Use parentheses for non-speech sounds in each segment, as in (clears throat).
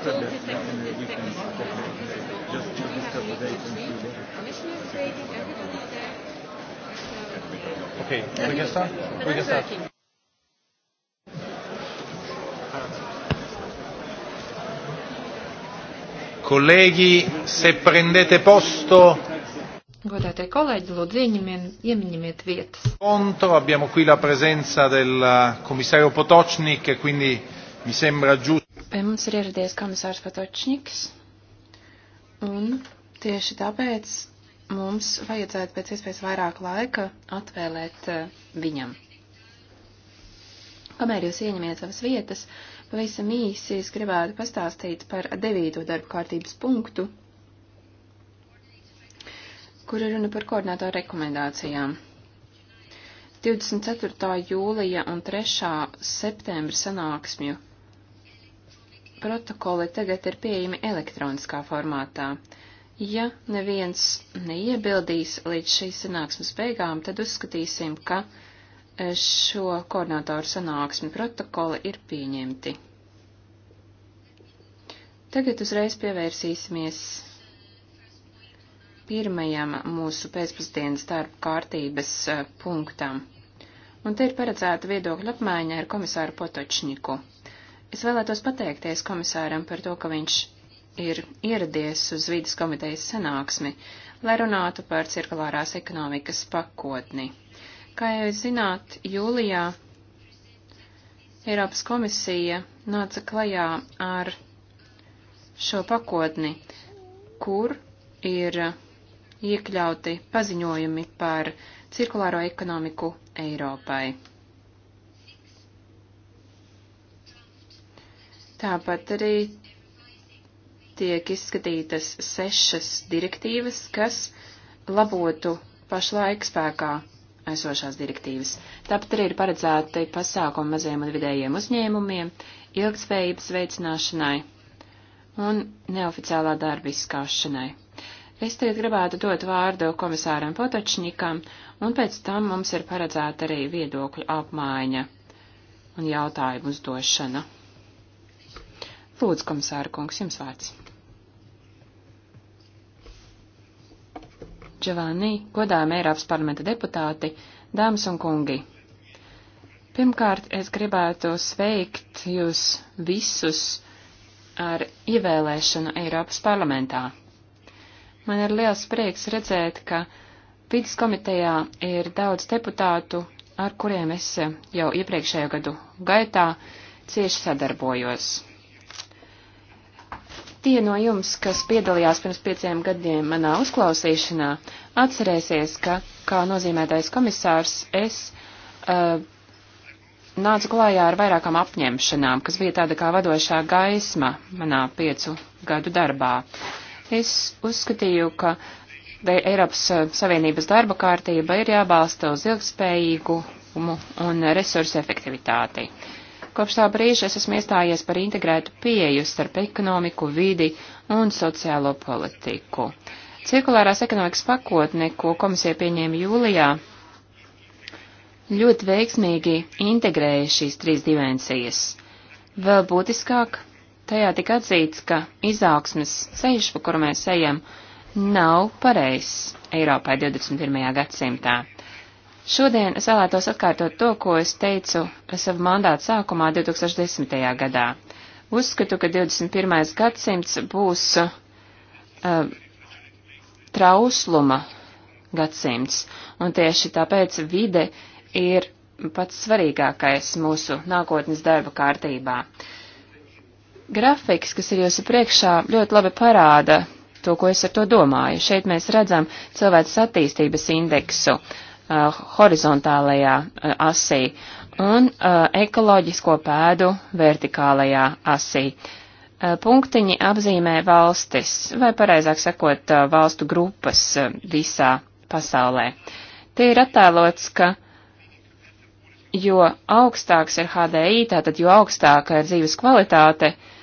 after that, uh, we can just, just discuss the date and see later. Commissioner's waiting, everybody's there. So, okay, we can start. We can start. Colleghi, se prendete posto. Guardate, colleghi, lūdzu, ieņemiet vietas. Conto, abbiamo qui la presenza del commissario Potocnik e quindi mi sembra giusto. Pie mums ir ieradies komisārs Patočņiks, un tieši tāpēc mums vajadzētu pēc iespējas vairāk laika atvēlēt eh, viņam. Kamēr jūs ieņemiet savas vietas, pavisam īsi es gribētu pastāstīt par devīto darba kārtības punktu, kur ir runa par koordinātoru rekomendācijām. 24. jūlija un 3. septembra sanāksmju protokoli tagad ir pieejami elektroniskā formātā. Ja neviens neiebildīs līdz šīs sanāksmes beigām, tad uzskatīsim, ka e, šo koordinātoru sanāksmi protokoli ir pieņemti. Tagad uzreiz pievērsīsimies pirmajam mūsu pēcpusdienas darba kārtības e, punktam. Un te ir paredzēta viedokļa apmaiņa ar komisāru Potočniku. Es vēlētos pateikties komisāram par to, ka viņš ir ieradies uz vidas komitejas sanāksmi, lai runātu par cirkulārās ekonomikas pakotni. Kā jūs zināt, jūlijā Eiropas komisija nāca klajā ar šo pakotni, kur ir iekļauti paziņojumi par cirkulāro ekonomiku Eiropai. Tāpat arī tiek izskatītas sešas direktīvas, kas labotu pašlaik spēkā esošās direktīvas. Tāpat arī ir paredzēti pasākumi mazajiem un vidējiem uzņēmumiem, ilgspējības veicināšanai un neoficiālā darba izskaušanai. Es tagad gribētu dot vārdu komisāram Potočnikam, un pēc tam mums ir paredzēta arī viedokļu apmaiņa un jautājumu uzdošana. Lūdzu, komisāra kungs, jums vārds. Giovanni, godājumi Eiropas parlamenta deputāti, dāmas un kungi. Pirmkārt, es gribētu sveikt jūs visus ar ievēlēšanu Eiropas parlamentā. Man ir liels prieks redzēt, ka vidas komitejā ir daudz deputātu, ar kuriem es jau iepriekšējo gadu gaitā cieši sadarbojos. Tie no jums, kas piedalījās pirms pieciem gadiem manā uzklausīšanā, atcerēsies, ka kā nozīmētais komisārs es uh, nācu klājā ar vairākām apņemšanām, kas bija tāda kā vadošā gaisma manā piecu gadu darbā. Es uzskatīju, ka Eiropas eh, Savienības darba kārtība ir jābalsta uz ilgspējīgumu un resursu efektivitāti. Uh, Kopš tā brīža es esmu iestājies par integrētu pieeju starp ekonomiku, vidi un sociālo politiku. Cirkulārās ekonomikas pakotne, ko komisija pieņēma jūlijā, ļoti veiksmīgi integrēja šīs trīs dimensijas. Vēl būtiskāk, tajā tika atzīts, ka izaugsmes ceļš, pa kuru mēs ejam, nav pareizs Eiropai 21. gadsimtā. Šodien es vēlētos atkārtot to, ko es teicu savu mandātu sākumā 2010. gadā. Uzskatu, ka 21. gadsimts būs uh, trausluma gadsimts, un tieši tāpēc vide ir pats svarīgākais mūsu nākotnes darba kārtībā. Grafiks, kas ir jūsu priekšā, ļoti labi parāda to, ko es ar to domāju. Šeit mēs redzam cilvēks attīstības indeksu. Uh, Uh, horizontālajā uh, asī un uh, ekoloģisko pēdu vertikālajā asī. Punktiņi apzīmē valstis, vai pareizāk sakot, valstu grupas visā pasaulē. Tie ir attēlots, ka jo augstāks ir HDI, tātad jo augstāka ir dzīves kvalitāte, uh,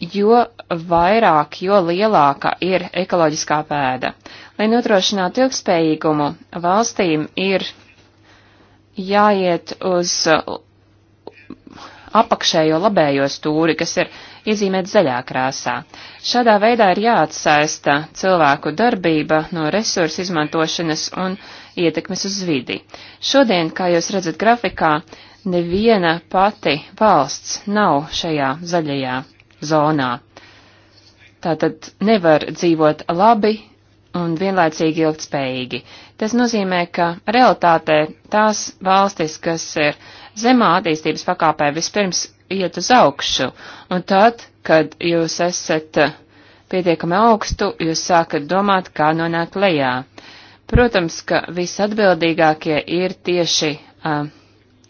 jo vairāk, jo lielāka ir ekoloģiskā pēda. Lai nodrošinātu ilgspējīgumu, valstīm ir jāiet uz uh, apakšējo labējo stūri, kas ir iezīmēts zaļā krāsā. Šādā veidā ir jāatsaista cilvēku darbība no resursu izmantošanas un ietekmes uz vidi. Šodien, kā jūs redzat grafikā, neviena pati valsts nav šajā zaļajā zonā. Tātad nevar dzīvot labi un vienlaicīgi ilgtspējīgi. Tas nozīmē, ka realitātē tās valstis, kas ir zemā attīstības pakāpē, vispirms iet uz augšu, un tad, kad jūs esat pietiekami augstu, jūs sākat domāt, kā nonākt lejā. Protams, ka visatbildīgākie ir tieši uh,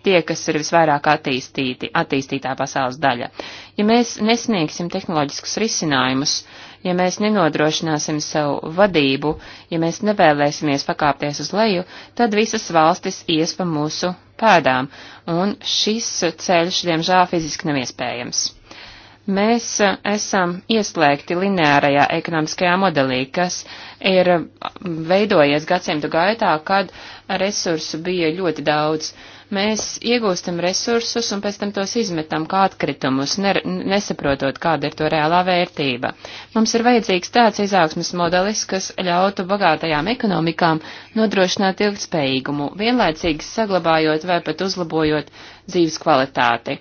tie, kas ir visvairāk attīstīti, attīstītā pasaules daļa. Ja mēs nesniegsim tehnoloģiskus risinājumus, ja mēs nenodrošināsim savu vadību, ja mēs nevēlēsimies pakāpties uz leju, tad visas valstis ies pa mūsu pēdām, un šis ceļš, diemžēl, fiziski nav iespējams. Mēs eh, esam ieslēgti lineārajā ekonomiskajā modelī, kas ir mm, veidojies gadsimtu gaitā, kad resursu bija ļoti daudz. Uh, Mēs iegūstam resursus un pēc tam tos izmetam kā atkritumus, ne, nesaprotot, kāda ir to reālā vērtība. Mums ir vajadzīgs tāds izaugsmas modelis, kas ļautu bagātajām ekonomikām nodrošināt ilgspējīgumu, vienlaicīgi saglabājot vai pat uzlabojot dzīves kvalitāti.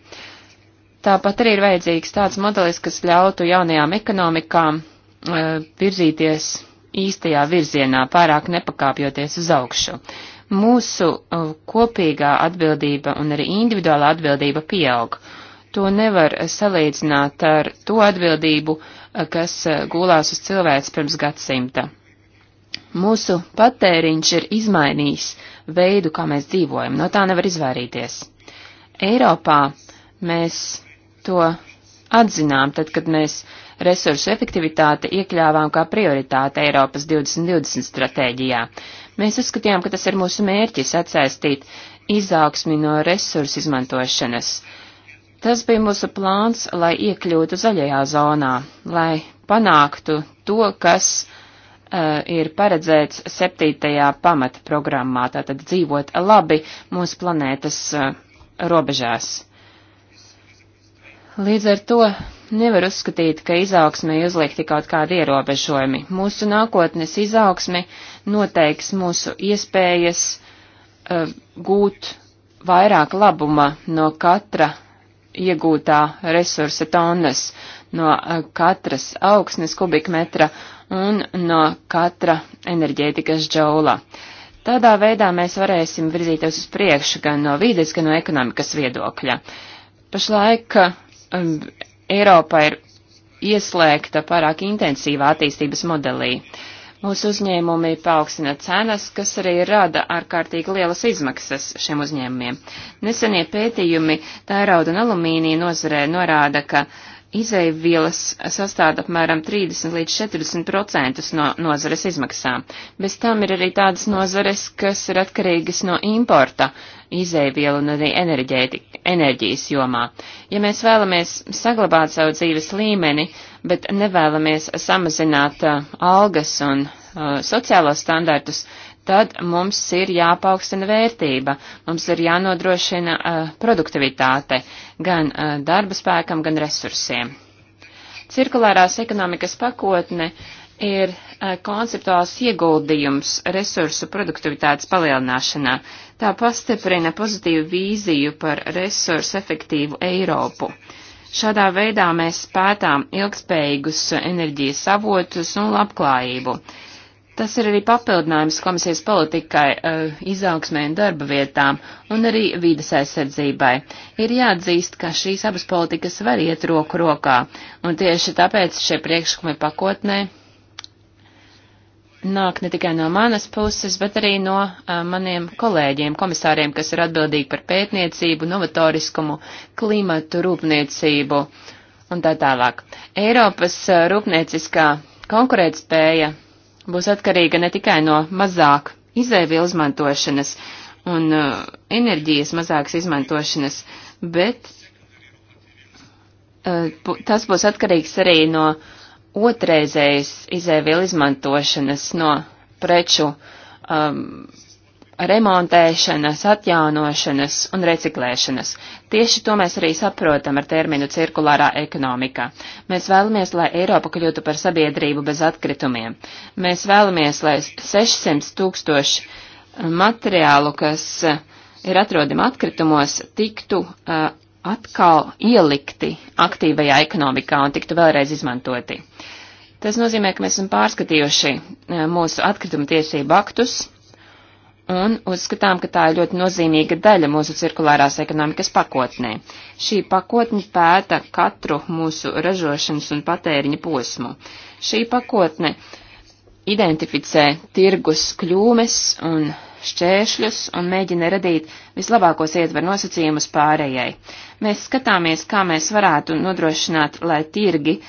Tāpat arī ir vajadzīgs tāds modelis, kas ļautu jaunajām ekonomikām eh, virzīties īstajā virzienā, pārāk nepakāpjoties uz augšu mūsu uh, kopīgā atbildība un arī individuālā atbildība pieaug. To nevar salīdzināt ar to atbildību, uh, kas uh, gulās uz cilvēks pirms gadsimta. Mūsu patēriņš ir izmainījis veidu, kā mēs dzīvojam, no tā nevar izvairīties. Eiropā mēs to atzinām, tad, kad mēs uh, resursu efektivitāti iekļāvām kā prioritāte Eiropas 2020 stratēģijā. Mēs uzskatījām, ka tas ir mūsu mērķis atsaistīt izaugsmi no resursu izmantošanas. Tas bija mūsu plāns, lai iekļūtu zaļajā zonā, lai panāktu to, kas uh, ir paredzēts septītajā pamata programmā, tātad dzīvot labi mūsu planētas uh, robežās. Līdz ar to Nevar uzskatīt, ka izaugsmē uzliekti kaut kādi ierobežojumi. Mūsu nākotnes izaugsme noteiks mūsu iespējas uh, gūt vairāk labuma no katra iegūtā resursa tonnas, no uh, katras augsnes kubikmetra un no katra enerģētikas džaula. Tādā veidā mēs varēsim virzīties uz priekšu gan no vīdes, gan no ekonomikas viedokļa. Pašlaik um, Eiropa ir ieslēgta pārāk intensīvā attīstības modelī. Mūsu uzņēmumi paaugstina cenas, kas arī rada ārkārtīgi lielas izmaksas šiem uzņēmumiem. Nesenie pētījumi tērauda un alumīnija nozarē norāda, ka izaivvielas sastāda apmēram 30 līdz 40% no nozares izmaksām. Bez tam ir arī tādas nozares, kas ir atkarīgas no importa izaivielu un arī enerģētika, enerģijas jomā. Ja mēs vēlamies saglabāt savu dzīves līmeni, bet nevēlamies samazināt uh, algas un uh, sociālos standartus, tad mums ir jāpaukstina vērtība, mums ir jānodrošina uh, produktivitāte gan uh, darba spēkam, gan resursiem. Cirkulārās ekonomikas pakotne ir Eh, konceptuāls ieguldījums resursu produktivitātes palielināšanā. Tā pastiprina pozitīvu vīziju par resursu efektīvu Eiropu. Šādā veidā mēs pētām ilgspējīgus enerģijas avotus un labklājību. Tas ir arī papildinājums komisijas politikai, uh, izaugsmē un darba vietām, un arī vīdas aizsardzībai. Ir jāatzīst, ka šīs abas politikas var iet roku rokā, un tieši tāpēc šie priekšlikumi pakotnē nāk ne tikai no manas puses, bet arī no uh, maniem kolēģiem, komisāriem, kas ir atbildīgi par pētniecību, novatoriskumu, klimatu, rūpniecību un tā tālāk. Eiropas uh, rūpnieciskā konkurētspēja būs atkarīga ne tikai no mazāk izēvielu izmantošanas un uh, enerģijas mazākas izmantošanas, bet tas būs atkarīgs arī no uh, otreizējas izēvielu izmantošanas no preču um, remontēšanas, atjaunošanas un reciklēšanas. Tieši to mēs arī saprotam ar terminu cirkulārā ekonomika. Mēs vēlamies, lai Eiropa kļūtu par sabiedrību bez atkritumiem. Mēs vēlamies, lai 600 tūkstoši materiālu, kas ir atrodami atkritumos, tiktu uh, atkal ielikti aktīvajā ekonomikā un tiktu vēlreiz izmantoti. Tas nozīmē, ka mēs esam pārskatījuši e, mūsu atkrituma tiesību aktus un uzskatām, ka tā ir ļoti nozīmīga daļa mūsu cirkulārās ekonomikas pakotnē. Šī pakotne pēta katru mūsu ražošanas un patēriņa posmu. Šī pakotne identificē tirgus kļūmes un šķēršļus un mēģina radīt vislabākos ietver nosacījumus pārējai. Mēs skatāmies, kā mēs varētu nodrošināt, lai tirgi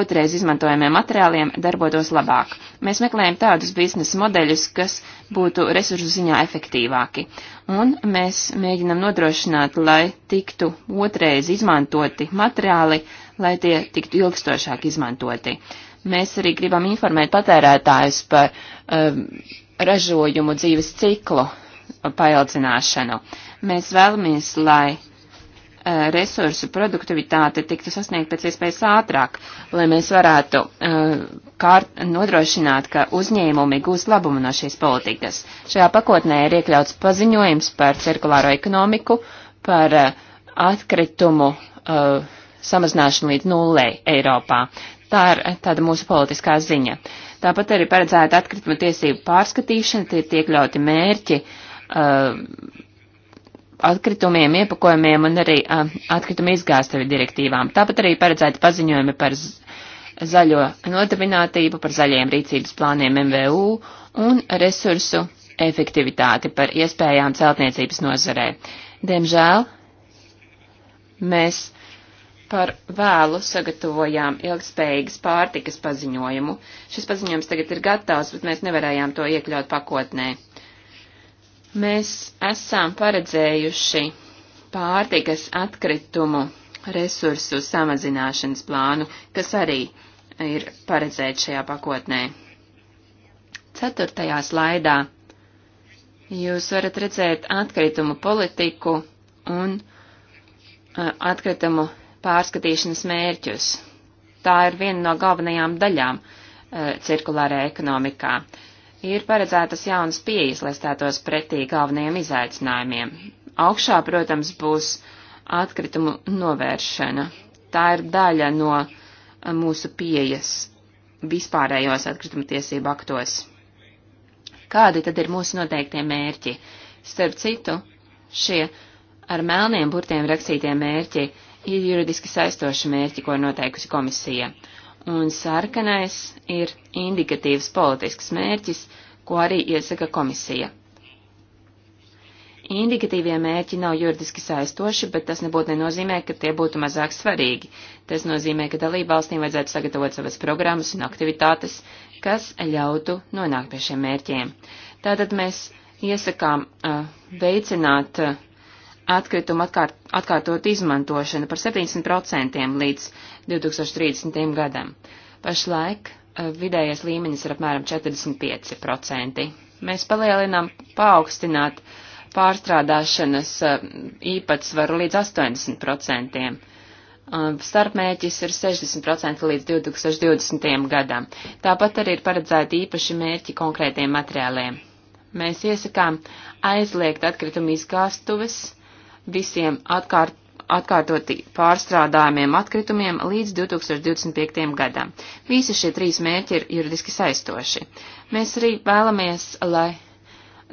otrais izmantojamiem materiāliem darbotos labāk. Mēs meklējam tādus biznesa modeļus, kas būtu resursu ziņā efektīvāki. Un mēs mēģinam nodrošināt, lai tiktu otrais izmantoti materiāli, lai tie tiktu ilgstošāk izmantoti. Mēs arī gribam informēt patērētājus par um, uh, ražojumu dzīves ciklu paildzināšanu. Mēs vēlamies, lai e, resursu produktivitāte tiktu sasniegt pēc iespējas ātrāk, lai mēs varētu uh, kārt, nodrošināt, ka uzņēmumi gūs labumu no šīs politikas. Šajā pakotnē ir iekļauts paziņojums par cirkulāro ekonomiku, par uh, atkritumu uh, samazināšanu līdz nullei Eiropā. Tā ir tāda mūsu politiskā ziņa. Uh, Tāpat arī paredzēta atkrituma tiesību pārskatīšana, tie tiek ļauti mērķi uh, atkritumiem, iepakojumiem un arī uh, atkrituma izgāstavi direktīvām. Tāpat arī paredzēta paziņojumi par zaļo nodarbinātību, par zaļiem rīcības plāniem MVU un resursu efektivitāti par iespējām celtniecības nozarē. Diemžēl mēs par vēlu sagatavojām ilgspējīgas pārtikas paziņojumu. Šis paziņojums tagad ir gatavs, bet mēs nevarējām to iekļaut pakotnē. Mēs esam paredzējuši pārtikas atkritumu resursu samazināšanas plānu, kas arī ir paredzēts šajā pakotnē. Ceturtajā slaidā jūs varat redzēt atkritumu politiku un atkritumu pārskatīšanas mērķus. Tā ir viena no galvenajām daļām e, cirkulārajā ekonomikā. Ir paredzētas jaunas pieejas, lai stātos pretī galvenajiem izaicinājumiem. Augšā, protams, būs atkritumu novēršana. Tā ir daļa no e, mūsu pieejas vispārējos atkritumu tiesību aktos. Kādi tad ir mūsu noteiktie mērķi? Starp citu, šie ar melniem burtiem rakstītie mērķi ir juridiski saistoši mērķi, ko ir noteikusi komisija, un sarkanais ir indikatīvs politisks mērķis, ko arī iesaka komisija. Indikatīvie mērķi nav juridiski saistoši, bet tas nebūtu nenozīmē, ka tie būtu mazāk svarīgi. Tas nozīmē, ka dalību valstīm vajadzētu sagatavot savas programmas un aktivitātes, kas ļautu nonākt pie šiem mērķiem. Tātad mēs iesakām uh, veicināt uh, atkritumu atkārt, atkārtot izmantošanu par 70% līdz 2030. gadam. Pašlaik eh, vidējais līmenis ir apmēram 45%. Mēs palielinām paaugstināt pārstrādāšanas eh, īpatsvaru līdz 80%. Eh, starpmērķis ir 60% līdz 2020. gadam. Tāpat arī ir paredzēti īpaši mērķi konkrētiem materiāliem. Mēs iesakām aizliegt atkritumu izgāstuves, visiem atkārt, atkārtoti pārstrādājumiem atkritumiem līdz 2025. gadam. Visi šie trīs mērķi ir juridiski saistoši. Mēs arī vēlamies, lai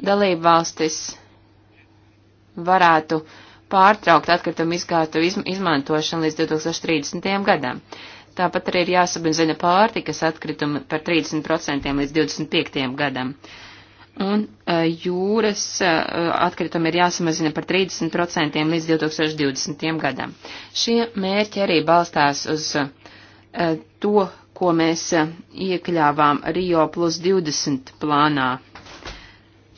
dalību valstis varētu pārtraukt atkritumu izgātu izmantošanu līdz 2030. gadam. Tāpat arī ir jāsabenzina pārtikas atkritumi par 30% līdz 25. gadam un e, jūras e, atkritumi ir jāsamazina par 30% līdz 2020. gadam. Šie mērķi arī balstās uz e, to, ko mēs iekļāvām Rio plus 20 plānā.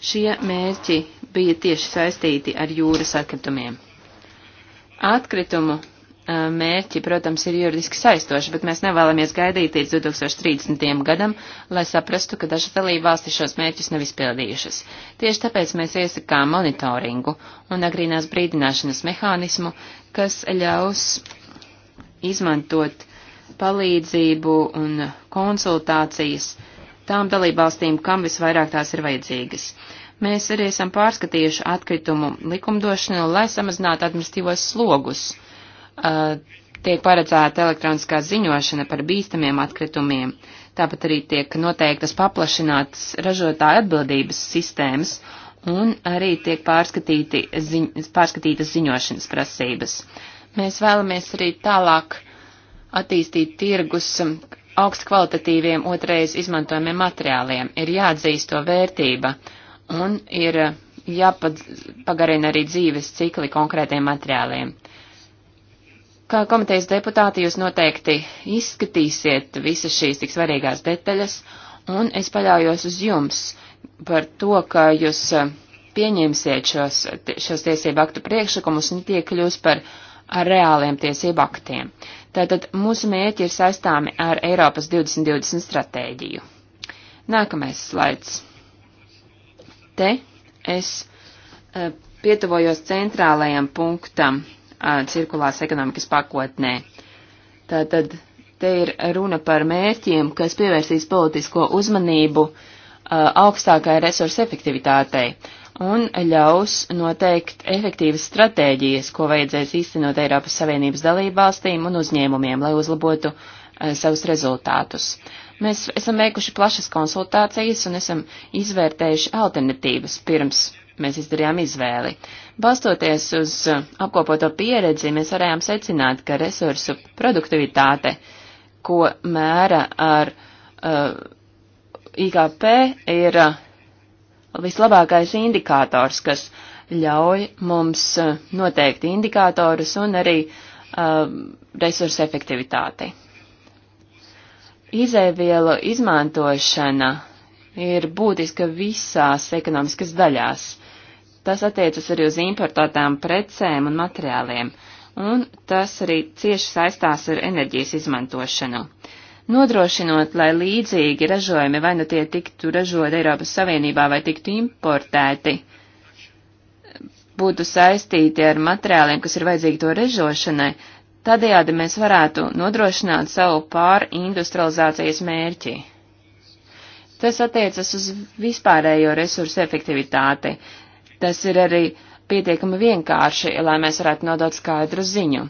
Šie mērķi bija tieši saistīti ar jūras atkritumiem. Atkritumu mērķi, protams, ir juridiski saistoši, bet mēs nevēlamies gaidīt līdz 2030. gadam, lai saprastu, ka dažas dalībvalstis šos mērķus nav izpildījušas. Tieši tāpēc mēs iesakām monitoringu un agrīnās brīdināšanas mehānismu, kas ļaus izmantot palīdzību un konsultācijas tām dalībvalstīm, kam visvairāk tās ir vajadzīgas. Mēs arī esam pārskatījuši atkritumu likumdošanu, lai samazinātu administratīvos slogus uh, tiek paredzēta elektroniskā ziņošana par bīstamiem atkritumiem. Tāpat arī tiek noteiktas paplašinātas ražotāja atbildības sistēmas un arī tiek ziņ, pārskatītas ziņošanas prasības. Mēs vēlamies arī tālāk attīstīt tirgus augstkvalitatīviem otrais izmantojumiem materiāliem. Ir jāatzīst to vērtība un ir jāpagarina arī dzīves cikli konkrētiem materiāliem. Kā komitejas deputāti jūs noteikti izskatīsiet visas šīs tik svarīgās detaļas, un es paļaujos uz jums par to, ka jūs eh, pieņemsiet šos, šos tiesību aktu priekšlikumus un tie kļūs par reāliem tiesību aktiem. Tātad mūsu mērķi ir saistāmi ar Eiropas 2020 stratēģiju. Nākamais slaids. Te es eh, pietuvojos centrālajam punktam cirkulās ekonomikas pakotnē. Tātad te ir runa par mērķiem, kas pievērsīs politisko uzmanību augstākai resursu efektivitātei un ļaus noteikt efektīvas stratēģijas, ko vajadzēs īstenot Eiropas Savienības dalībvalstīm un uzņēmumiem, lai uzlabotu uh, savus rezultātus. Mēs esam veikuši plašas konsultācijas un esam izvērtējuši alternatīvas pirms mēs izdarījām izvēli. Balstoties uz uh, apkopoto pieredzi, mēs varējām secināt, ka resursu produktivitāte, ko mēra ar uh, IKP, ir uh, vislabākais indikators, kas ļauj mums uh, noteikt indikatorus un arī uh, resursu efektivitāti. Izēvielu izmantošana ir būtiska visās ekonomiskas daļās Tas attiecas arī uz importētām precēm un materiāliem, un tas arī cieši saistās ar enerģijas izmantošanu. Nodrošinot, lai līdzīgi ražojumi vai nu tie tiktu ražoti Eiropas Savienībā vai tiktu importēti, būtu saistīti ar materiāliem, kas ir vajadzīgi to ražošanai, tādējādi mēs varētu nodrošināt savu pārindustrializācijas mērķi. Tas attiecas uz vispārējo resursu efektivitāti. Tas ir arī pietiekami vienkārši, lai mēs varētu nodot skaidru ziņu.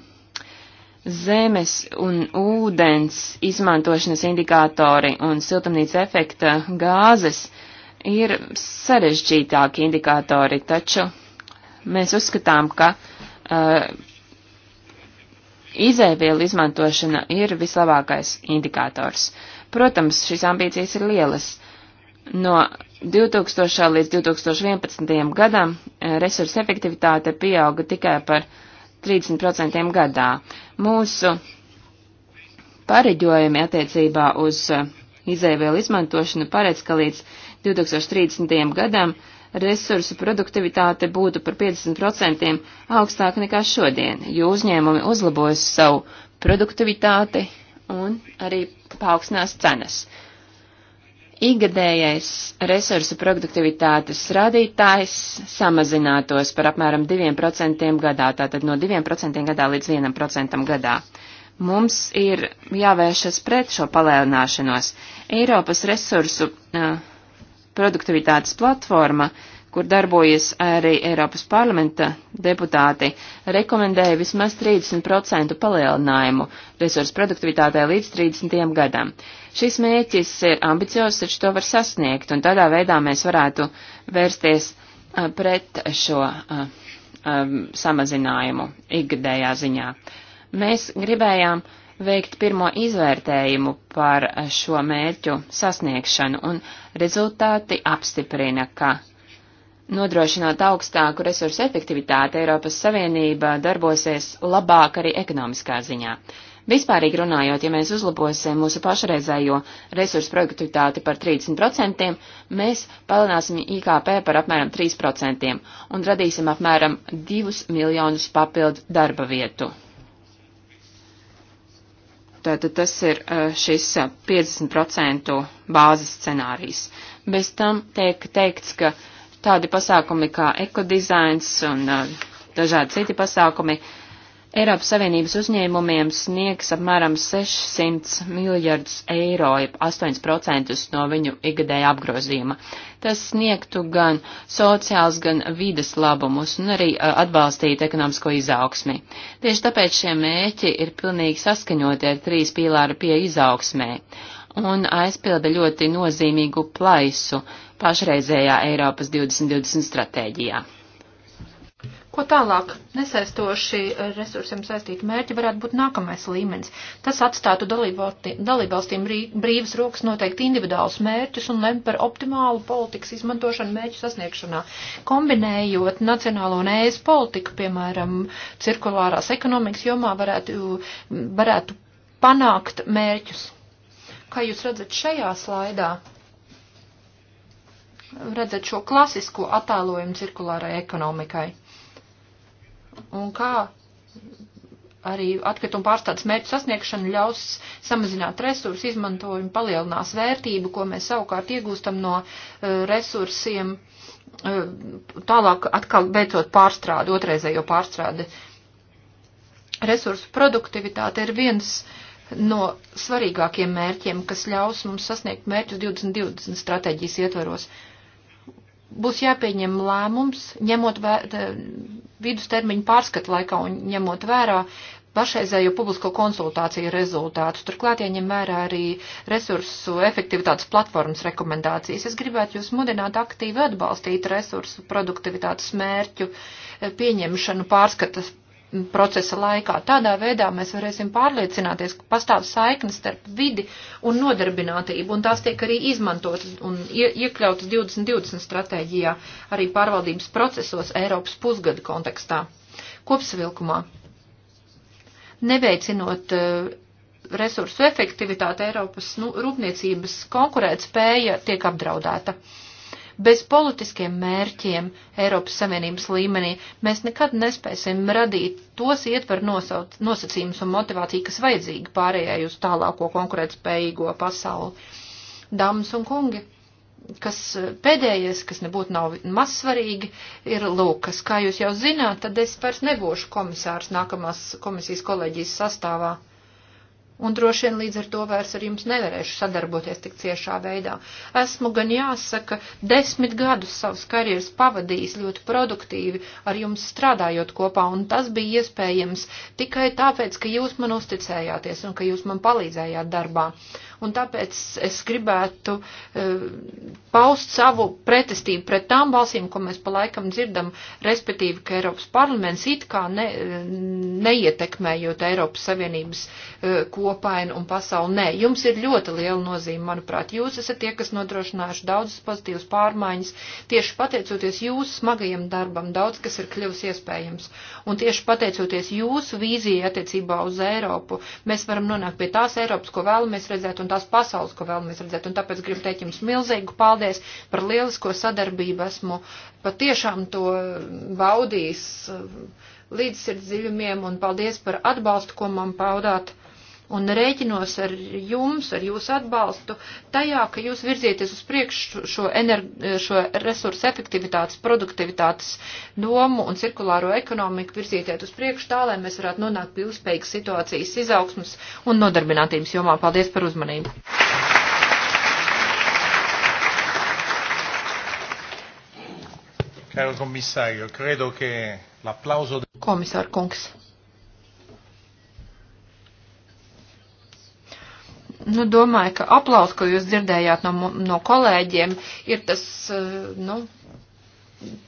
Zemes un ūdens izmantošanas indikātori un siltumnīca efekta gāzes ir sarežģītāki indikātori, taču mēs uzskatām, ka uh, izēvielu izmantošana ir vislabākais indikators. Protams, šīs ambīcijas ir lielas. No 2000. līdz 2011. gadam eh, resursa efektivitāte pieauga tikai par 30% gadā. Mūsu pareģojumi attiecībā uz eh, izēvielu izmantošanu paredz, ka līdz 2030. gadam resursu produktivitāte būtu par 50% augstāka nekā šodien, jo uzņēmumi uzlabojas savu produktivitāti un arī paaugstinās cenas. Igadējais resursu produktivitātes rādītājs samazinātos par apmēram 2% gadā, tātad no 2% gadā līdz 1% gadā. Mums ir jāvēršas pret šo palēlināšanos. Eiropas resursu uh, produktivitātes platforma uh, kur darbojas arī Eiropas parlamenta deputāti, rekomendēja vismaz 30% palielinājumu resursu produktivitātē līdz 30. gadam. Šis mērķis ir ambiciozs, taču to var sasniegt, un tādā veidā mēs varētu vērsties a, pret šo a, a, samazinājumu ikgadējā ziņā. Mēs gribējām veikt pirmo izvērtējumu par šo mērķu sasniegšanu, un rezultāti apstiprina, ka nodrošināt augstāku resursu efektivitāti, Eiropas Savienība darbosies labāk arī ekonomiskā ziņā. Vispārīgi runājot, ja mēs uzlabosim mūsu pašreizējo resursu produktivitāti par 30%, mēs palielināsim IKP par apmēram 3% un radīsim apmēram 2 miljonus papildu darba vietu. Tātad tas ir e, šis 50% e, bāzes scenārijs. Bez tam tiek teikts, ka uh, tādi pasākumi kā ekodizains un uh, dažādi citi pasākumi Eiropas Savienības uzņēmumiem sniegs apmēram 600 miljardus eiro, jeb 8% no viņu ikgadēja apgrozījuma. Tas sniegtu gan sociāls, gan vides labumus un arī uh, atbalstītu ekonomisko izaugsmi. Tieši tāpēc šie mēķi ir pilnīgi saskaņoti ar trīs pīlāru pie izaugsmē un aizpilda ļoti nozīmīgu plaisu, pašreizējā Eiropas 2020 stratēģijā. Ko tālāk nesaistoši resursiem saistīti mērķi varētu būt nākamais līmenis? Tas atstātu dalībvalstīm brīvas rokas noteikti individuālus mērķus un lem par optimālu politikas izmantošanu mērķu sasniegšanā. Kombinējot nacionālo un ēs politiku, piemēram, cirkulārās ekonomikas jomā, varētu, varētu panākt mērķus. Kā jūs redzat šajā slaidā? redzat šo klasisko attēlojumu cirkulārai ekonomikai. Un kā arī atkrituma pārstādes mērķu sasniegšana ļaus samazināt resursu izmantojumu, palielinās vērtību, ko mēs savukārt iegūstam no uh, resursiem, uh, tālāk atkal beidzot pārstrādi, otrreizējo pārstrādi. Resursu produktivitāte ir viens no svarīgākiem mērķiem, kas ļaus mums sasniegt mērķus 2020 stratēģijas ietvaros. Uh, būs jāpieņem lēmums, ņemot vērā vidustermiņu pārskatu laikā un ņemot vērā pašreizējo publisko konsultāciju rezultātus. Turklāt jāņem vērā arī resursu efektivitātes platformas rekomendācijas. Es gribētu jūs mudināt aktīvi atbalstīt resursu produktivitātes mērķu pieņemšanu pārskatas procesa laikā. Tādā veidā mēs varēsim pārliecināties, ka pastāv saiknes starp vidi un nodarbinātību, un tās tiek arī izmantotas un iekļautas 2020 stratēģijā, arī pārvaldības procesos Eiropas pusgada kontekstā. Kopsavilkumā. Neveicinot eh, resursu efektivitāte Eiropas nu, rūpniecības konkurētspēja tiek apdraudēta. Uh, Bez politiskiem mērķiem Eiropas Savienības līmenī mēs nekad nespēsim radīt tos ietver nosacījumus un motivāciju, kas vajadzīga pārējai uz tālāko konkurētspējīgo pasauli. Dāmas un kungi! kas eh, pēdējais, kas nebūtu nav mazsvarīgi, ir Lūkas. Kā jūs jau zināt, tad es vairs nebūšu komisārs nākamās komisijas kolēģijas sastāvā un droši vien līdz ar to vairs ar jums nevarēšu sadarboties tik ciešā veidā. Esmu gan jāsaka, desmit gadus savas karjeras pavadījis ļoti produktīvi ar jums strādājot kopā, un tas bija iespējams tikai tāpēc, ka jūs man uzticējāties un ka jūs man palīdzējāt darbā un tāpēc es gribētu uh, paust savu pretestību pret tām balsīm, ko mēs pa laikam dzirdam, respektīvi, ka Eiropas parlaments it kā ne, neietekmējot Eiropas Savienības uh, kopainu un pasauli. Nē, jums ir ļoti liela nozīme, manuprāt. Jūs esat tie, kas nodrošinājuši daudzas pozitīvas pārmaiņas, tieši pateicoties jūsu smagajam darbam, daudz kas ir kļuvis iespējams. Un tieši pateicoties jūsu vīzijai attiecībā uz Eiropu, mēs varam nonākt pie tās Eiropas, ko vēlamies redzēt, un tās pasaules, ko vēlamies redzēt. Un tāpēc gribu teikt jums milzīgu paldies par lielisko sadarbību. Esmu patiešām to baudījis eh, līdz sirdziļumiem un paldies par atbalstu, ko man paudāt un rēķinos ar jums, ar jūsu atbalstu tajā, ka jūs virzieties uz priekšu šo, energi, šo resursu efektivitātes, produktivitātes domu un cirkulāro ekonomiku virzieties uz priekšu tā, lai mēs varētu nonākt pie uzspējīgas situācijas izaugsmas un nodarbinātības jomā. Paldies par uzmanību! Caro commissario, credo che l'applauso. Komisār kungs. nu, domāju, ka aplaus, ko jūs dzirdējāt no, no kolēģiem, ir tas, eh, nu,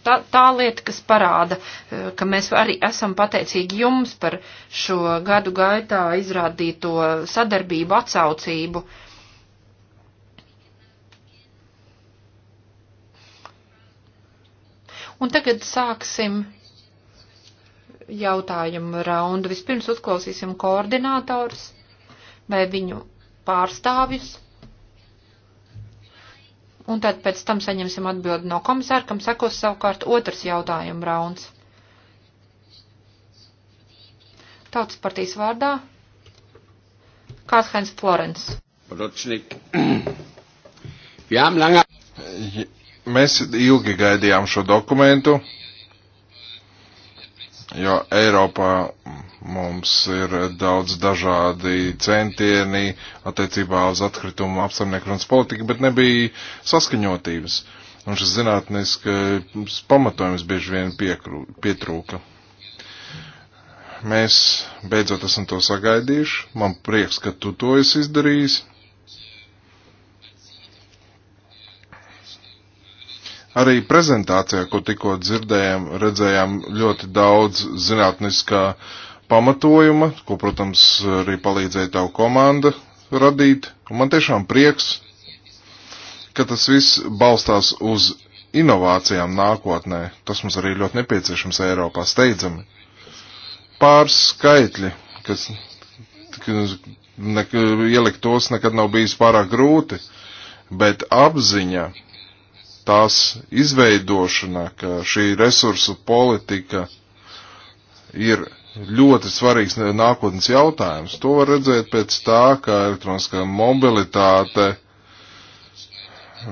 tā, tā lieta, kas parāda, eh, ka mēs arī esam pateicīgi jums par šo gadu gaitā izrādīto sadarbību, atsaucību. Un tagad sāksim jautājumu raundu. Vispirms uzklausīsim koordinātors vai viņu pārstāvjus. Un tad pēc tam saņemsim atbildi no komisāra, kam sekos savukārt otrs jautājuma rauns. Tautas partijas vārdā Kārs Heinz Florens. Ročnik. (clears throat) Mēs ilgi gaidījām šo dokumentu jo Eiropā mums ir daudz dažādi centieni attiecībā uz atkritumu apsaimniekošanas politiku, bet nebija saskaņotības. Un šis zinātniskais pamatojums bieži vien piekrū, pietrūka. Mēs beidzot esam to sagaidījuši. Man prieks, ka tu to esi izdarījis. Arī prezentācijā, ko tikko dzirdējām, redzējām ļoti daudz zinātniskā pamatojuma, ko, protams, arī palīdzēja tavu komanda radīt. Un man tiešām prieks, ka tas viss balstās uz inovācijām nākotnē. Tas mums arī ļoti nepieciešams Eiropā steidzami. Pāris skaitļi, kas ne, ielikt tos nekad nav bijis pārāk grūti, bet apziņa tās izveidošana, ka šī resursu politika ir ļoti svarīgs nākotnes jautājums. To var redzēt pēc tā, ka elektroniskā mobilitāte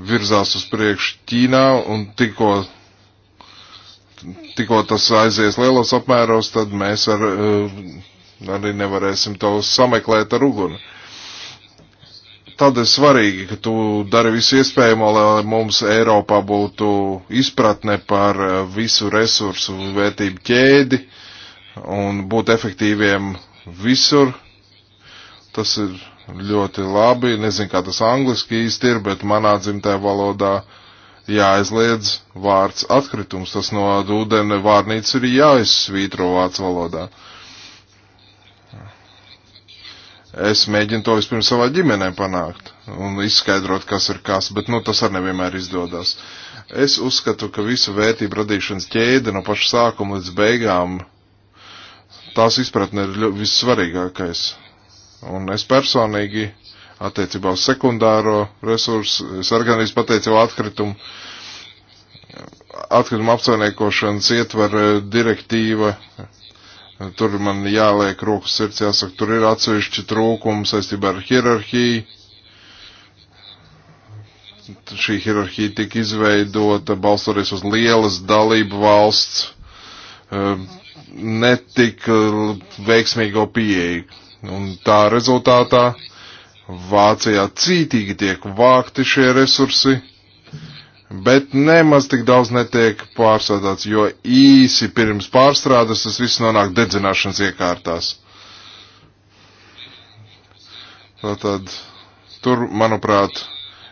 virzās uz priekšu Ķīnā un tikko, tikko tas aizies lielos apmēros, tad mēs ar, eh, arī nevarēsim to sameklēt ar uguni. Tad ir svarīgi, ka tu dari visu iespējamo, lai mums Eiropā būtu izpratne par eh, visu resursu vērtību ķēdi un būt efektīviem visur. Tas ir ļoti labi. Nezinu, kā tas angliski īsti ir, bet manā dzimtajā valodā jāaizliedz vārds atkritums. Tas no ūdeni vārnīca ir jāizsvītro vārds valodā. Uh, es mēģinu to vispirms savā ģimenē panākt un izskaidrot, kas ir kas, bet nu, tas arī nevienmēr izdodas. Es uzskatu, ka visu vērtību radīšanas ķēde no paša sākuma līdz beigām tās izpratne ir vissvarīgākais. Un es personīgi attiecībā uz sekundāro resursu, es organizēju pateicību atkritumu, atkritumu apsainiekošanas ietver eh, direktīva, Tur man jāliek rokas sirds, jāsaka, tur ir atsevišķi trūkumi saistībā ar hierarhiju. Šī hierarhija tika izveidota balstoties uz lielas dalību valsts eh, netika veiksmīgo pieeju. Un tā rezultātā Vācijā cītīgi tiek vākti šie resursi bet nemaz tik daudz netiek pārstrādāts, jo īsi pirms pārstrādes tas viss nonāk dedzināšanas iekārtās. Tātad tur, manuprāt,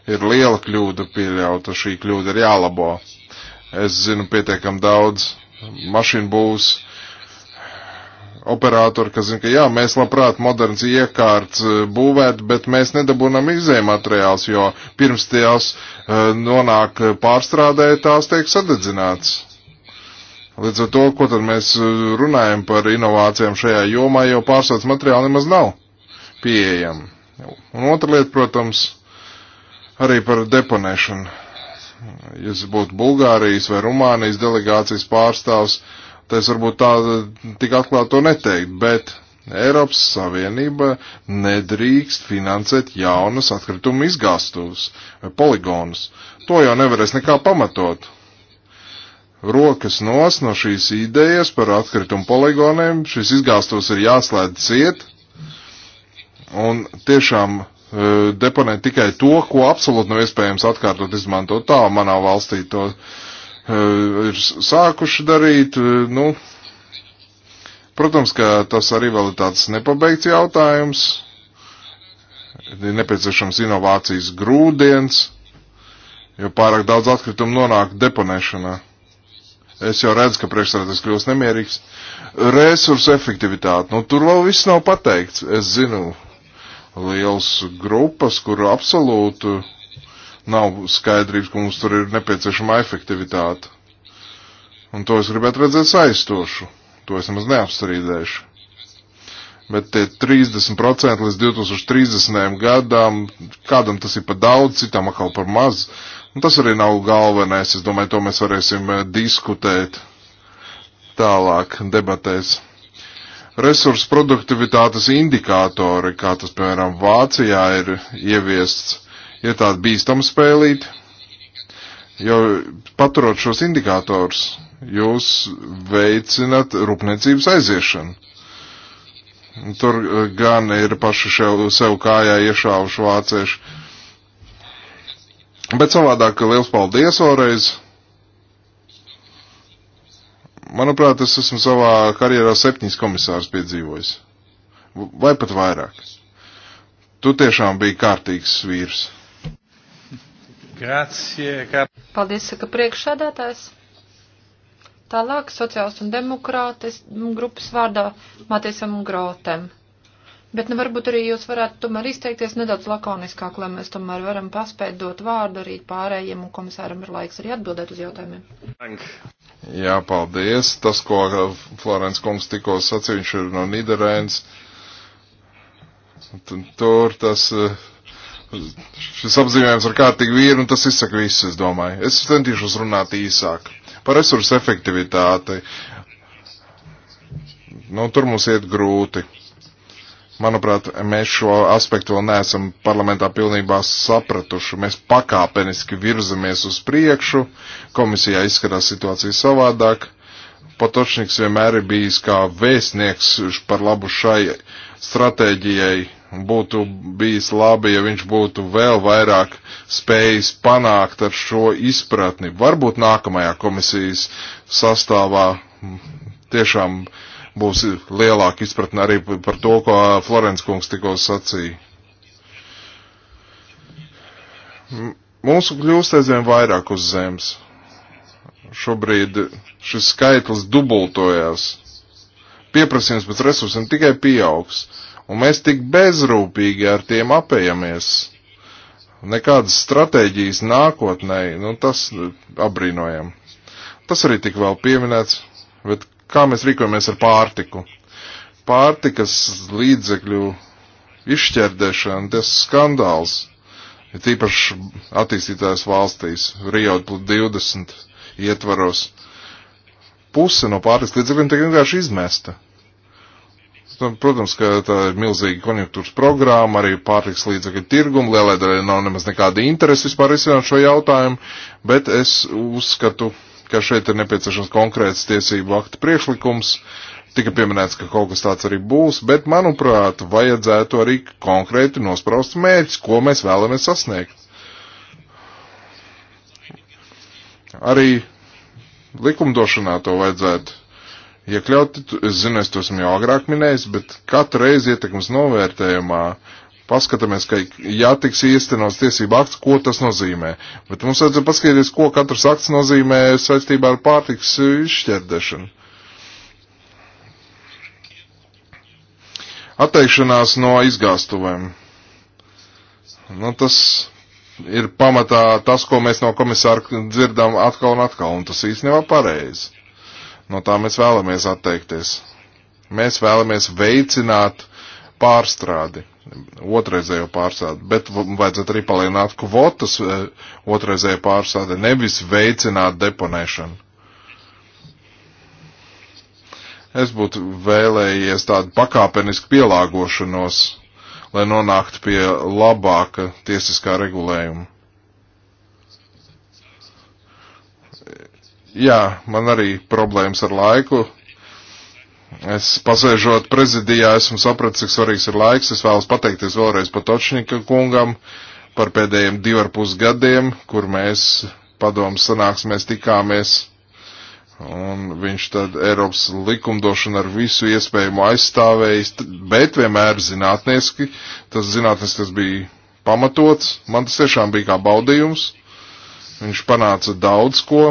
ir liela kļūda pieļauta, šī kļūda ir jālabo. Es zinu pietiekam daudz mašīnu būs, operatori, kas zina, ka jā, mēs labprāt moderns iekārts eh, būvēt, bet mēs nedabūnam izējumateriāls, jo pirms tās eh, nonāk eh, pārstrādē, tās tiek sadedzināts. Līdz ar to, ko tad mēs runājam par inovācijām šajā jomā, jo pārstrādes materiāli nemaz nav pieejami. Un otra lieta, protams, arī par deponēšanu. Ja būtu Bulgārijas vai Rumānijas delegācijas pārstāvs, uh, es varbūt tā eh, tik atklāt to neteikt, bet Eiropas Savienība nedrīkst finansēt jaunas atkritumu izgāstuves vai eh, poligonus. To jau nevarēs nekā pamatot. Rokas nos no šīs idejas par atkritumu poligoniem, šis izgāstos ir jāslēdz ciet, un tiešām eh, deponēt tikai to, ko absolūti nav iespējams atkārtot izmantot. Tā manā valstī to uh, Eh, ir sākuši darīt. Eh, nu, protams, ka tas arī vēl ir tāds nepabeigts jautājums. Ir nepieciešams inovācijas grūdienis, jo pārāk daudz atkritumu nonāk deponēšanā. Es jau redzu, ka priekšsēdētājs kļūst nemierīgs. Resursu efektivitāte. Nu, tur vēl viss nav pateikts. Es zinu liels grupas, kur absolūtu nav skaidrības, ka mums tur ir nepieciešama efektivitāte. Un to es gribētu redzēt saistošu. To es nemaz neapstrīdēšu. Bet tie 30% līdz 2030. gadām, kādam tas ir par daudz, citam atkal par maz. Un nu, tas arī nav galvenais. Es domāju, to mēs varēsim eh, diskutēt tālāk debatēs resursu produktivitātes indikātori, kā tas, piemēram, Vācijā ir ieviests, ir tāda bīstama spēlīt, jo paturot šos indikātors, jūs veicinat rūpniecības aiziešanu. Tur eh, gan ir paši šev, sev kājā iešāvuši vācieši. Bet savādāk liels paldies vēlreiz. Manuprāt, es esmu savā karjerā septiņas komisārs piedzīvojis. Vai pat vairāk. Tu tiešām biji kārtīgs vīrs. Grazie, kā... Paldies, saka priekšsādātājs. Tālāk sociāls un demokrātis grupas vārdā Matiesam Grotem. Bet nu, varbūt arī jūs varētu tomēr izteikties nedaudz lakoniskāk, lai mēs tomēr varam paspēt dot vārdu arī pārējiem un komisāram ir laiks arī atbildēt uz jautājumiem. Jā, paldies. Tas, ko uh, Florence kungs tikko sacīja, viņš ir no Niderēns. Tur tas uh, Šis apzīmējums ar kārtīgu vīru, un tas izsaka visu, es domāju. Es centīšos runāt īsāk. Par resursu efektivitāti. Nu, tur mums iet grūti. Manuprāt, mēs šo aspektu vēl neesam parlamentā pilnībā sapratuši. Mēs pakāpeniski virzamies uz priekšu, komisijā izskatās situācija savādāk. Potočniks vienmēr ir bijis kā vēstnieks par labu šai stratēģijai būtu bijis labi, ja viņš būtu vēl vairāk spējis panākt ar šo izpratni. Varbūt nākamajā komisijas sastāvā tiešām būs lielāka izpratne arī par to, ko Florence kungs tikko sacīja. Mūsu kļūst aizvien vairāk uz zemes. Šobrīd šis skaitlis dubultojās. Pieprasījums pēc resursiem tikai pieaugs. Uh, Un mēs tik bezrūpīgi ar tiem apējamies. Nekādas stratēģijas nākotnē, nu tas apbrīnojam. Tas arī tik vēl pieminēts, bet kā mēs rīkojamies ar pārtiku? Pārtikas līdzekļu izšķērdēšana, tas skandāls, ir tīpaši attīstītās valstīs, Rio 20 ietvaros. Puse no pārtikas līdzekļiem tiek vienkārši izmesta. Nu, protams, ka tā ir milzīga konjunktūras programma, arī pārtiks līdzekļu tirguma. Lielai daļai nav nemaz nekāda interese vispār risināt šo jautājumu, bet es uzskatu, ka šeit ir nepieciešams konkrēts tiesību akta priekšlikums. Tika pieminēts, ka kaut kas tāds arī būs, bet, manuprāt, vajadzētu arī konkrēti nospraust mērķis, ko mēs vēlamies sasniegt. Arī likumdošanā to vajadzētu iekļauti. Es zinu, es to esmu jau agrāk minējis, bet katru reizi ietekmes novērtējumā paskatāmies, ka ja tiks īstenots tiesību akts, ko tas nozīmē. Bet mums vajadzētu paskatīties, ko katrs akts nozīmē saistībā ar pārtiks izšķērdešanu. Atteikšanās no izgāstuvēm. Nu, tas ir pamatā tas, ko mēs no komisāra dzirdam atkal un atkal, un tas īstenībā pareizi. No tā mēs vēlamies atteikties. Mēs vēlamies veicināt pārstrādi, otrreizējo pārstrādi, bet vajadzētu arī palielināt kvotas e, otrreizējo pārstrādi, nevis veicināt deponēšanu. Es būtu vēlējies tādu pakāpenisku pielāgošanos, lai nonāktu pie labāka tiesiskā regulējuma. Jā, man arī problēmas ar laiku. Es pasēžot prezidijā, esmu sapratis, cik svarīgs ir laiks. Es vēlos pateikties vēlreiz Patočnika kungam par pēdējiem divar pus gadiem, kur mēs padomus sanāksmēs tikāmies. Un viņš tad Eiropas likumdošanu ar visu iespējamo aizstāvējis, bet vienmēr zinātnieski. Tas zinātniski tas bija pamatots. Man tas tiešām bija kā baudījums. Viņš panāca daudz ko,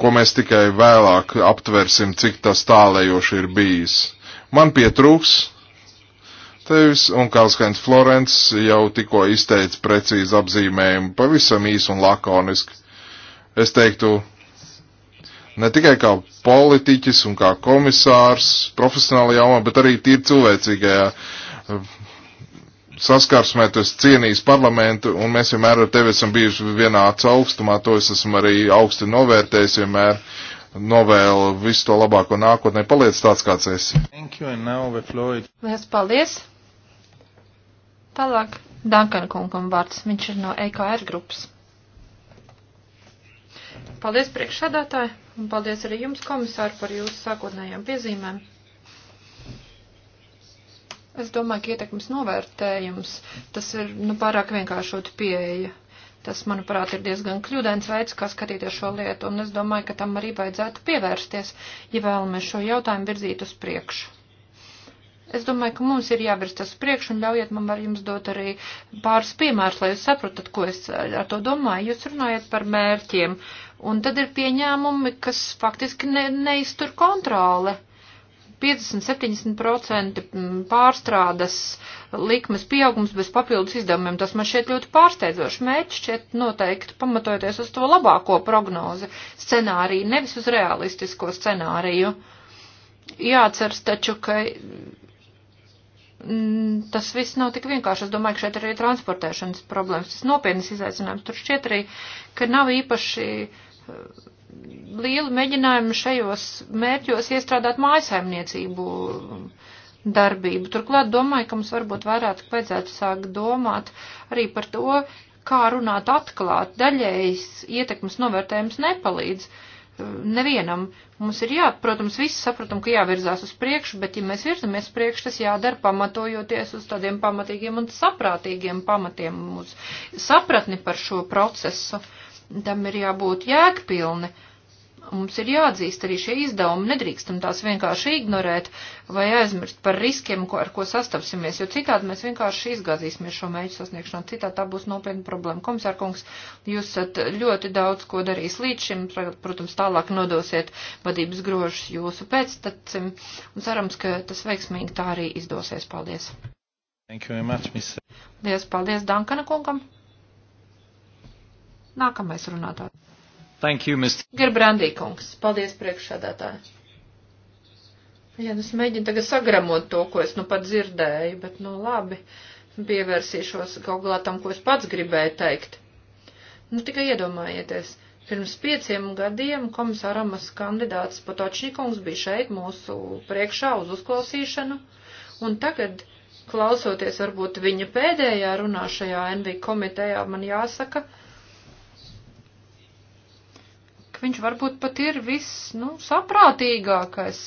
ko mēs tikai vēlāk aptversim, cik tas tālējoši ir bijis. Man pietrūks tevis, un Kalskains Florence jau tikko izteica precīzi apzīmējumu, pavisam īsi un lakoniski. Es teiktu, ne tikai kā politiķis un kā komisārs profesionālajā jomā, bet arī tīri cilvēcīgajā saskarsmētos cienījis parlamentu, un mēs vienmēr ar tevi esam bijuši vienā augstumā, to es esmu arī augsti novērtējis vienmēr. Novēlu visu to labāko nākotnē. Paliec tāds, kāds esi. Lielas paldies! Tālāk Dankana kungam vārds. Viņš ir no EKR grupas. Paldies priekšsādātāji, un paldies arī jums, komisāri, par jūsu sākotnējām piezīmēm. Es domāju, ka ietekmes novērtējums tas ir nu, pārāk vienkāršot pieeja. Tas, manuprāt, ir diezgan kļūdains veids, kā skatīties šo lietu, un es domāju, ka tam arī vajadzētu pievērsties, ja vēlamies šo jautājumu virzīt uz priekšu. Es domāju, ka mums ir jāvirz tas priekš, un ļaujiet man ar jums dot arī pāris piemērus, lai jūs saprotat, ko es ar to domāju. Jūs runājat par mērķiem, un tad ir pieņēmumi, kas faktiski ne, neiztur kontroli. 50-70% mm, pārstrādes likmes pieaugums bez papildus izdevumiem. Tas man šķiet ļoti pārsteidzoši. Mērķis šķiet noteikti pamatojoties uz to labāko prognozi scenāriju, nevis uz realistisko scenāriju. Jāceras taču, ka mm, tas viss nav tik vienkārši. Es domāju, ka šeit arī transportēšanas problēmas. Tas nopietnas izaicinājums. Tur šķiet arī, ka nav īpaši lielu mēģinājumu šajos mērķos iestrādāt mājasaimniecību darbību. Turklāt domāju, ka mums varbūt vairāk vajadzētu sākt domāt arī par to, kā runāt atklāt. Daļējs ietekmes novērtējums nepalīdz uh, nevienam. Mums ir jā, protams, visi sapratam, ka jāvirzās uz priekšu, bet ja mēs virzamies priekšu, tas jādara pamatojoties uz tādiem pamatīgiem un saprātīgiem pamatiem mūsu sapratni par šo procesu. Tam ir jābūt jēgpilni. Uh, Mums ir jāatzīst arī šie izdevumi, nedrīkstam tās vienkārši ignorēt vai aizmirst par riskiem, ko, ar ko sastapsimies, jo citādi mēs vienkārši izgāzīsimies šo mērķu sasniegšanu, citādi tā būs nopietna problēma. Komisārkungs, jūs esat ļoti daudz ko darījis līdz šim, protams, tālāk nodosiet vadības grožus jūsu pēctacim un cerams, ka tas veiksmīgi tā arī izdosies. Paldies! Thank you very much, Miss. Paldies, paldies Dankana kungam! Nākamais runātājs. Thank you, Mr. Gerbrandī kungs. Paldies priekšsādātāji. Jā, nu es mēģinu tagad sagramot to, ko es nu pat dzirdēju, bet nu labi, pievērsīšos kaut galā tam, ko es pats gribēju teikt. Nu tikai iedomājieties, pirms pieciem gadiem komisāramas kandidāts Potočnikungs bija šeit mūsu priekšā uz uzklausīšanu, un tagad, klausoties varbūt viņa pēdējā runā šajā NV komitejā, man jāsaka, ka viņš varbūt pat ir viss, nu, saprātīgākais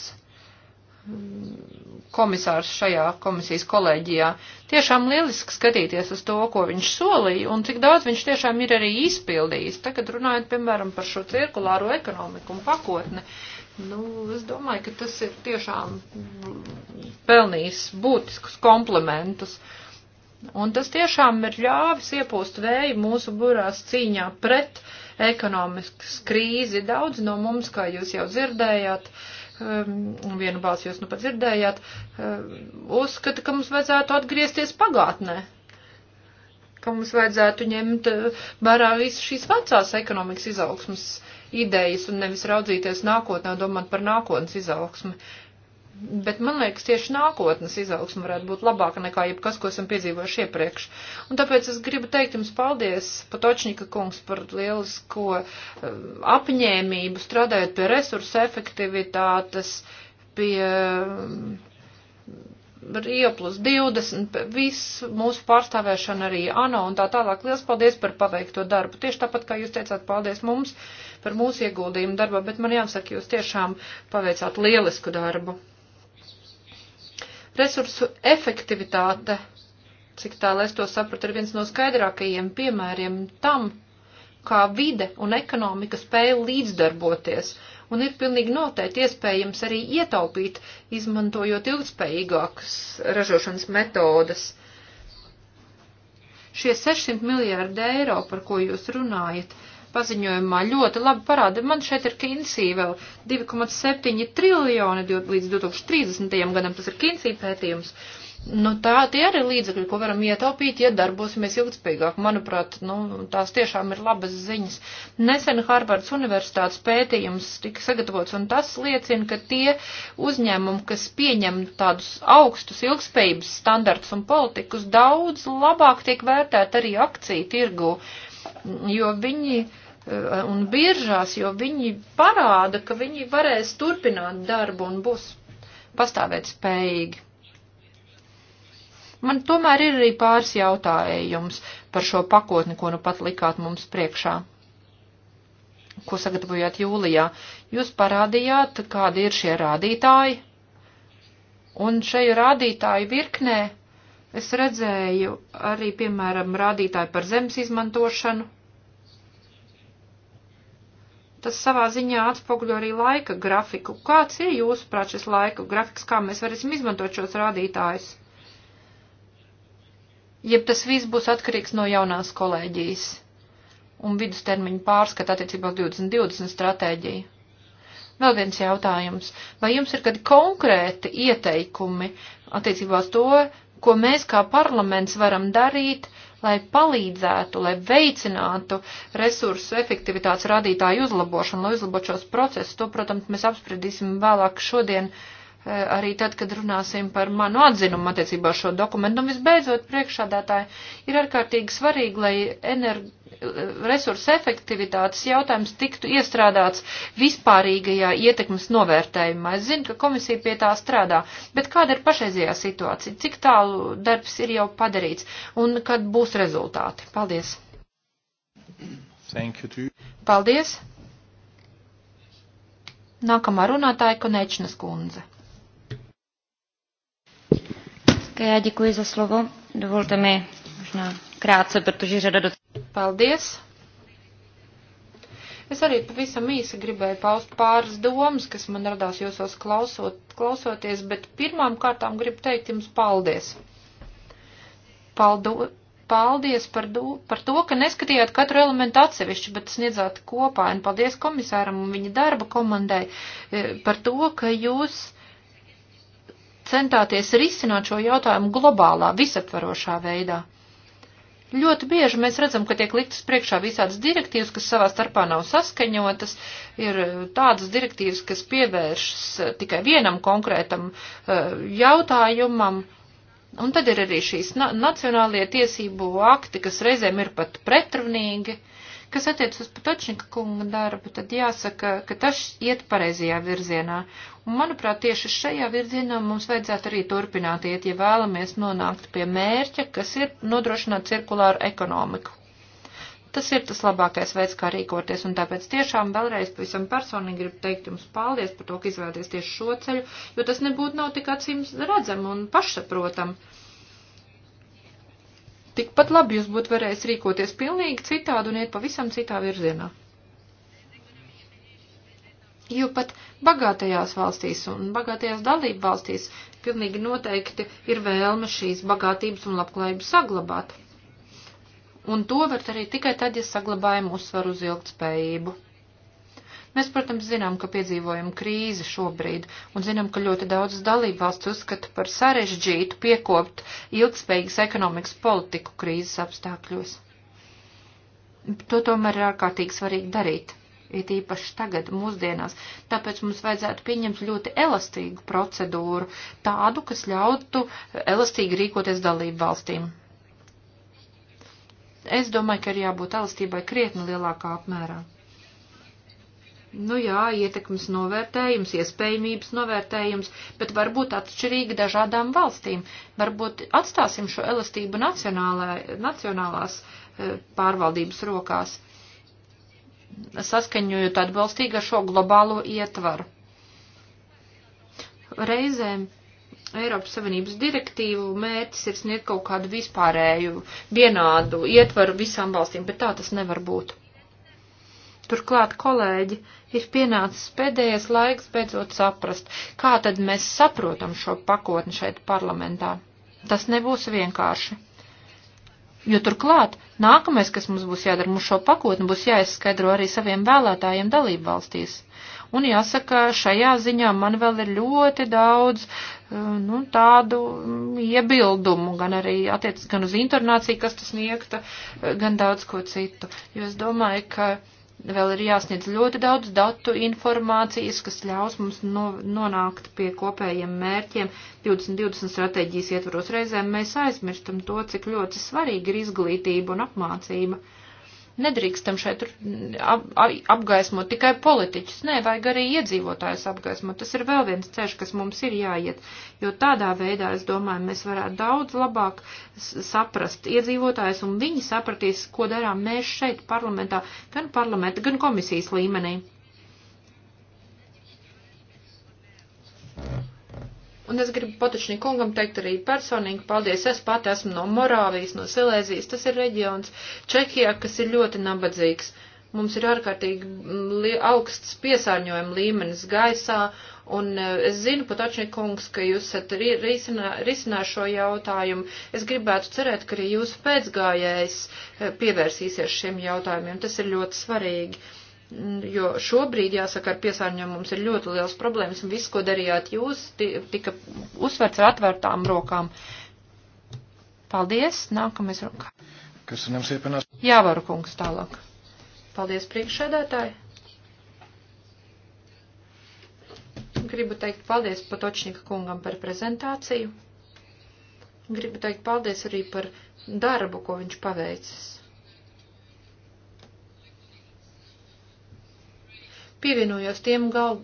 komisārs šajā komisijas kolēģijā. Tiešām lieliski skatīties uz to, ko viņš solīja un cik daudz viņš tiešām ir arī izpildījis. Tagad runājot, piemēram, par šo cirkulāro ekonomiku un pakotni, nu, es domāju, ka tas ir tiešām pelnījis būtiskus komplementus. Un tas tiešām ir ļāvis iepūst vēju mūsu burās cīņā pret uh, ekonomiskas krīzi. Daudz no mums, kā jūs jau dzirdējāt, un um, vienu balsi jūs nu pat dzirdējāt, um, uzskata, ka mums vajadzētu atgriezties pagātnē ka mums vajadzētu ņemt uh, vērā visu šīs vecās ekonomikas izaugsmas idejas un nevis raudzīties nākotnē, domāt par nākotnes izaugsmu. Uh, Bet man liekas, tieši nākotnes izaugsme varētu būt labāka nekā jebkas, ko esam piedzīvojuši iepriekš. Un tāpēc es gribu teikt jums paldies, Patočņika kungs, par lielisko eh, apņēmību strādājot pie resursu efektivitātes, pie mm, Rio plus 20, viss mūsu pārstāvēšana arī ANO un tā tālāk. Liels paldies par paveikto darbu. Tieši tāpat, kā jūs teicāt, paldies mums par mūsu ieguldījumu darbā, bet man jāsaka, jūs tiešām paveicāt lielisku darbu. Resursu efektivitāte, cik tālu es to sapratu, ir viens no skaidrākajiem piemēriem tam, kā vide un ekonomika spēja līdzdarboties, un ir pilnīgi noteikti iespējams arī ietaupīt, izmantojot ilgspējīgākas ražošanas metodas. Šie 600 miljārdi eiro, par ko jūs runājat, paziņojumā ļoti labi parāda. Man šeit ir Kinsī vēl 2,7 triljoni līdz 2030. gadam, tas ir Kinsī pētījums. Nu, tā tie arī līdzekļi, ko varam ietaupīt, ja darbosimies ilgspējīgāk. Manuprāt, nu, tās tiešām ir labas ziņas. Nesen Harvards Universitātes pētījums tika sagatavots, un tas liecina, ka tie uzņēmumi, kas pieņem tādus augstus ilgspējības standartus un politikus, daudz labāk tiek vērtēt arī akciju tirgu, jo viņi Eh, un biržās, jo viņi parāda, ka viņi varēs turpināt darbu un būs pastāvēt spējīgi. Man tomēr ir arī pāris jautājums par šo pakotni, ko nu pat likāt mums priekšā, ko sagatavojāt jūlijā. Jūs parādījāt, kādi ir šie rādītāji, un šajā rādītāju virknē es redzēju arī, piemēram, rādītāju par zemes izmantošanu Tas savā ziņā atspoguļo arī laika grafiku. Kāds ir jūsuprāt šis laika grafiks, kā mēs varēsim izmantot šos rādītājus? Jeb tas viss būs atkarīgs no jaunās kolēģijas un vidustermiņa pārskata attiecībā 2020 stratēģiju. Vēl viens jautājums. Vai jums ir kādi konkrēti ieteikumi attiecībā uz to, ko mēs kā parlaments varam darīt, lai palīdzētu, lai veicinātu resursu efektivitātes rādītāju uzlabošanu, lai uzlabotu šos procesus. To, protams, mēs apspriedīsim vēlāk šodien. Uh, Eh, arī tad, kad runāsim par manu atzinumu attiecībā ar šo dokumentu. Un visbeidzot, priekšādātāji, ir ārkārtīgi svarīgi, lai energi eh, resursu efektivitātes jautājums tiktu iestrādāts vispārīgajā ietekmes novērtējumā. Es zinu, ka komisija pie tā strādā, bet kāda ir pašreizajā situācija? Cik tālu darbs ir jau padarīts un kad būs rezultāti? Paldies! Paldies! Nākamā runātāja Konečnas kundze. Já děkuji za slovo. Dovolte mi možná krátce, protože řada do... Paldies! Es arī pavisam īsi gribēju paust pāris domas, kas man radās jūsos klausot, klausoties, bet pirmām kārtām gribu teikt jums paldies. Paldu, paldies par, do, par to, ka neskatījāt katru elementu atsevišķi, bet sniedzāt kopā. Un paldies komisāram un viņa darba komandai e, par to, ka jūs centāties risināt šo jautājumu globālā, visaptvarošā veidā. Ļoti bieži mēs redzam, ka tiek liktas priekšā visādas direktīvas, kas savā starpā nav saskaņotas, ir eh, tādas direktīvas, kas pievēršas eh, tikai vienam konkrētam eh, jautājumam, un tad ir arī šīs nacionālie tiesību akti, kas reizēm ir pat pretrunīgi. Uh, Kas attiec uz Patočnika kunga darbu, tad jāsaka, ka tas iet pareizajā virzienā. Un, manuprāt, tieši šajā virzienā mums vajadzētu arī turpināt iet, ja vēlamies nonākt pie mērķa, kas ir nodrošināt cirkulāru ekonomiku. Tas ir tas labākais veids, kā rīkoties, un tāpēc tiešām vēlreiz pavisam personīgi gribu teikt jums paldies par to, ka izvēlēties tieši šo ceļu, jo tas nebūtu nav tik acīm redzam un pašsaprotam. Uh, Tikpat labi jūs būtu varējis rīkoties pilnīgi citādi un iet pavisam citā virzienā. Jo pat bagātajās valstīs un bagātajās dalību valstīs pilnīgi noteikti ir vēlme šīs bagātības un labklājības saglabāt. Un to var darīt tikai tad, ja saglabājam uzsvaru uz ilgtspējību. Mēs, protams, zinām, ka piedzīvojam krīzi šobrīd un zinām, ka ļoti daudz dalību valsts uzskata par sarežģītu piekopt ilgspējīgas ekonomikas politiku krīzes apstākļos. To tomēr ir ārkārtīgi svarīgi darīt, it īpaši tagad, mūsdienās. Tāpēc mums vajadzētu pieņemt ļoti elastīgu procedūru, tādu, kas ļautu elastīgi rīkoties dalību valstīm. Es domāju, ka ir jābūt elastībai krietni lielākā apmērā nu jā, ietekmes novērtējums, iespējamības novērtējums, bet varbūt atšķirīgi dažādām valstīm. Varbūt atstāsim šo elastību nacionālā, nacionālās eh, pārvaldības rokās, saskaņojot atbalstīgi ar šo globālo ietvaru. Reizēm Eiropas Savienības direktīvu mērķis ir sniegt kaut kādu vispārēju, vienādu ietvaru visām valstīm, bet tā tas nevar būt. Turklāt, kolēģi, ir pienācis pēdējais laiks beidzot saprast, kā tad mēs saprotam šo pakotni šeit parlamentā. Tas nebūs vienkārši. Jo turklāt, nākamais, kas mums būs jādara, mums šo pakotni būs jāizskaidro arī saviem vēlētājiem dalību valstīs. Un jāsaka, šajā ziņā man vēl ir ļoti daudz eh, nu, tādu mm, iebildumu, gan arī attiecas gan uz intonāciju, kas tas sniegta, eh, gan daudz ko citu. Jo es domāju, ka vēl ir jāsniedz ļoti daudz datu informācijas, kas ļaus mums no, nonākt pie kopējiem mērķiem 2020 stratēģijas ietvaros. Reizēm mēs aizmirstam to, cik ļoti svarīgi ir izglītība un apmācība. Uh, Nedrīkstam šeit ap, apgaismot tikai politiķus, nē, vajag arī iedzīvotājus apgaismot. Tas ir vēl viens ceļš, kas mums ir jāiet, jo tādā veidā, es domāju, mēs varētu daudz labāk saprast iedzīvotājus un viņi sapratīs, ko darām mēs šeit parlamentā, gan parlamenta, gan komisijas līmenī. Yeah. Un es gribu Potočnī kungam teikt arī personīgi paldies. Es pati esmu no Morāvijas, no Silēzijas. Tas ir reģions Čehijā, kas ir ļoti nabadzīgs. Mums ir ārkārtīgi mm, augsts piesārņojuma līmenis gaisā, Un e, es zinu, Patočņa kungs, ka jūs esat risinā, risinā šo jautājumu. Es gribētu cerēt, ka arī jūsu pēcgājējs e, pievērsīsies šiem jautājumiem. Tas ir ļoti svarīgi jo šobrīd, jāsaka, ar piesārņojumu mums ir ļoti liels problēmas, un viss, ko darījāt jūs, tika uzsverts ar atvērtām rokām. Paldies, nākamais rokā. Kas jums iepinās? Jā, varu kungs tālāk. Paldies, priekšsēdētāji. Gribu teikt paldies Patočnika kungam par prezentāciju. Gribu teikt paldies arī par darbu, ko viņš paveicis pievienojos tiem gal,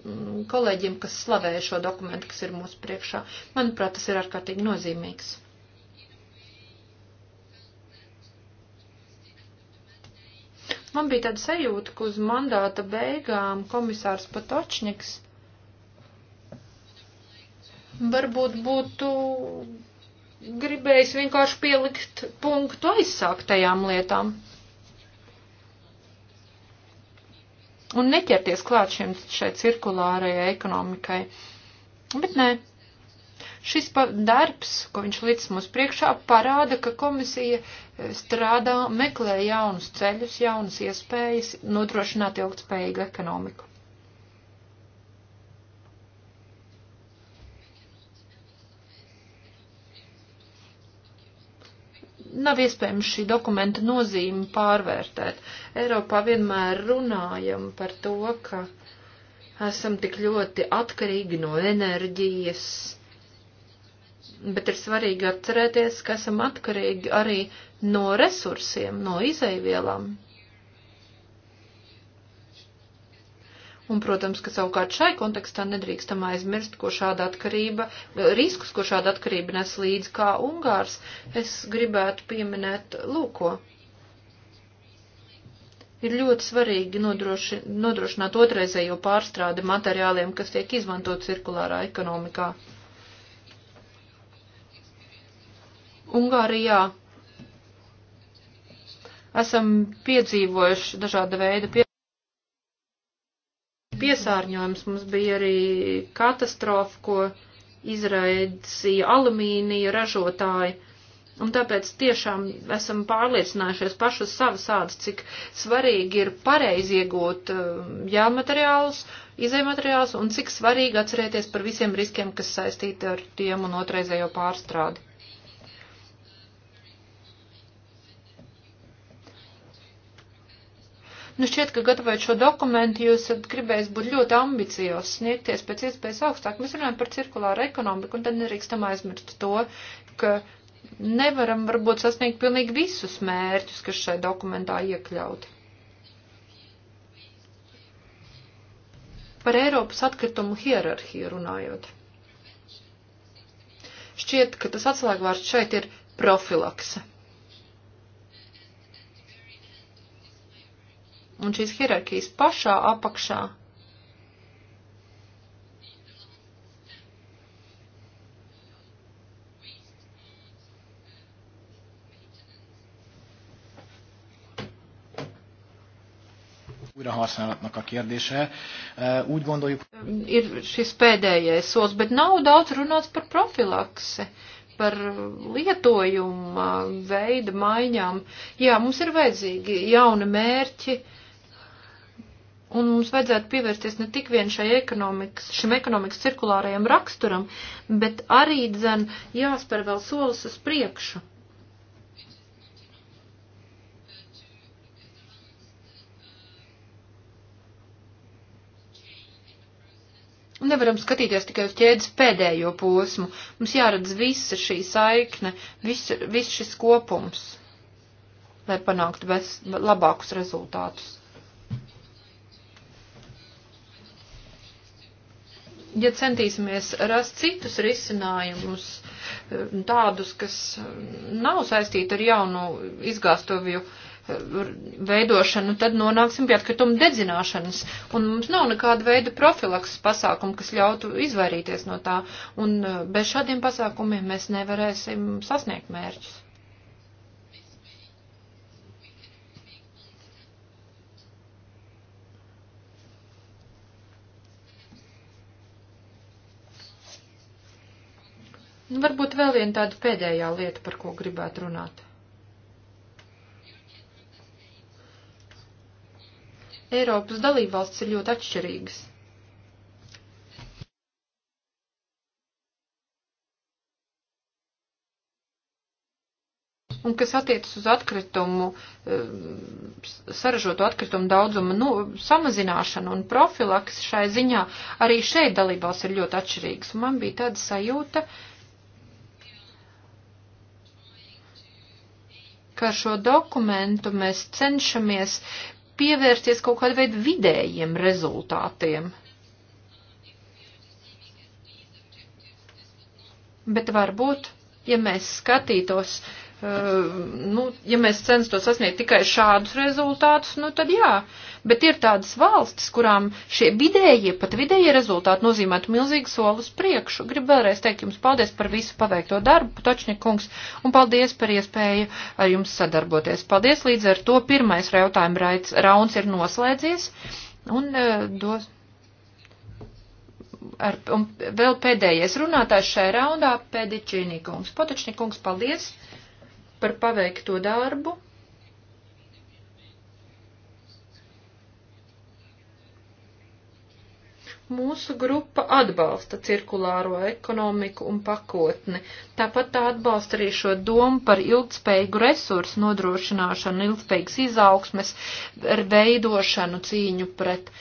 kolēģiem, kas slavēja šo dokumentu, kas ir mūsu priekšā. Manuprāt, tas ir ārkārtīgi nozīmīgs. Man bija tāda sajūta, ka uz mandāta beigām komisārs Patočņiks varbūt būtu gribējis vienkārši pielikt punktu aizsāktajām lietām. un neķerties klāt šiem, šai cirkulārajai ekonomikai. Bet nē, šis darbs, ko viņš līdz mums priekšā, parāda, ka komisija e, strādā, meklē jaunus ceļus, jaunas iespējas nodrošināt ilgspējīgu ekonomiku. nav iespējams šī dokumenta nozīmi pārvērtēt. Eiropā vienmēr runājam par to, ka esam tik ļoti atkarīgi no enerģijas, bet ir svarīgi atcerēties, ka esam atkarīgi arī no resursiem, no izaivielām. Un, protams, ka savukārt šai kontekstā nedrīkstam aizmirst, ko šāda atkarība, riskus, ko šāda atkarība nes līdzi kā Ungārs, es gribētu pieminēt lūko. Ir ļoti svarīgi nodroši, nodrošināt otrreizējo pārstrādi materiāliem, kas tiek izmantot cirkulārā ekonomikā. Ungārijā esam piedzīvojuši dažāda veida pie piesārņojums. Mums bija arī katastrofa, ko izraidīja alumīnija ražotāji. Un tāpēc tiešām esam pārliecinājušies pašu savas ādas, cik svarīgi ir pareizi iegūt um, jāmateriālus, izējumateriālus un cik svarīgi atcerēties par visiem riskiem, kas saistīti ar tiem un otraizējo pārstrādi. Nu, šķiet, ka gatavojot šo dokumentu, jūs gribējis būt ļoti ambiciozs, sniegties pēc iespējas augstāk. Mēs runājam par cirkulāru ekonomiku, un tad nerīkstam aizmirst to, ka nevaram varbūt sasniegt pilnīgi visus mērķus, kas šai dokumentā iekļauti. Par Eiropas atkritumu hierarhiju runājot. Šķiet, ka tas atslēgvārds šeit ir profilakse. Un šīs hierarkijas pašā apakšā újrahasználatnak a kérdése. Úgy gondoljuk... Ir šis pēdējais solis, bet nav daudz runāts par profilakse, par lietojumu, veida maiņām. Jā, mums ir vajadzīgi jauni mērķi, uh, Un mums vajadzētu pievērsties ne tik vien šai ekonomikas, šim ekonomikas cirkulārajam raksturam, bet arī, dzen, jāspēr vēl solis uz priekšu. Nevaram skatīties tikai uz ķēdes pēdējo posmu. Mums jāredz visa šī saikne, viss vis šis kopums, lai panāktu labākus rezultātus. ja centīsimies rast citus risinājumus, eh, tādus, kas eh, nav saistīti ar jaunu izgāstovju eh, veidošanu, tad nonāksim pie atkrituma dedzināšanas, un mums nav nekāda veida profilaks pasākumu, kas ļautu izvairīties no tā, un bez šādiem pasākumiem mēs nevarēsim sasniegt mērķus. Nu, varbūt vēl viena tāda pēdējā lieta, par ko gribētu runāt. Eiropas dalībvalstis ir ļoti atšķirīgas. Un kas attiecas uz atkritumu, eh, saražoto atkritumu daudzumu nu, samazināšanu un profilaks šai ziņā, arī šeit dalībās ir ļoti atšķirīgas. Un man bija tāda sajūta, uh, ka ar šo dokumentu mēs cenšamies pievērsties kaut kādu veidu vidējiem rezultātiem. Bet varbūt, ja mēs skatītos uh, Eh, nu, ja mēs censtos sasniegt tikai šādus rezultātus, nu tad jā. Bet ir tādas valstis, kurām šie vidējie, pat vidējie rezultāti nozīmētu milzīgu soli uz priekšu. Gribu vēlreiz teikt jums paldies par visu paveikto darbu, Točņikungs, un paldies par iespēju ar jums sadarboties. Paldies, līdz ar to pirmais jautājuma rauns ir noslēdzies, un uh, dos. Ar, un vēl pēdējais runātājs šajā raundā, Pēdiķīnī kungs. Potočnī kungs, paldies! par paveikto darbu. Mūsu grupa atbalsta cirkulāro ekonomiku un pakotni. Tāpat tā atbalsta arī šo domu par ilgspējīgu resursu nodrošināšanu, ilgspējīgas izaugsmes, veidošanu, cīņu pret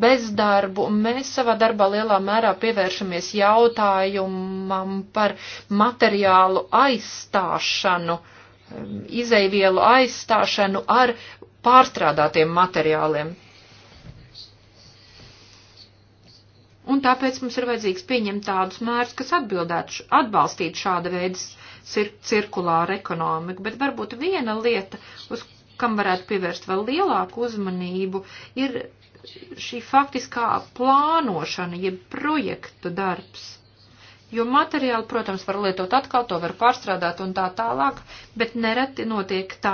bezdarbu. Mēs savā darbā lielā mērā pievēršamies jautājumam par materiālu aizstāšanu. Uh, Um, izaivielu aizstāšanu ar pārstrādātiem materiāliem. Un tāpēc mums ir vajadzīgs pieņemt tādus mērus, kas atbildētu, atbalstītu šāda veida cir cirkulāru ekonomiku. Bet varbūt viena lieta, uz kam varētu pievērst vēl lielāku uzmanību, ir šī faktiskā plānošana, jeb projektu darbs Jo materiāli, protams, var lietot atkal, to var pārstrādāt un tā tālāk, bet nereti notiek tā,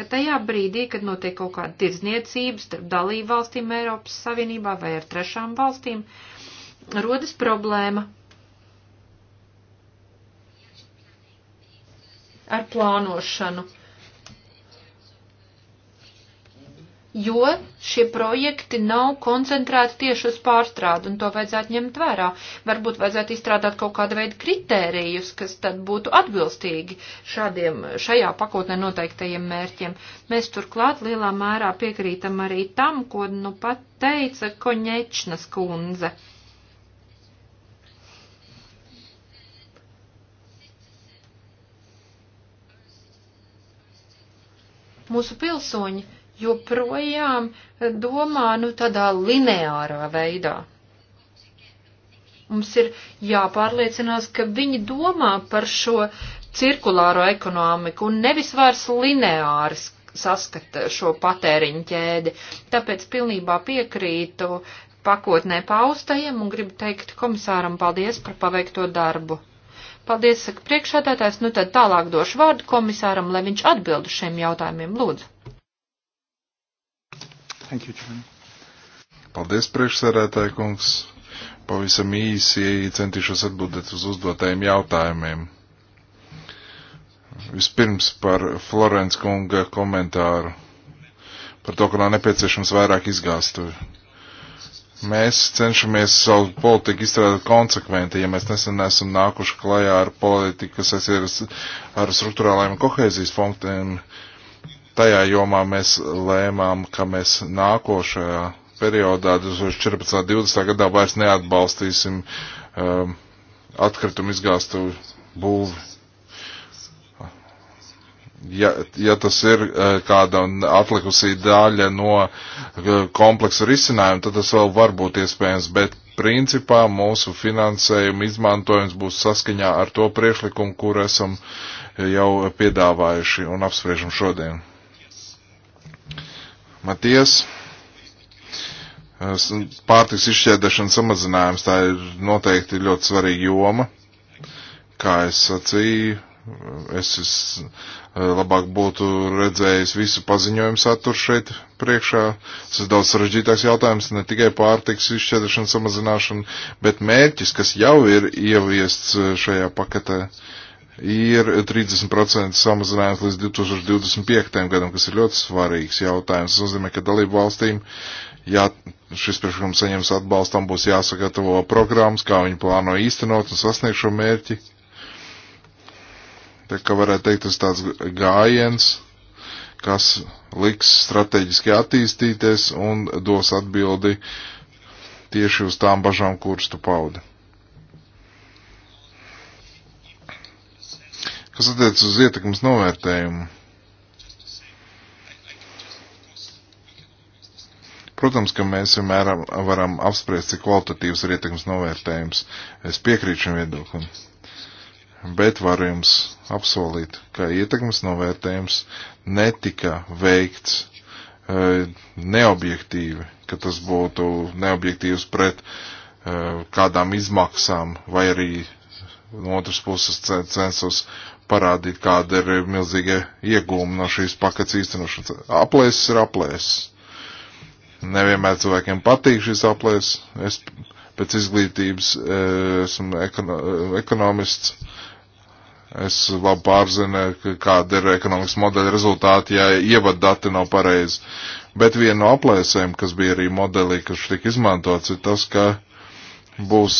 ka tajā brīdī, kad notiek kaut kāda tirdzniecība starp dalību valstīm Eiropas Savienībā vai ar trešām valstīm, rodas problēma ar plānošanu. jo šie projekti nav koncentrēti tieši uz pārstrādu, un to vajadzētu ņemt vērā. Varbūt vajadzētu izstrādāt kaut kādu veidu kritērijus, kas tad būtu atbilstīgi šādiem, šajā pakotnē noteiktajiem mērķiem. Mēs turklāt lielā mērā piekrītam arī tam, ko nu pat teica Koņečnas kundze. Mūsu pilsoņi joprojām domā, nu, tādā lineārā veidā. Mums ir jāpārliecinās, ka viņi domā par šo cirkulāro ekonomiku un nevis vairs lineāri saskata šo patēriņu ķēdi. Tāpēc pilnībā piekrītu pakotnē paustajiem un gribu teikt komisāram paldies par paveikto darbu. Paldies, saka priekšādātājs, nu tad tālāk došu vārdu komisāram, lai viņš atbildu šiem jautājumiem, lūdzu. Thank you, Chairman. Paldies, priekšsēdētāji kungs. Pavisam īsi centīšos atbildēt uz uzdotajiem jautājumiem. Vispirms par Florence kunga komentāru. Par to, ka nav nepieciešams vairāk izgāstuvi. Mēs cenšamies savu politiku izstrādāt konsekventi, ja mēs nesen esam nākuši klajā ar politiku, kas aiziet ar struktūrālajiem kohēzijas funkcijiem. Uh, tajā jomā mēs lēmām, ka mēs nākošajā periodā, 2014. 20. gadā, vairs neatbalstīsim um, atkritumu izgāstu būvi. Ja, ja tas ir uh, kāda atlikusī daļa no uh, kompleksu risinājuma, tad tas vēl var būt iespējams, bet principā mūsu finansējuma izmantojums būs saskaņā ar to priešlikumu, kur esam jau piedāvājuši un apspriežam šodien. Maties, pārtiks izšķērdēšana samazinājums, tā ir noteikti ļoti svarīga joma. Kā es sacīju, es, es eh, labāk būtu redzējis visu paziņojumu saturu šeit priekšā. Tas ir daudz sarežģītāks jautājums, ne tikai pārtiks izšķērdēšana samazināšana, bet mērķis, kas jau ir ieviests eh, šajā paketē. Uh, ir 30% samazinājums līdz 2025. gadam, kas ir ļoti svarīgs jautājums. Tas nozīmē, ka dalību valstīm, ja šis priekšlikums saņems atbalstam, būs jāsagatavo programmas, kā viņi plāno īstenot un sasniegt šo mērķi. Tā kā varētu teikt, tas tāds gājiens, kas liks strateģiski attīstīties un dos atbildi tieši uz tām bažām, kuras tu paudi. Kas attiec uz ietekmes novērtējumu? Protams, ka mēs vienmēr varam apspriest, cik kvalitatīvs ir ietekmes novērtējums. Es piekrītu šim viedoklim. Bet varu jums apsolīt, ka ietekmes novērtējums netika veikts e, neobjektīvi, ka tas būtu neobjektīvs pret e, kādām izmaksām vai arī no otras puses censos parādīt, kāda ir milzīga iegūma no šīs pakas īstenošanas. Aplēses ir aplēses. Nevienmēr cilvēkiem patīk šis aplēses. Es pēc izglītības e, esmu ekono, ekonomists. Es labi pārzinu, kāda ir ekonomikas modeļa rezultāti, ja ievad dati nav pareizi. Bet viena no aplēsēm, kas bija arī modelī, kas tika izmantots, ir tas, ka būs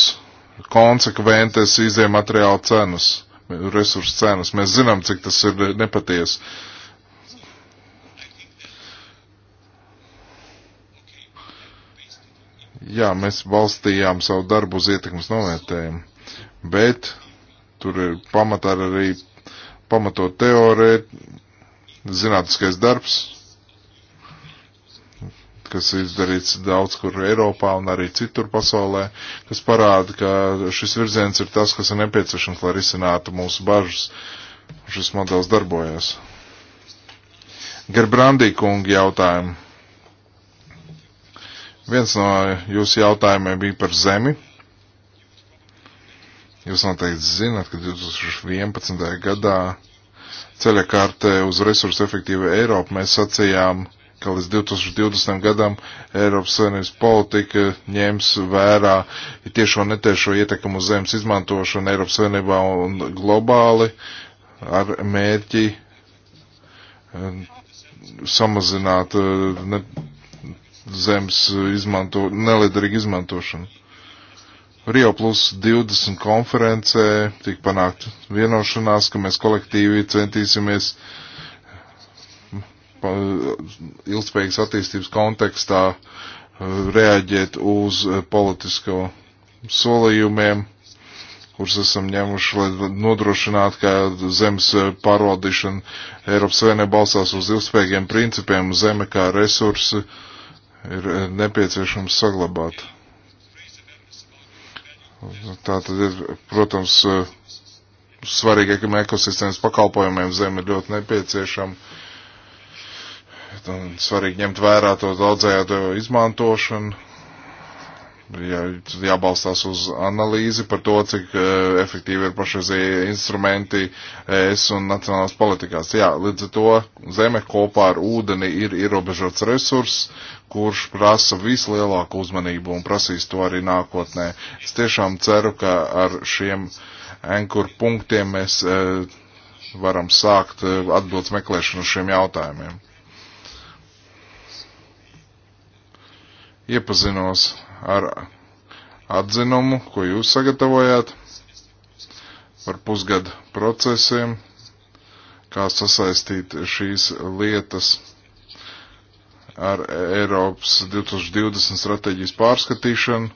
konsekventas izējumateriāla cenas resursu cenas. Mēs zinām, cik tas ir nepaties. Jā, mēs balstījām savu darbu uz ietekmes novērtējumu, bet tur ir pamatā arī pamatot teorē, zinātniskais darbs, kas izdarīts daudz kur Eiropā un arī citur pasaulē, kas parāda, ka šis virziens ir tas, kas ir nepieciešams, lai risinātu mūsu bažas. Šis modelis darbojas. Gerbrandī kungi jautājumu. Viens no jūsu jautājumiem bija par zemi. Jūs noteikti zināt, ka 2011. gadā ceļa kārtē uz resursu efektīvu Eiropu mēs sacījām, ka līdz 2020. gadam Eiropas Savienības politika ņems vērā tiešo netiešo ietekmu uz zemes izmantošanu Eiropas Savienībā un globāli ar mērķi eh, samazināt eh, ne, zemes izmanto, neliederīgu izmantošanu. Rio plus 20 konferencē tika panākt vienošanās, ka mēs kolektīvi centīsimies uh, ilgspējīgas attīstības kontekstā uh, reaģēt uz uh, politisko solījumiem, kurus esam ņēmuši, lai nodrošinātu, ka zemes uh, pārvaldīšana Eiropas Savienībā balstās uz ilgspējīgiem principiem, zeme kā resursi ir nepieciešams saglabāt. Tā tad ir, protams, svarīgākiem ekosistēmas pakalpojumiem zeme ir ļoti nepieciešama svarīgi ņemt vērā to daudzējādo izmantošanu. Jā, jābalstās uz analīzi par to, cik uh, efektīvi ir pašreizie instrumenti ES un nacionālās politikās. Jā, līdz ar to zeme kopā ar ūdeni ir ierobežots resurss, kurš prasa vislielāku uzmanību un prasīs to arī nākotnē. Es tiešām ceru, ka ar šiem enkur punktiem mēs uh, varam sākt uh, atbildes meklēšanu uz šiem jautājumiem. iepazinos ar atzinumu, ko jūs sagatavojāt par pusgadu procesiem, kā sasaistīt šīs lietas ar Eiropas 2020 stratēģijas pārskatīšanu.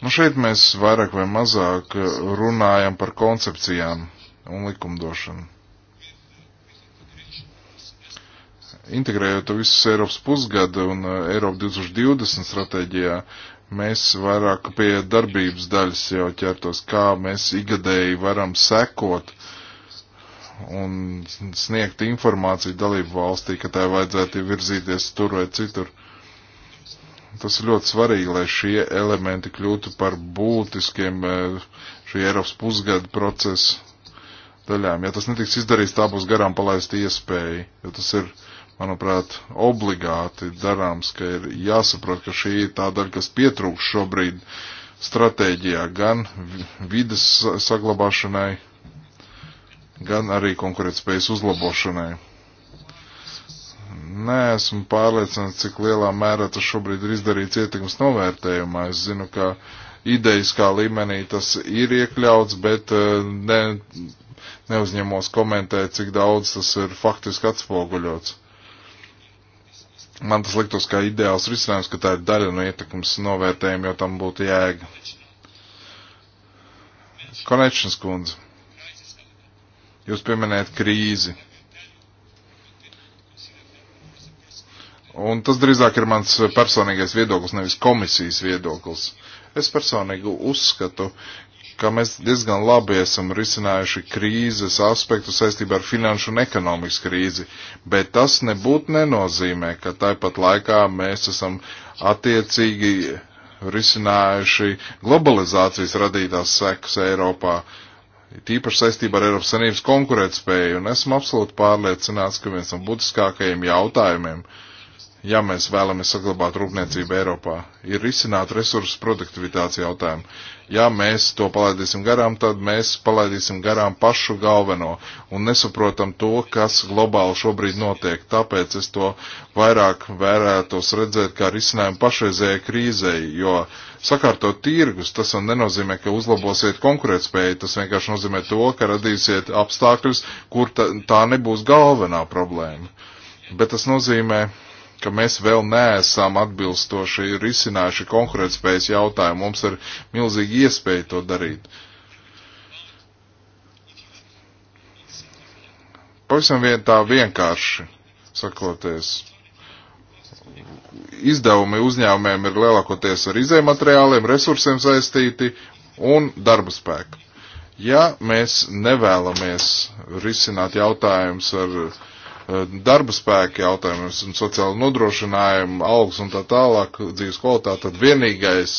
Nu šeit mēs vairāk vai mazāk runājam par koncepcijām un likumdošanu. integrējot to visus Eiropas pusgada un uh, Eiropa 2020 stratēģijā, mēs vairāk pie darbības daļas jau ķertos, kā mēs igadēji varam sekot un sniegt informāciju dalību valstī, ka tā vajadzētu virzīties tur vai citur. Tas ir ļoti svarīgi, lai šie elementi kļūtu par būtiskiem uh, šī Eiropas pusgada procesa daļām. Ja tas netiks izdarīts, tā būs garām palaista iespēja, jo tas ir uh, manuprāt, obligāti darāms, ka ir jāsaprot, ka šī ir tā daļa, kas pietrūkst šobrīd stratēģijā gan vidas saglabāšanai, gan arī konkurētspējas uzlabošanai. Nē, esmu pārliecināts, cik lielā mērā tas šobrīd ir izdarīts ietekmes novērtējumā. Es zinu, ka idejiskā līmenī tas ir iekļauts, bet eh, ne, neuzņemos komentēt, cik daudz tas ir faktiski atspoguļots. Man tas liktos kā ideāls risinājums, ka tā ir daļa no ietekmes novērtējuma, jo tam būtu jēga. Konečins kundze, jūs pieminējat krīzi. Un tas drīzāk ir mans personīgais viedoklis, nevis komisijas viedoklis. Es personīgi uzskatu, ka mēs diezgan labi esam risinājuši krīzes aspektu saistībā ar finanšu un ekonomikas krīzi, bet tas nebūtu nenozīmē, ka tāpat laikā mēs esam attiecīgi risinājuši globalizācijas radītās sekas Eiropā, tīpaši saistībā ar Eiropas Sanības konkurētspēju, un esmu absolūti pārliecināts, ka viens no būtiskākajiem jautājumiem, uh, ja mēs vēlamies saglabāt rūpniecību Eiropā, ir risināt resursu produktivitātes jautājumu. Ja mēs to palaidīsim garām, tad mēs palaidīsim garām pašu galveno un nesaprotam to, kas globāli šobrīd notiek. Tāpēc es to vairāk vērētos redzēt kā risinājumu pašreizējai krīzei, jo sakārtot tirgus, tas man nenozīmē, ka uzlabosiet konkurētspēju, tas vienkārši nozīmē to, ka radīsiet apstākļus, kur tā, tā nebūs galvenā problēma. Bet tas nozīmē, ka mēs vēl neesam atbilstoši risinājuši konkurētspējas jautājumu. Mums ir milzīgi iespēja to darīt. Pavisam vien tā vienkārši sakoties. Izdevumi uzņēmumiem ir lielākoties ar izējumateriāliem, resursiem saistīti un darba spēku. Ja mēs nevēlamies risināt jautājumus ar Eh, darba spēka jautājumus un sociālu nodrošinājumu, algas un tā tālāk, dzīves kvalitāte, tad vienīgais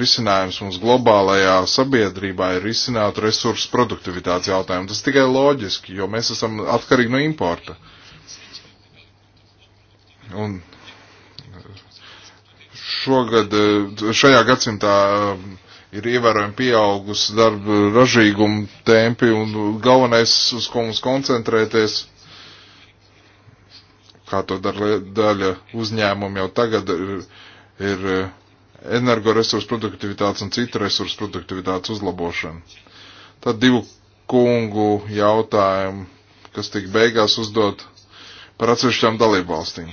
risinājums mums globālajā sabiedrībā ir risināt resursu produktivitātes jautājumu. Tas tikai loģiski, jo mēs esam atkarīgi no importa. Un šogad, eh, šajā gadsimtā eh, ir ievērojami pieaugusi darba ražīguma tempi un galvenais, uz ko mums koncentrēties, kā to dara daļa uzņēmumi jau tagad, ir, ir eh, energoresursu produktivitātes un citu resursu produktivitātes uzlabošana. Tad divu kungu jautājumu, kas tika beigās uzdot par atsevišķām dalībvalstīm.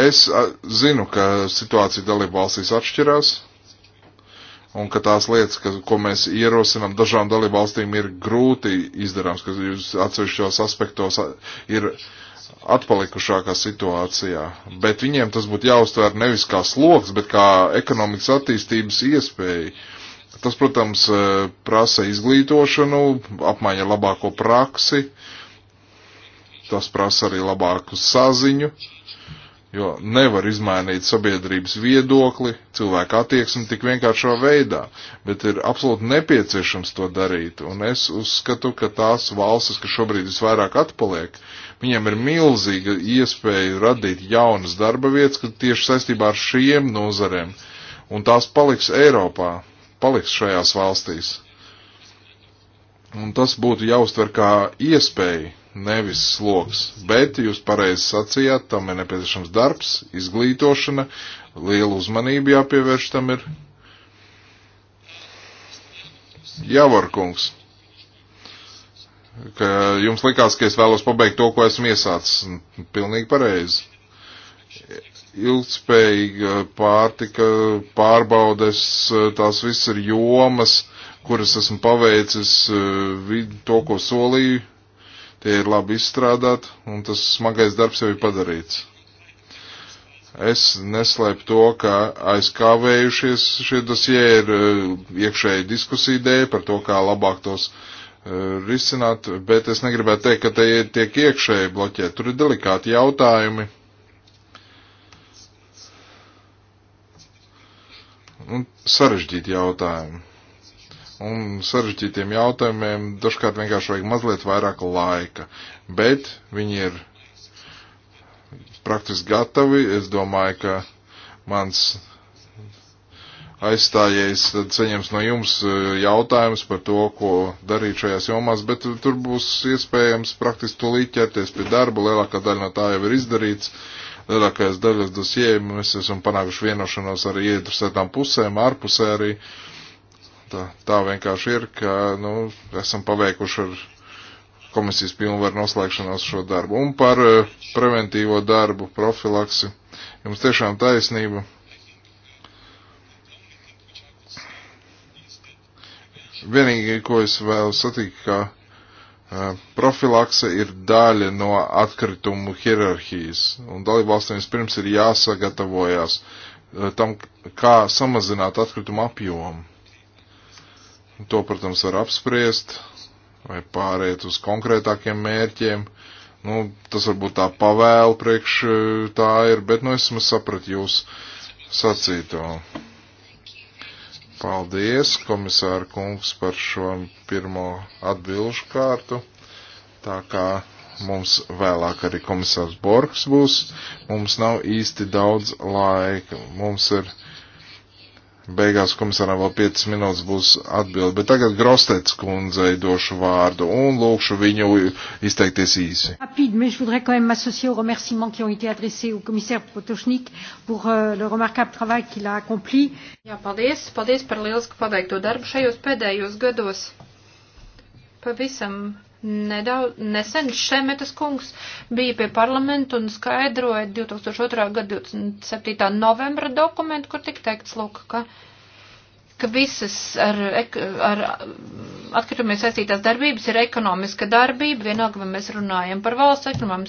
Es a, zinu, ka situācija dalībvalstīs atšķirās, un ka tās lietas, ka, ko mēs ierosinām dažām dalībvalstīm, ir grūti izdarāms, ka jūs atsevišķos aspektos ir atpalikušākā situācijā. Bet viņiem tas būtu jāuztver nevis kā sloks, bet kā ekonomikas attīstības iespēja. Tas, protams, e, prasa izglītošanu, apmaiņa labāko praksi, tas prasa arī labāku saziņu jo nevar izmainīt sabiedrības viedokli, cilvēku attieksmi tik vienkāršā veidā, bet ir absolūti nepieciešams to darīt. Un es uzskatu, ka tās valstis, kas šobrīd visvairāk atpaliek, viņiem ir milzīga iespēja radīt jaunas darba vietas, kas tieši saistībā ar šiem nozarēm. Un tās paliks Eiropā, paliks šajās valstīs. Un tas būtu jāuztver kā iespēja nevis sloks. Bet jūs pareizi sacījāt, tam ir nepieciešams darbs, izglītošana, liela uzmanība jāpievērš tam ir. Javorkungs, ka jums likās, ka es vēlos pabeigt to, ko esmu iesācis. Pilnīgi pareizi. Ilgspējīga pārtika, pārbaudes, tās viss ir jomas, kuras esmu paveicis, eh, to, ko solīju, tie ir labi izstrādāti, un tas smagais darbs jau ir padarīts. Es neslēpu to, ka aizkāvējušies šie dosie ir eh, iekšēji diskusija dēļ par to, kā labāk tos eh, risināt, bet es negribētu teikt, ka tie tiek iekšēji bloķēti. Tur ir delikāti jautājumi. Un sarežģīti jautājumi un sarežģītiem jautājumiem dažkārt vienkārši vajag mazliet vairāk laika, bet viņi ir praktiski gatavi. Es domāju, ka mans aizstājies, tad saņems no jums e, jautājums par to, ko darīt šajās jomās, bet tur būs iespējams praktiski tūlīt ķerties pie darba, lielākā daļa no tā jau ir izdarīts, lielākais daļas dosieji, mēs esam panākuši vienošanos ar iedrusētām pusēm, ārpusē arī. Uh, Tā, tā vienkārši ir, ka nu, esam paveikuši ar komisijas pilnvaru noslēgšanos šo darbu. Un par e, preventīvo darbu, profilaksi. Jums tiešām taisnība. Vienīgi, ko es vēl satiku, ka e, profilakse ir daļa no atkritumu hierarhijas. Un dalībvalstīm vispirms ir jāsagatavojās e, tam, kā samazināt atkritumu apjomu. To, protams, var apspriest vai pāriet uz konkrētākiem mērķiem. Nu, tas varbūt tā pavēlu priekš e, tā ir, bet nu es esmu sapratu jūs sacīto. Paldies, komisāra kungs, par šo pirmo atbilžu kārtu. Tā kā mums vēlāk arī komisārs Borgs būs, mums nav īsti daudz laika. Mums ir Beigās komisārā vēl 5 minūtes būs atbildi, bet tagad Grostets kundzei došu vārdu un lūkšu viņu izteikties īsi. Rapid, mais je voudrais quand même m'associer aux remerciements qui ont été adressés au commissaire Potošnik pour euh, le remarquable travail qu'il a accompli. Jā, paldies, paldies par lielisku paveikto darbu šajos pēdējos gados. Pavisam Nedaudz, nesen Šemetas kungs bija pie parlamentu un skaidroja 2002. gada 27. novembra dokumentu, kur tik teikts, lūk, ka, ka visas ar, ar atkritumiem saistītās darbības ir ekonomiska darbība, vienalga, vai mēs runājam par valsts ekonomiem,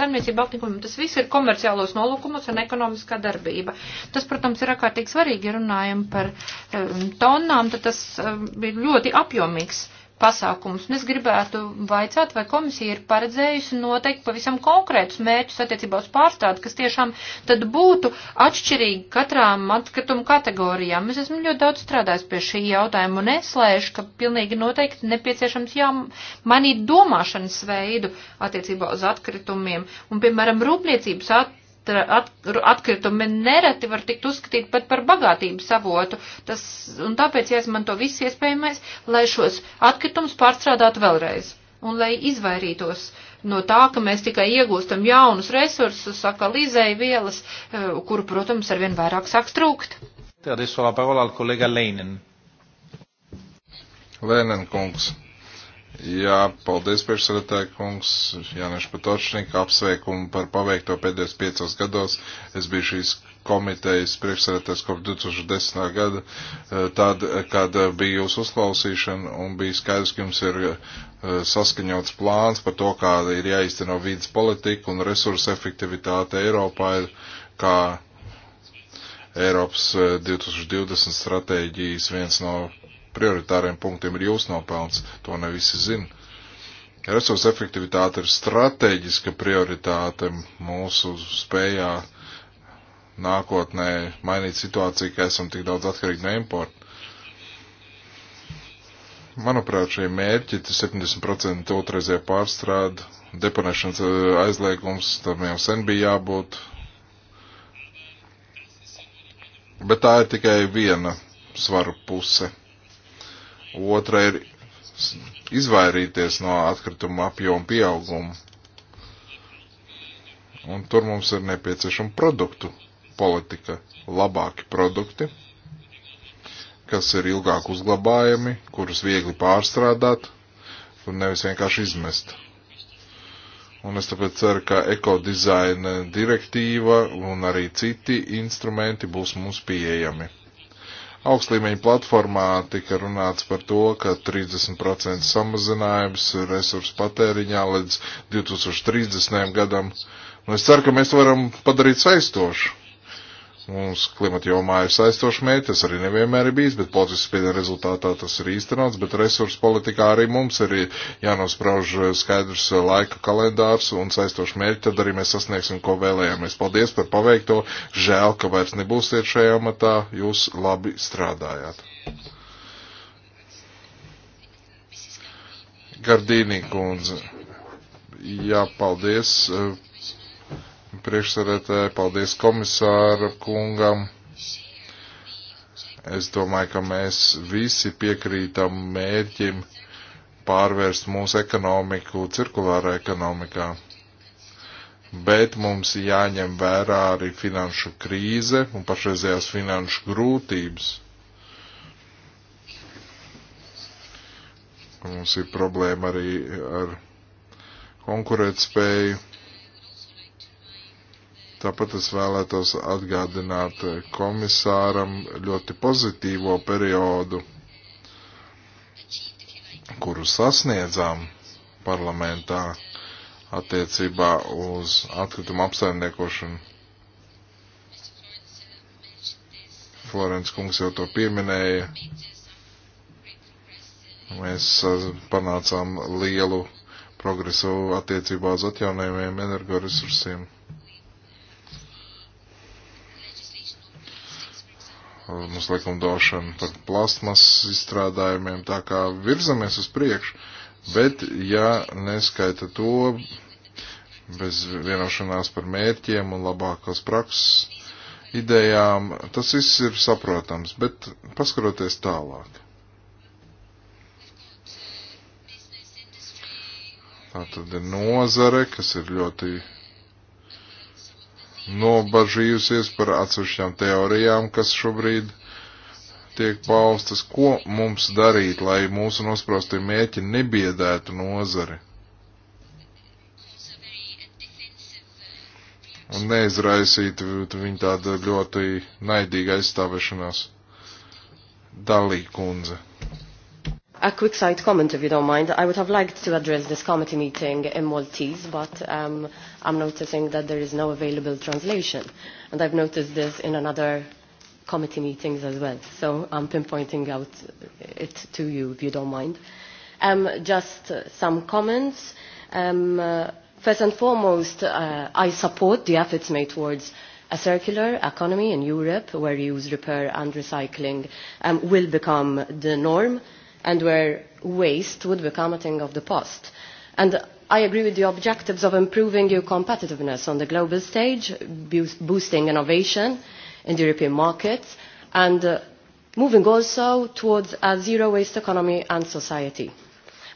saimniecību apnikumiem, tas viss ir komerciālos nolūkumos un ekonomiskā darbība. Tas, protams, ir ārkārtīgi svarīgi, ja runājam par um, tonnām, tad tas um, bija ļoti apjomīgs pasākumus. Un es gribētu vaicāt, vai komisija ir paredzējusi noteikti pavisam konkrētus mērķus attiecībā uz pārstādi, kas tiešām tad būtu atšķirīgi katrām atkritumu kategorijām. Es esmu ļoti daudz strādājis pie šī jautājuma un neslēžu, ka pilnīgi noteikti nepieciešams jāmainīt domāšanas veidu attiecībā uz atkritumiem. Un, piemēram, rūpniecības at at, atkritumi nereti var tikt uzskatīt pat par bagātību savotu. Tas, un tāpēc jāizmanto viss iespējamais, lai šos atkritumus pārstrādātu vēlreiz. Un lai izvairītos no tā, ka mēs tikai iegūstam jaunus resursus, saka Lizēja vielas, e, kuru, protams, arvien vairāk sāks trūkt. Tad es vēl parola al kolega Leinen. Leinen kungs. Jā, paldies priekšsēdētāji kungs, Jānis Patočnik, apsveikumu par paveikto pēdējos piecos gados. Es biju šīs komitejas priekšsēdētājs kopš 2010. gada, eh, tad, kad bija jūsu uzklausīšana un bija skaidrs, ka jums ir eh, saskaņots plāns par to, kā ir jāizteno vīdes politika un resursa efektivitāte Eiropā ir kā Eiropas 2020 eh, stratēģijas viens no prioritāriem punktiem ir jūsu nopelns, to ne visi zina. Resursu efektivitāte ir strateģiska prioritāte mūsu spējā nākotnē mainīt situāciju, ka esam tik daudz atkarīgi no importa. Manuprāt, šie mērķi, 70% otrreizē pārstrāda, deponēšanas eh, aizliegums, tam jau sen bija jābūt, bet tā ir tikai viena svaru puse otra ir izvairīties no atkrituma apjoma pieauguma. Un tur mums ir nepieciešama produktu politika, labāki produkti, kas ir ilgāk uzglabājami, kurus viegli pārstrādāt un nevis vienkārši izmest. Un es tāpēc ceru, ka ekodizaina direktīva un arī citi instrumenti būs mums pieejami augstlīmeņa platformā tika runāts par to, ka 30% samazinājums resursu patēriņā līdz 2030. gadam. Un nu, es ceru, ka mēs to varam padarīt saistošu. Mums klimata jomā ir saistoši mērķi, tas arī nevienmēr ir bijis, bet politiskas spiediena rezultātā tas ir īstenots, bet resursu politikā arī mums ir jānosprauž skaidrs laika kalendārs un saistoši mērķi, tad arī mēs sasniegsim, ko vēlējāmies. Paldies par paveikto, žēl, ka vairs nebūsiet šajā matā, jūs labi strādājāt. Gardīnī kundze. Jā, paldies priekšsarētāji, paldies komisāra kungam. Es domāju, ka mēs visi piekrītam mērķim pārvērst mūsu ekonomiku cirkulārā ekonomikā. Bet mums jāņem vērā arī finanšu krīze un pašreizējās finanšu grūtības. Mums ir problēma arī ar konkurētspēju Tāpat es vēlētos atgādināt komisāram ļoti pozitīvo periodu, kuru sasniedzām parlamentā attiecībā uz atkritumu apsaimniekošanu. Florence kungs jau to pieminēja. Mēs panācām lielu progresu attiecībā uz atjaunojumiem energoresursiem. Eh, mums likumdošana par plasmas izstrādājumiem, tā kā virzamies uz priekšu, bet ja neskaita to bez vienošanās par mērķiem un labākos prakses idejām, tas viss ir saprotams, bet paskaroties tālāk. Tā tad ir nozare, kas ir ļoti nobažījusies par atsevišķām teorijām, kas šobrīd tiek paustas, ko mums darīt, lai mūsu nosprostie mērķi nebiedētu nozari. Un neizraisītu viņu tādu ļoti naidīgu aizstāvešanās. Dalī kundze. A quick side comment, if you don't mind. I would have liked to address this committee meeting in Maltese, but um, I'm noticing that there is no available translation. And I've noticed this in another committee meetings as well. So I'm pinpointing out it to you, if you don't mind. Um, just uh, some comments. Um, uh, first and foremost, uh, I support the efforts made towards a circular economy in Europe where use, repair and recycling um, will become the norm and where waste would become a thing of the past. And I agree with the objectives of improving EU competitiveness on the global stage, boosting innovation in the European market, and uh, moving also towards a zero-waste economy and society.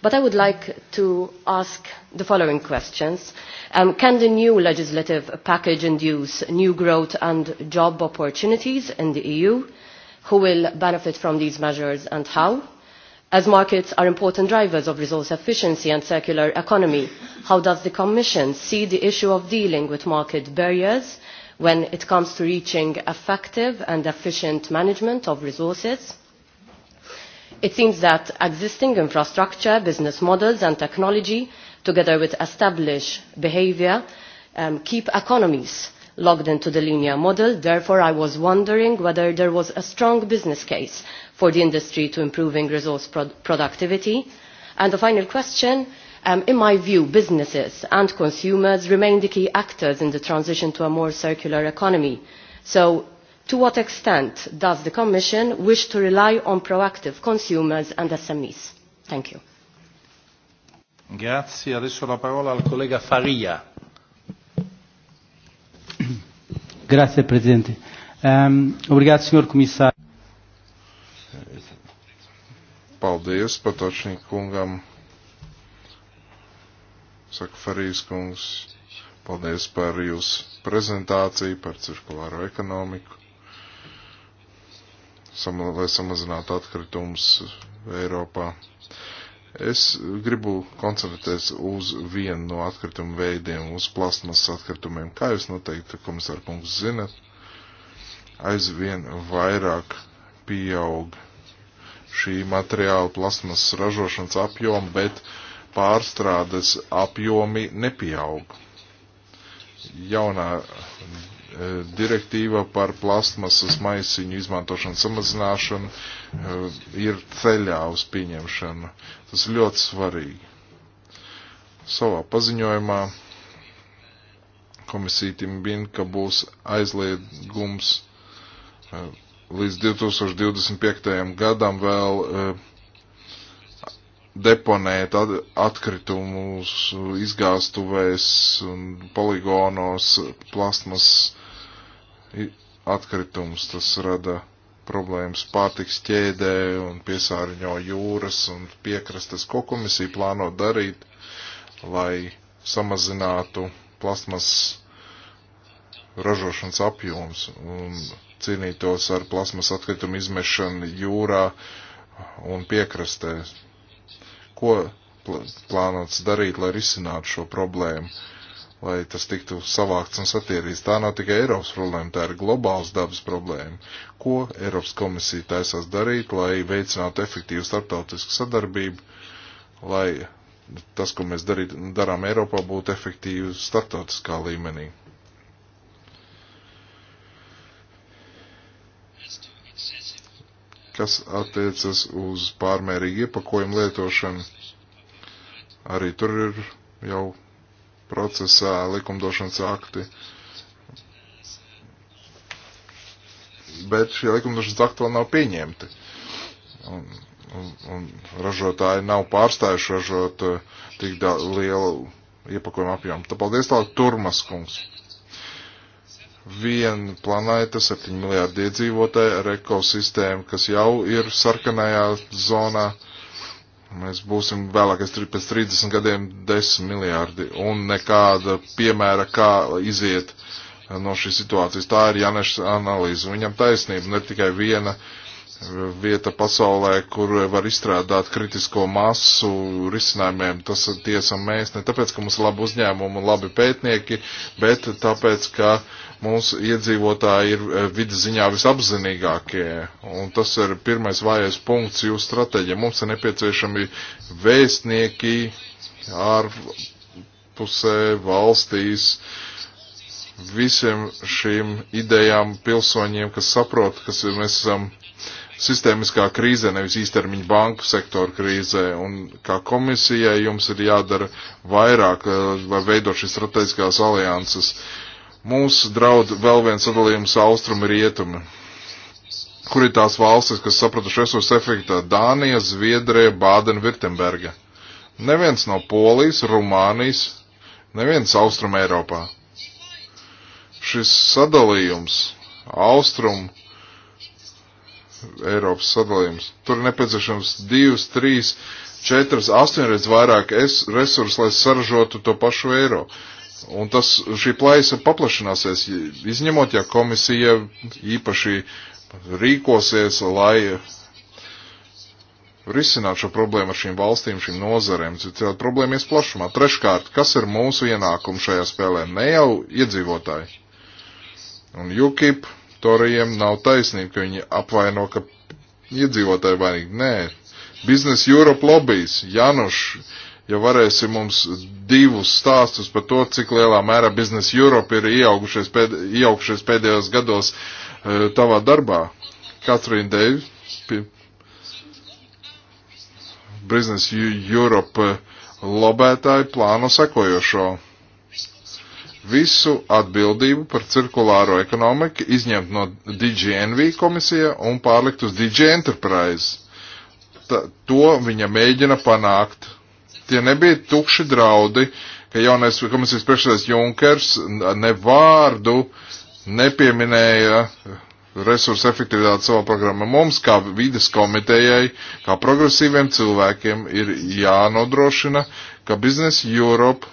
But I would like to ask the following questions. Um, can the new legislative package induce new growth and job opportunities in the EU? Who will benefit from these measures and how? as markets are important drivers of resource efficiency and circular economy how does the commission see the issue of dealing with market barriers when it comes to reaching effective and efficient management of resources? it seems that existing infrastructure business models and technology together with established behaviour um, keep economies logged into the linea model. Therefore, I was wondering whether there was a strong business case for the industry to improving resource pro productivity. And the final question, um, in my view, businesses and consumers remain the key actors in the transition to a more circular economy. So to what extent does the commission wish to rely on proactive consumers and smes? thank you. grazie adesso la parola al collega faria. Grazie, Presidente. Um, obrigado, Sr. Comissário. Paldies, Patočnīk kungam. Saka Farijas kungs. Paldies par jūsu prezentāciju par cirkulāro ekonomiku. Sam, lai samazinātu atkritumus Eiropā. Uh, Es gribu koncentrēties uz vienu no atkritumu veidiem, uz plasmas atkritumiem. Kā jūs noteikti, komisāra kungs, zinat, aizvien vairāk pieaug šī materiāla plasmas ražošanas apjoma, bet pārstrādes apjomi nepieaug. Jaunā E, direktīva par plastmasas maisiņu izmantošanu samazināšanu e, ir ceļā uz pieņemšanu. Tas ir ļoti svarīgi. Savā paziņojumā komisija timbina, ka būs aizliegums e, līdz 2025. gadam vēl deponēt atkritumus izgāstuvēs un poligonos plastmasas atkritumus, tas rada problēmas pārtiks ķēdē un piesārņo jūras un piekrastes. Ko komisija plāno darīt, lai samazinātu plasmas ražošanas apjoms un cīnītos ar plasmas atkritumu izmešanu jūrā un piekrastē? Ko plānots darīt, lai risinātu šo problēmu? lai tas tiktu savākts un satīrīts. Tā nav tikai Eiropas problēma, tā ir globāls dabas problēma. Ko Eiropas komisija taisās darīt, lai veicinātu efektīvu starptautisku sadarbību, lai tas, ko mēs darīt, darām Eiropā, būtu efektīvi starptautiskā līmenī? Kas attiecas uz pārmērīgu iepakojumu lietošanu, arī tur ir jau procesā likumdošanas akti. Bet šie likumdošanas akti vēl nav pieņemti. Un, un, un ražotāji nav pārstājuši ražot eh, tik lielu iepakojumu apjomu. Tā paldies tālāk Turmas kungs. Viena planēta, 7 miljārdi iedzīvotāji ar ekosistēmu, kas jau ir sarkanajā zonā. Uh, Mēs būsim vēlākais pēc 30 gadiem 10 miljārdi un nekāda piemēra, kā iziet eh, no šīs situācijas. Tā ir Janeša analīze. Viņam taisnība ne tikai viena eh, vieta pasaulē, kur var izstrādāt kritisko masu risinājumiem. Tas tiesam mēs ne tāpēc, ka mums ir labi uzņēmumi un labi pētnieki, bet tāpēc, ka uh, mūsu iedzīvotāji ir eh, vidas ziņā visapzinīgākie, un tas ir pirmais vājais punkts jūsu stratēģija. Mums ir nepieciešami vēstnieki ārpusē valstīs visiem šīm idejām pilsoņiem, kas saprot, kas ir, mēs esam sistēmiskā krīzē, nevis īstermiņa banku sektora krīzē, un kā komisijai jums ir jādara vairāk, eh, lai veidot šīs strateģiskās alianses. Uh, Mums draud vēl viens sadalījums austrumi rietumi. Kur ir tās valstis, kas sapratuši resursu efektā? Dānija, Zviedrija, Bādena-Virtemberga. Neviens no Polijas, Rumānijas, neviens austrum Eiropā. Šis sadalījums, austrum Eiropas sadalījums, tur nepieciešams divas, trīs, četras, astoņreiz vairāk resursus, lai saražotu to pašu Eiropu Un tas, šī plaisa paplašināsies, izņemot, ja komisija īpaši rīkosies, lai risināt šo problēmu ar šīm valstīm, šīm nozarēm. Citādi problēma ies plašumā. Treškārt, kas ir mūsu ienākums šajā spēlē? Ne jau iedzīvotāji. Un UKIP torijiem nav taisnība, ka viņi apvaino, ka iedzīvotāji vainīgi. Nē, Biznes Europe lobbies, Januš, ja varēsi mums divus stāstus par to, cik lielā mērā Business Europe ir ieaugušies, pēd, ieaugušies pēdējos gados uh, tavā darbā. Katrīna Deivi, Business Europe lobētāji plāno sekojošo. Visu atbildību par cirkulāro ekonomiku izņemt no DigiNV komisija un pārlikt uz DigiEnterprise. To viņa mēģina panākt tie nebija tukši draudi, ka jaunais komisijas priekšsēdētājs Junkers ne vārdu nepieminēja resursu efektivitāti savā programmā. Mums, kā vides komitejai, kā progresīviem cilvēkiem, ir jānodrošina, ka Business Europe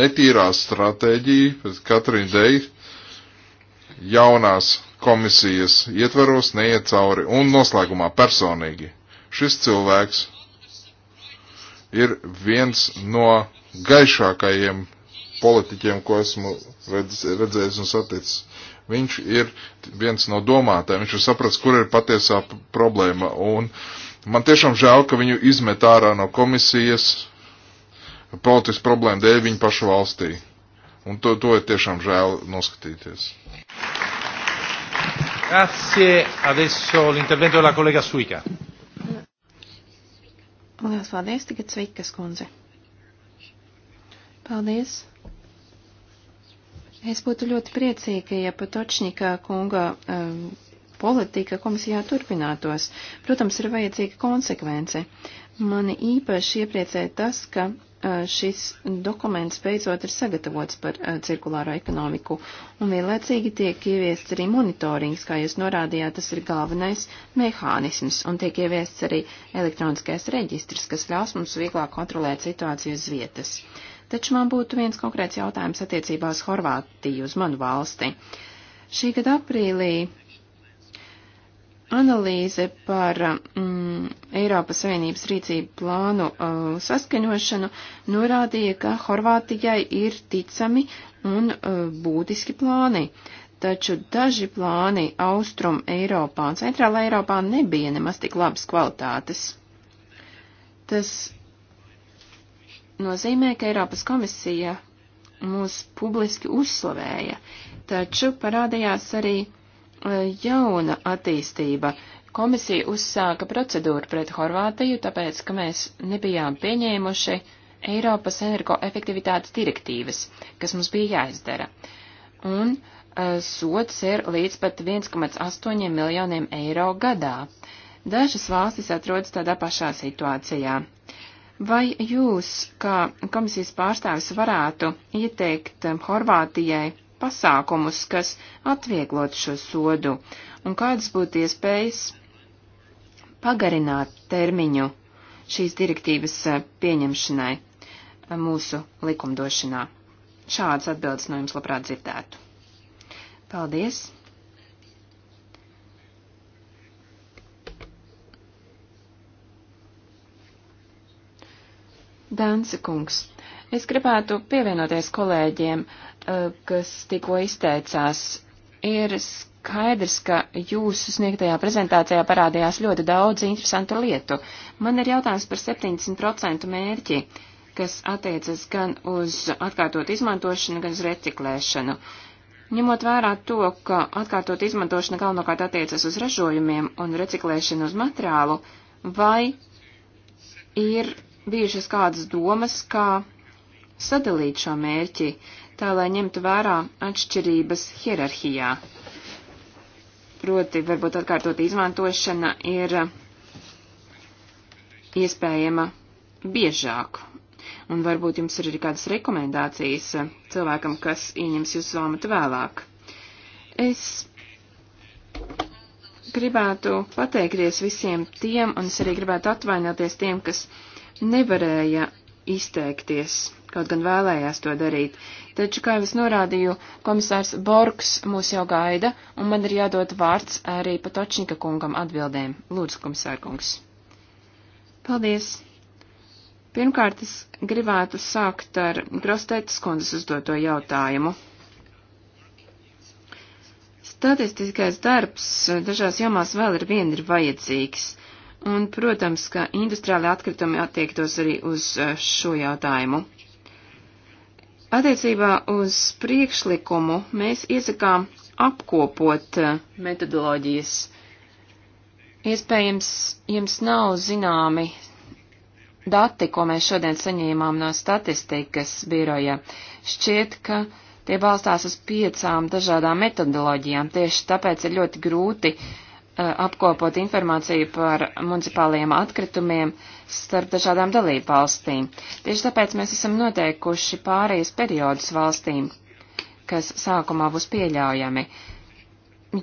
netīrā stratēģija pēc Katrīna Dei jaunās komisijas ietveros neiet cauri un noslēgumā personīgi. Šis cilvēks ir viens no gaišākajiem politiķiem, ko esmu redz, redzējis un saticis. Viņš ir viens no domātājiem, viņš ir sapratis, kur ir patiesā problēma. Un man tiešām žēl, ka viņu izmet ārā no komisijas politisku problēmu dēļ viņa pašu valstī. Un to, to ir tiešām žēl noskatīties. Grazie. Adesso l'intervento della collega Suica. Lielas paldies, tagad Cvikas kundze. Paldies. Es būtu ļoti priecīga, ja Patočņika kunga um, politika komisijā turpinātos. Protams, ir vajadzīga konsekvence. Mani īpaši iepriecē tas, ka šis dokuments beidzot ir sagatavots par cirkulāro ekonomiku, un vienlaicīgi tiek ieviests arī monitorings, kā jūs norādījāt, tas ir galvenais mehānisms, un tiek ieviests arī elektroniskais reģistrs, kas ļaus mums vieglāk kontrolēt situāciju uz vietas. Taču man būtu viens konkrēts jautājums attiecībā uz Horvātiju, uz manu valsti. Šī gada aprīlī analīze par mm, Eiropas Savienības rīcību plānu uh, saskaņošanu norādīja, ka Horvātijai ir ticami un uh, būtiski plāni, taču daži plāni Austrum Eiropā un Centrāla Eiropā nebija nemaz tik labas kvalitātes. Tas nozīmē, ka Eiropas komisija mūs publiski uzslavēja, taču parādījās arī uh, jauna attīstība. Komisija uzsāka procedūru pret Horvātiju, tāpēc, ka mēs nebijām pieņēmuši Eiropas energoefektivitātes direktīvas, kas mums bija jāizdara. Un uh, sots ir līdz pat 1,8 miljoniem eiro gadā. Dažas valstis atrodas tādā pašā situācijā. Vai jūs, kā komisijas pārstāvis, varētu ieteikt eh, Horvātijai pasākumus, kas atvieglotu šo sodu, un kādas būtu iespējas pagarināt termiņu šīs direktīvas eh, pieņemšanai eh, mūsu likumdošanā. Šādas atbildes no jums labprāt dzirdētu. Paldies! Dansa kungs, es gribētu pievienoties kolēģiem, uh, Eh, kas tikko izteicās. Ir skaidrs, ka jūsu sniegtajā prezentācijā parādījās ļoti daudz interesantu lietu. Man ir jautājums par 70% mērķi, kas attiecas gan uz atkārtot izmantošanu, gan uz reciklēšanu. Ņemot vērā to, ka atkārtot izmantošana galvenokārt attiecas uz ražojumiem un reciklēšana uz materiālu, vai ir bijušas kādas domas, kā sadalīt šo mērķi, tā lai ņemtu vērā atšķirības hierarhijā. Proti, varbūt atkārtot izmantošana ir iespējama biežāk. Un varbūt jums ir arī kādas rekomendācijas cilvēkam, kas ieņems jūsu amatu vēlāk. Es gribētu pateikties visiem tiem, un es arī gribētu atvainoties tiem, kas nevarēja izteikties kaut gan vēlējās to darīt. Taču, kā jau es norādīju, komisārs Borgs mūs jau gaida, un man ir jādod vārds arī Patočņika kungam atbildēm. Lūdzu, komisārkungs. Paldies! Pirmkārt, es gribētu sākt ar Grostētas kundzes uzdoto jautājumu. Statistiskais darbs dažās jomās vēl ir vien ir vajadzīgs, un, protams, ka industriāli atkritumi attiektos arī uz eh, šo jautājumu. Attiecībā uz priekšlikumu mēs iesakām apkopot eh, metodoloģijas. Iespējams, jums nav zināmi dati, ko mēs šodien saņēmām no statistikas biroja. Šķiet, ka tie balstās uz piecām dažādām metodoloģijām, tieši tāpēc ir ļoti grūti uh, Uh, apkopot informāciju par municipālajiem atkritumiem starp dažādām dalību valstīm. Tieši tāpēc mēs esam noteikuši pārējais periodus valstīm, kas sākumā būs pieļaujami,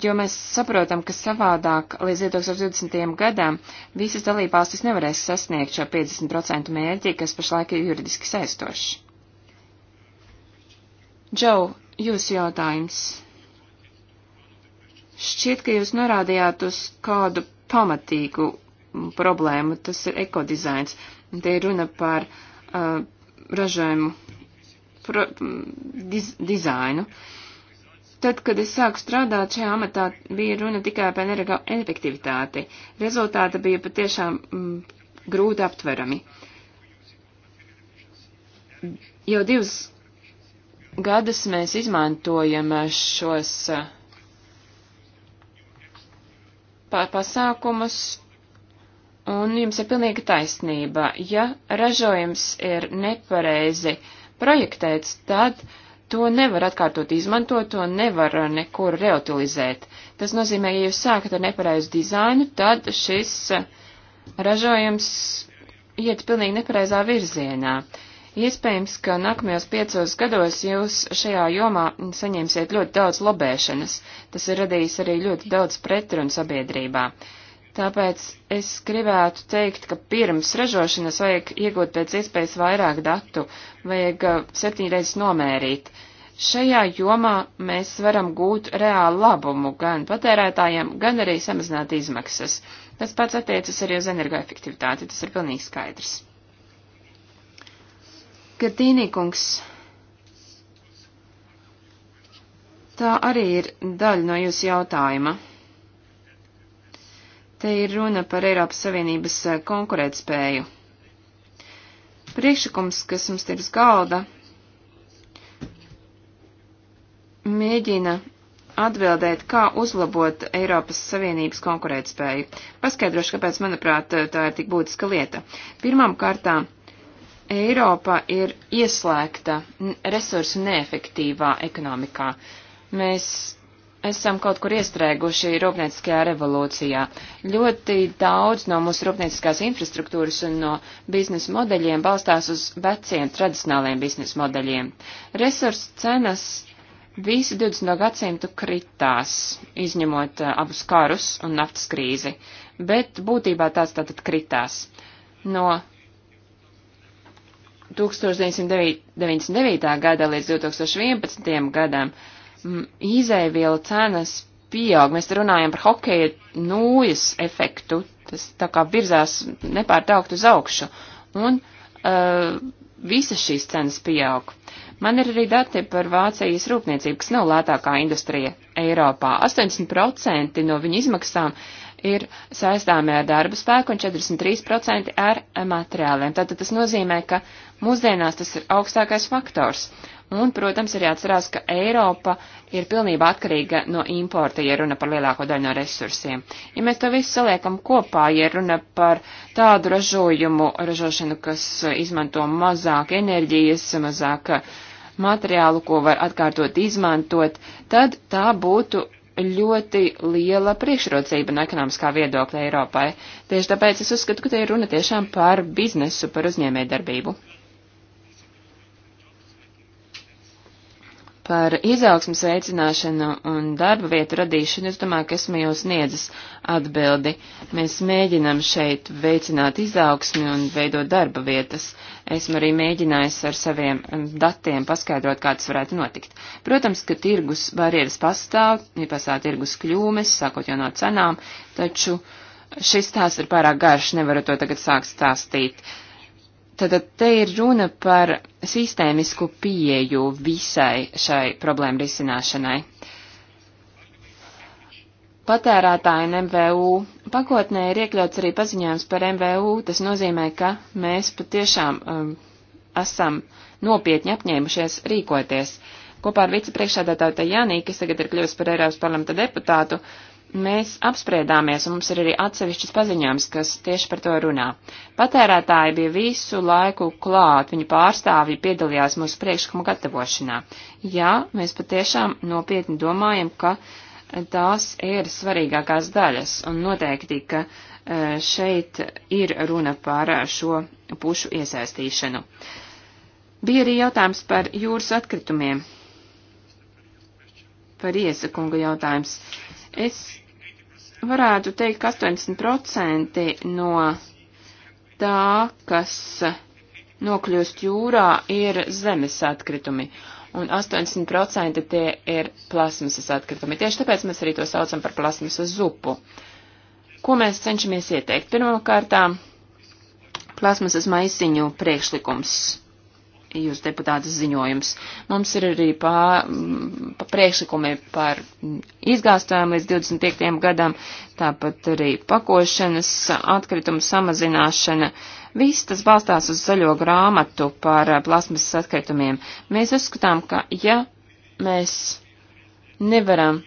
jo mēs saprotam, ka savādāk līdz 2020. gadam visas dalību valstis nevarēs sasniegt šo 50% mērķi, kas pašlaik ir juridiski saistošs. Džau, jūsu jautājums. Šķiet, ka jūs norādījāt uz kādu pamatīgu problēmu, tas ir ekodizains. Te ir runa par uh, ražojumu pro, diz, dizainu. Tad, kad es sāku strādāt šajā amatā, bija runa tikai par energoefektivitāti. Rezultāti bija patiešām mm, grūti aptverami. Jau divus gadus mēs izmantojam uh, šos uh, pasākumus, un jums ir pilnīga taisnība. Ja ražojums ir nepareizi projektēts, tad to nevar atkārtot izmantot, to nevar nekur reutilizēt. Tas nozīmē, ja jūs sākat ar nepareizu dizainu, tad šis ražojums iet pilnīgi nepareizā virzienā. Uh, Iespējams, ka nākamajos piecos gados jūs šajā jomā saņemsiet ļoti daudz lobēšanas. Tas ir radījis arī ļoti daudz pretrunu sabiedrībā. Tāpēc es gribētu teikt, ka pirms ražošanas vajag iegūt pēc iespējas vairāk datu, vajag uh, septiņreiz nomērīt. Šajā jomā mēs varam gūt reālu labumu gan patērētājiem, gan arī samazināt izmaksas. Tas pats attiecas arī uz energoefektivitāti, tas ir pilnīgi skaidrs. Gardīnī kungs. Tā arī ir daļa no jūsu jautājuma. Te ir runa par Eiropas Savienības eh, konkurētspēju. Priekšlikums, kas mums ir uz galda, mēģina atbildēt, kā uzlabot Eiropas Savienības konkurētspēju. Paskaidrošu, kāpēc, manuprāt, tā ir tik būtiska lieta. Pirmām kārtām Eiropa ir ieslēgta resursu neefektīvā ekonomikā. Mēs esam kaut kur iestrēguši rūpnieciskajā revolūcijā. Ļoti daudz no mūsu rūpnieciskās infrastruktūras un no biznesa modeļiem balstās uz veciem tradicionāliem biznesa modeļiem. Resursu cenas visu 20. gadsimtu kritās, izņemot abus karus un naftas krīzi, bet būtībā tās tātad kritās. No 1999. gada līdz 2011. gadam izēvielu cenas pieaug. Mēs runājam par hokeja nūjas efektu. Tas tā kā virzās nepārtraukt uz augšu. Un uh, visas šīs cenas pieaug. Man ir arī dati par Vācijas rūpniecību, kas nav lētākā industrija Eiropā. 80% no viņu izmaksām ir saistāmi ar darba spēku un 43% ar eh, materiāliem. Tātad tas nozīmē, ka Mūsdienās tas ir augstākais faktors. Un, protams, ir jāatcerās, ka Eiropa ir pilnībā atkarīga no importa, ja runa par lielāko daļu no resursiem. Ja mēs to visu saliekam kopā, ja runa par tādu ražojumu, ražošanu, kas izmanto mazāk enerģijas, mazāk materiālu, ko var atkārtot izmantot, tad tā būtu ļoti liela priekšrocība no ekonomiskā viedokļa Eiropai. Tieši tāpēc es uzskatu, ka te ir runa tiešām par biznesu, par uzņēmējdarbību. Par izaugsmas veicināšanu un darba vietu radīšanu es domāju, ka esmu jau sniedzis atbildi. Mēs mēģinam šeit veicināt izaugsmi un veidot darba vietas. Esmu arī mēģinājis ar saviem um, datiem paskaidrot, kā tas varētu notikt. Protams, ka tirgus barjeras pastāv, ir pastāv tirgus kļūmes, sākot jau no cenām, taču šis tās ir pārāk garš, nevaru to tagad sākt stāstīt. Uh, Tad te ir runa par sistēmisku pieju visai šai problēmu risināšanai. Patērētāju un MVU pakotnē ir iekļauts arī paziņojums par MVU. Tas nozīmē, ka mēs patiešām um, esam nopietni apņēmušies rīkoties. Kopā ar vicepriekšādātāju Tajānī, kas tagad ir kļuvis par Eiropas parlamenta deputātu, uh, mēs apspriedāmies, un mums ir arī atsevišķas paziņojums, kas tieši par to runā. Patērētāji bija visu laiku klāt, viņu pārstāvji piedalījās mūsu priekšlikumu gatavošanā. Jā, mēs patiešām nopietni domājam, ka tās ir svarīgākās daļas, un noteikti, ka e, šeit ir runa par šo pušu iesaistīšanu. Bija arī jautājums par jūras atkritumiem. Par iesakunga jautājums. Es varētu teikt, ka 80% no tā, kas nokļūst jūrā, ir zemes atkritumi, un 80% tie ir plasmasas atkritumi. Tieši tāpēc mēs arī to saucam par plasmasas zupu. Ko mēs cenšamies ieteikt? Pirmkārtām, plasmasas maisiņu priekšlikums jūs deputātas ziņojums. Mums ir arī pā, mm, pa priekšlikumi par izgāstājumu līdz 25. gadam, tāpat arī pakošanas atkritumu samazināšana. Viss tas balstās uz zaļo grāmatu par plasmasas atkritumiem. Mēs uzskatām, ka ja mēs nevaram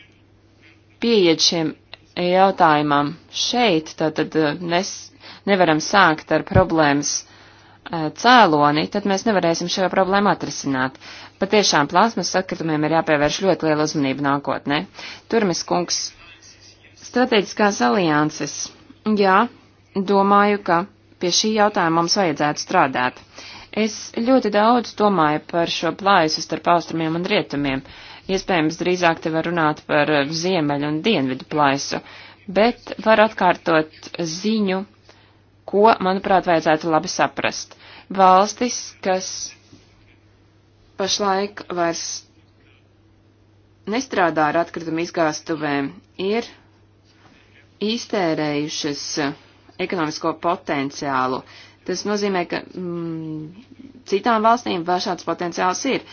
pieiet šiem jautājumam šeit, tad, tad mēs eh, nevaram sākt ar problēmas Eh, cēloni, tad mēs nevarēsim šo problēmu atrisināt. Patiešām plasmas atkritumiem ir jāpievērš ļoti liela uzmanība nākotnē. Turmes kungs, strateģiskās alianses. Jā, domāju, ka pie šī jautājuma mums vajadzētu strādāt. Es ļoti daudz domāju par šo plājusu starp austrumiem un rietumiem. Iespējams, drīzāk te var runāt par ziemeļu un dienvidu plājusu, bet var atkārtot ziņu ko, manuprāt, vajadzētu labi saprast. Valstis, kas pašlaik vairs nestrādā ar atkritumu izgāstuvēm, ir iztērējušas ekonomisko potenciālu. Tas nozīmē, ka mm, citām valstīm vēl šāds potenciāls ir.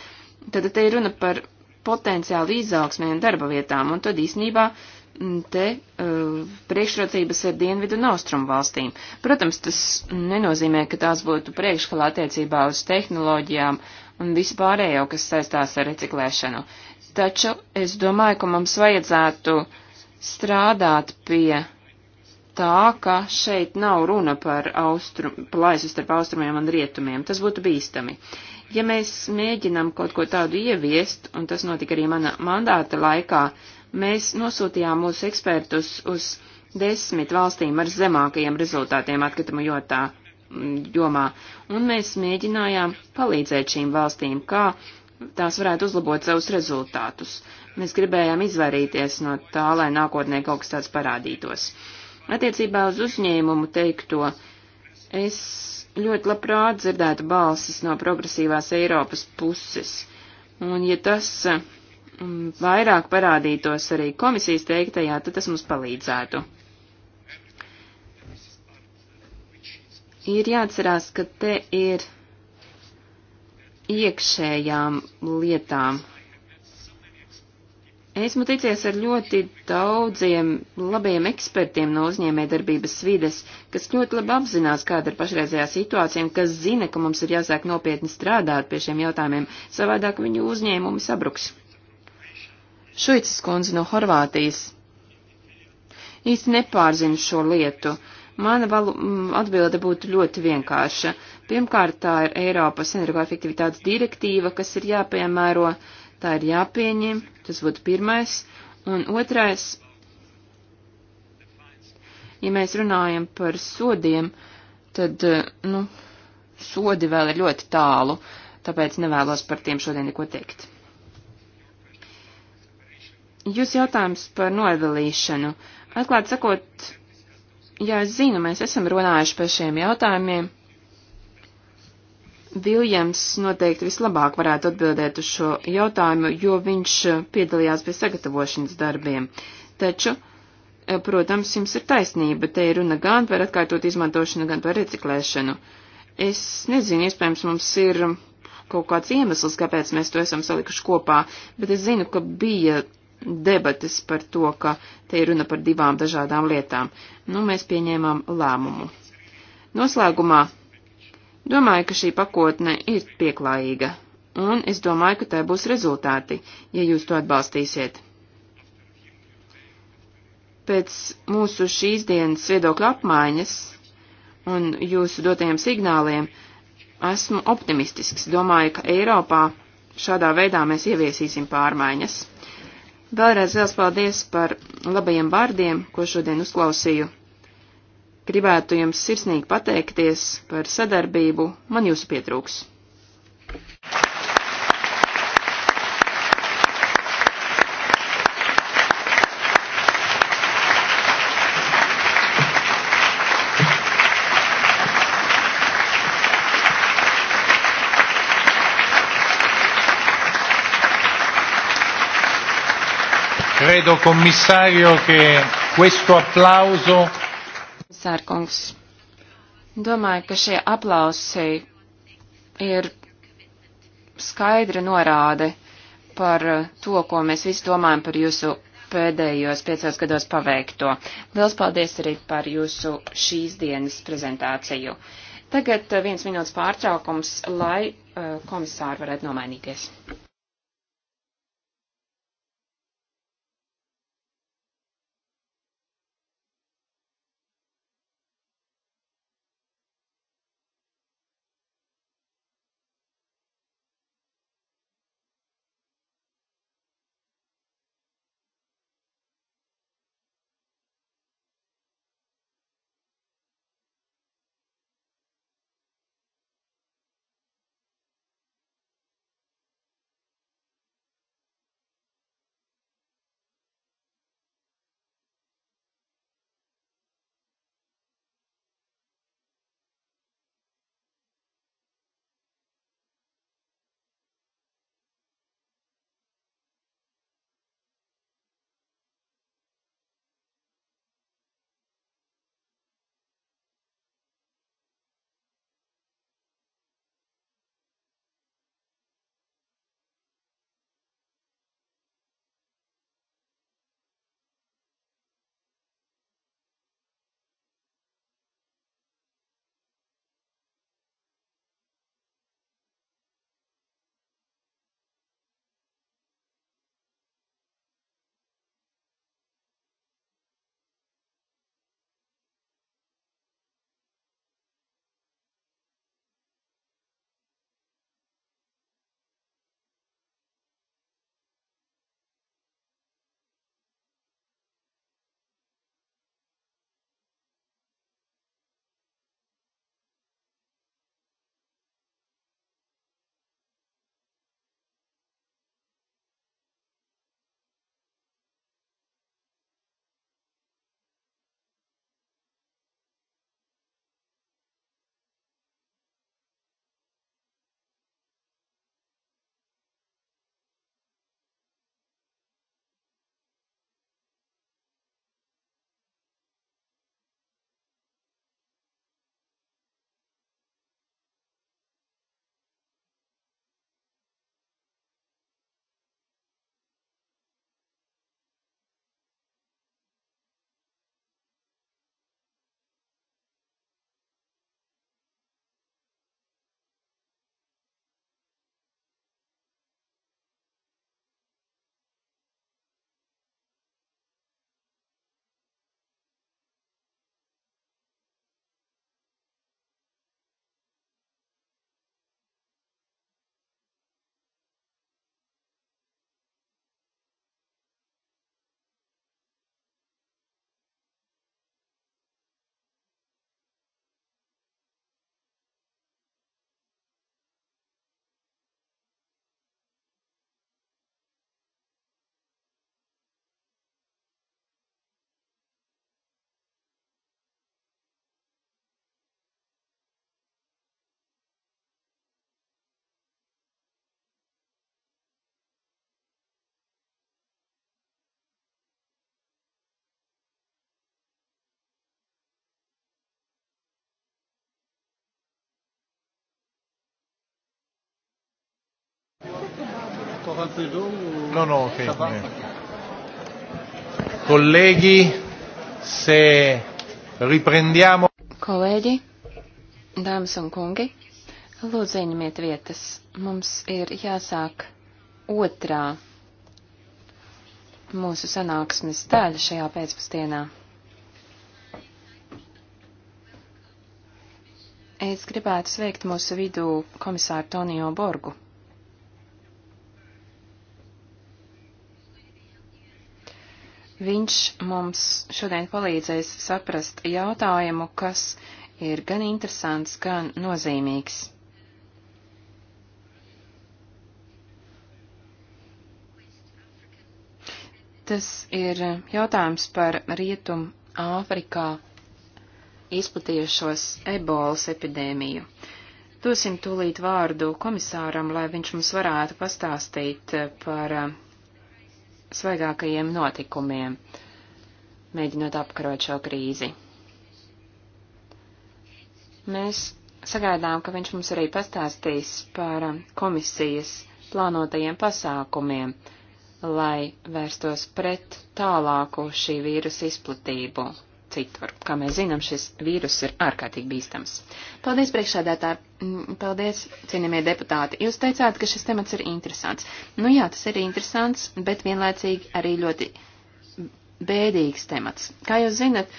Tad te ir runa par potenciālu izaugsmē un darba vietām, un tad īsnībā uh, Mm, te uh, priekšrocības ir dienvidu un austrumu valstīm. Protams, tas nenozīmē, ka tās būtu priekškalā attiecībā uz tehnoloģijām un vispārējo, kas saistās ar reciklēšanu. Taču es domāju, ka mums vajadzētu strādāt pie tā, ka šeit nav runa par austrum, plaisu starp austrumiem un rietumiem. Tas būtu bīstami. Ja mēs mēģinam kaut ko tādu ieviest, un tas notika arī mana mandāta laikā, uh, Mēs nosūtījām mūsu ekspertus uz desmit valstīm ar zemākajiem rezultātiem atkritumu jotā, mm, jomā, un mēs mēģinājām palīdzēt šīm valstīm, kā tās varētu uzlabot savus rezultātus. Mēs gribējām izvairīties no tā, lai nākotnē kaut kas tāds parādītos. Attiecībā uz uzņēmumu teikto, es ļoti labprāt dzirdētu balsis no progresīvās Eiropas puses, un ja tas Mm, vairāk parādītos arī komisijas teiktajā, tad tas mums palīdzētu. Ir jāatcerās, ka te ir iekšējām lietām. Esmu ticies ar ļoti daudziem labiem ekspertiem no uzņēmējdarbības vides, kas ļoti labi apzinās, kāda ir pašreizējā situācija, un kas zina, ka mums ir jāsāk nopietni strādāt pie šiem jautājumiem, savādāk viņu uzņēmumi sabruks. Šuicis kundze no Horvātijas. Īsti nepārzinu šo lietu. Mana valu, mm, atbilde būtu ļoti vienkārša. Pirmkārt, tā ir Eiropas energoefektivitātes direktīva, kas ir jāpiemēro, tā ir jāpieņem, tas būtu pirmais. Un otrais, ja mēs runājam par sodiem, tad, eh, nu, sodi vēl ir ļoti tālu, tāpēc nevēlos par tiem šodien neko teikt. Jūs jautājums par noevilīšanu. Atklāt sakot, jā, es zinu, mēs esam runājuši par šiem jautājumiem. Viljams noteikti vislabāk varētu atbildēt uz šo jautājumu, jo viņš piedalījās pie sagatavošanas darbiem. Taču, eh, protams, jums ir taisnība, te ir runa gan par atkārtot izmantošanu, gan par reciklēšanu. Es nezinu, iespējams, mums ir kaut kāds iemesls, kāpēc mēs to esam salikuši kopā, bet es zinu, ka bija debatas par to, ka te ir runa par divām dažādām lietām. Nu, mēs pieņēmām lēmumu. Noslēgumā domāju, ka šī pakotne ir pieklājīga, un es domāju, ka tai būs rezultāti, ja jūs to atbalstīsiet. Pēc mūsu šīs dienas viedokļa apmaiņas un jūsu dotajiem signāliem esmu optimistisks. Domāju, ka Eiropā šādā veidā mēs ieviesīsim pārmaiņas. Vēlreiz liels paldies par labajiem vārdiem, ko šodien uzklausīju. Gribētu jums sirsnīgi pateikties par sadarbību, man jūsu pietrūks. Thank you. credo, commissario, che questo applauso. Sārkungs, domāju, ka šie aplausi ir skaidra norāde par to, ko mēs visi domājam par jūsu pēdējos piecos gados paveikto. Liels paldies arī par jūsu šīs dienas prezentāciju. Tagad eh, viens minūtes pārtraukums, lai eh, komisāri varētu nomainīties. Encore un peu d'eau ou... Non, non, ok. Ça okay. Colleghi, se riprendiamo. Colleghi, dāmas un kungi, lūdzu ieņemiet vietas. Mums ir jāsāk otrā mūsu sanāksmes daļa šajā pēcpusdienā. Es gribētu sveikt mūsu vidū komisāru Tonio Borgu. Viņš mums šodien palīdzēs saprast jautājumu, kas ir gan interesants, gan nozīmīgs. Tas ir jautājums par Rietumu Āfrikā izplatījušos ebolas epidēmiju. Dosim tūlīt vārdu komisāram, lai viņš mums varētu pastāstīt par svaigākajiem notikumiem, mēģinot apkarot šo krīzi. Mēs sagaidām, ka viņš mums arī pastāstīs par komisijas plānotajiem pasākumiem, lai vērstos pret tālāku šī vīrusa izplatību citur. Kā mēs zinām, šis vīrus ir ārkārtīgi bīstams. Paldies, priekšādātāji, mm, paldies, cienījamie deputāti. Jūs teicāt, ka šis temats ir interesants. Nu jā, tas ir interesants, bet vienlaicīgi arī ļoti bēdīgs temats. Kā jūs zinat,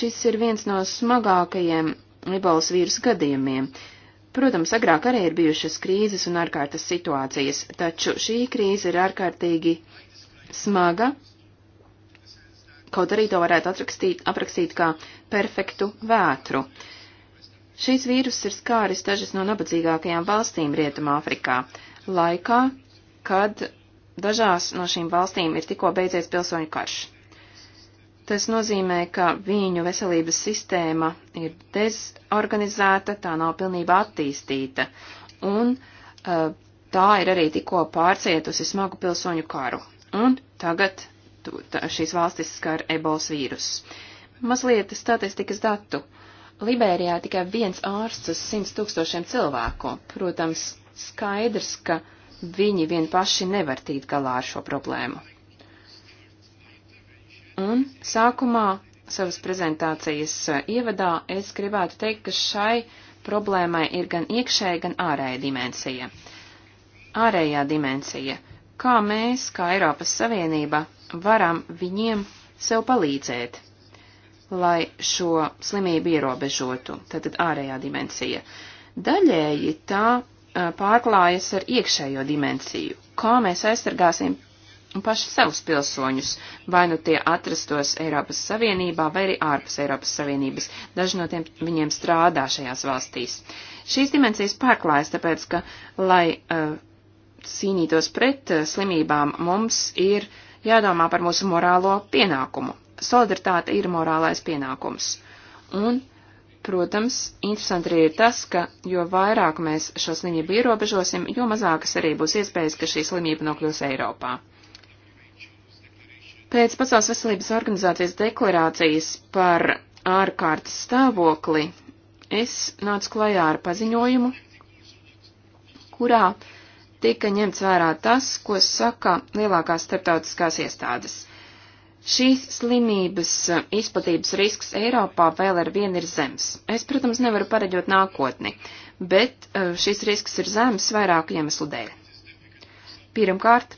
šis ir viens no smagākajiem ebolas vīrusu gadījumiem. Protams, agrāk arī ir bijušas krīzes un ārkārtas situācijas, taču šī krīze ir ārkārtīgi smaga kaut arī to varētu atrakstīt, aprakstīt kā perfektu vētru. Šīs vīrus ir skāris dažas no nabadzīgākajām valstīm Rietumāfrikā, laikā, kad dažās no šīm valstīm ir tikko beidzies pilsoņu karš. Tas nozīmē, ka viņu veselības sistēma ir dezorganizēta, tā nav pilnībā attīstīta, un uh, tā ir arī tikko pārcietusi smagu pilsoņu karu. Un tagad šīs valstis skar ebols vīrus. Mazliet statistikas datu. Liberijā tikai viens ārsts uz 100 tūkstošiem cilvēku. Protams, skaidrs, ka viņi vien paši nevar tīt galā ar šo problēmu. Un sākumā savas prezentācijas uh, ievadā es gribētu teikt, ka šai problēmai ir gan iekšēja, gan ārēja dimensija. Ārējā dimensija. Kā mēs, kā Eiropas Savienība, varam viņiem sev palīdzēt, lai šo slimību ierobežotu, tātad ārējā dimensija. Daļēji tā pārklājas ar iekšējo dimensiju, kā mēs aizsargāsim paši savus pilsoņus, vai nu tie atrastos Eiropas Savienībā vai arī ārpus Eiropas Savienības. Daži no tiem viņiem strādā šajās valstīs. Šīs dimensijas pārklājas, tāpēc, ka, lai uh, cīnītos pret uh, slimībām, mums ir uh, jādomā par mūsu morālo pienākumu. Solidaritāte ir morālais pienākums. Un, protams, interesanti arī ir tas, ka jo vairāk mēs šo slimību ierobežosim, jo mazākas arī būs iespējas, ka šī slimība nokļūs Eiropā. Pēc Pasaules veselības organizācijas deklarācijas par ārkārtas stāvokli es nācu klajā ar paziņojumu, kurā uh, tika ņemts vērā tas, ko saka lielākās starptautiskās iestādes. Šīs slimības eh, izplatības risks Eiropā vēl ar vienu ir zems. Es, protams, nevaru pareģot nākotni, bet eh, šis risks ir zems vairāku iemeslu dēļ. Pirmkārt,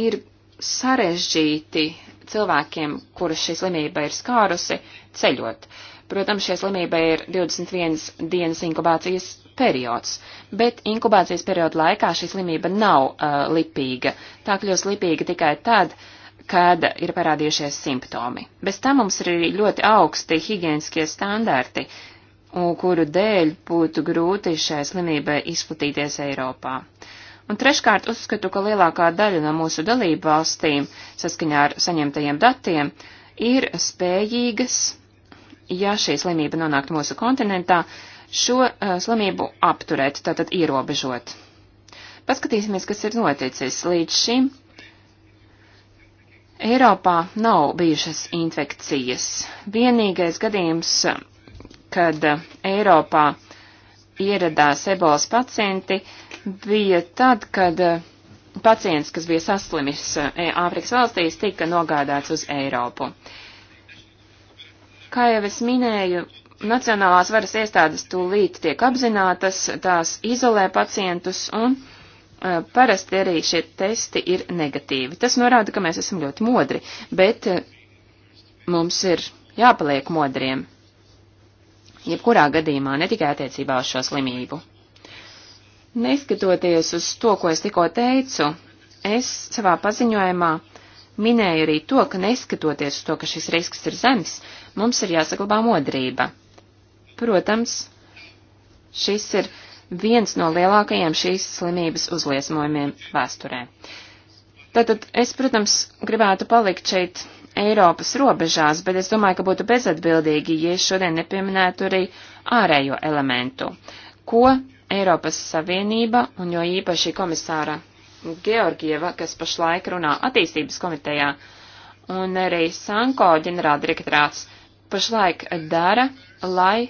ir sarežģīti cilvēkiem, kurus šī slimība ir skārusi, ceļot. Protams, šī slimība ir 21 dienas inkubācijas periods, bet inkubācijas perioda laikā šī slimība nav uh, lipīga. Tā kļūst lipīga tikai tad, kad ir parādījušies simptomi. Bez tam mums ir arī ļoti augsti higieniskie standarti, kuru dēļ būtu grūti šai slimībai izplatīties Eiropā. Un treškārt uzskatu, ka lielākā daļa no mūsu dalību valstīm, saskaņā ar saņemtajiem datiem, ir spējīgas, ja šī slimība nonāktu mūsu kontinentā, šo uh, slimību apturēt, tātad ierobežot. Paskatīsimies, kas ir noticis līdz šim. Eiropā nav bijušas infekcijas. Vienīgais gadījums, kad Eiropā ieradās ebolas pacienti, bija tad, kad pacients, kas bija saslimis eh, Āfrikas valstīs, tika nogādāts uz Eiropu. Kā jau es minēju, nacionālās varas iestādes tūlīt tiek apzinātas, tās izolē pacientus un uh, parasti arī šie testi ir negatīvi. Tas norāda, ka mēs esam ļoti modri, bet uh, mums ir jāpaliek modriem. Jebkurā gadījumā, ne tikai attiecībā uz šo slimību. Neskatoties uz to, ko es tikko teicu, es savā paziņojumā minēju arī to, ka neskatoties uz to, ka šis risks ir zems, mums ir jāsaglabā modrība. Protams, šis ir viens no lielākajiem šīs slimības uzliesmojumiem vēsturē. Tātad es, protams, gribētu palikt šeit Eiropas robežās, bet es domāju, ka būtu bezatbildīgi, ja es šodien nepieminētu arī ārējo elementu, ko Eiropas Savienība un jo īpaši komisāra Georgieva, kas pašlaik runā attīstības komitejā, un arī Sanko ģenerāldirektorāts pašlaik dara, lai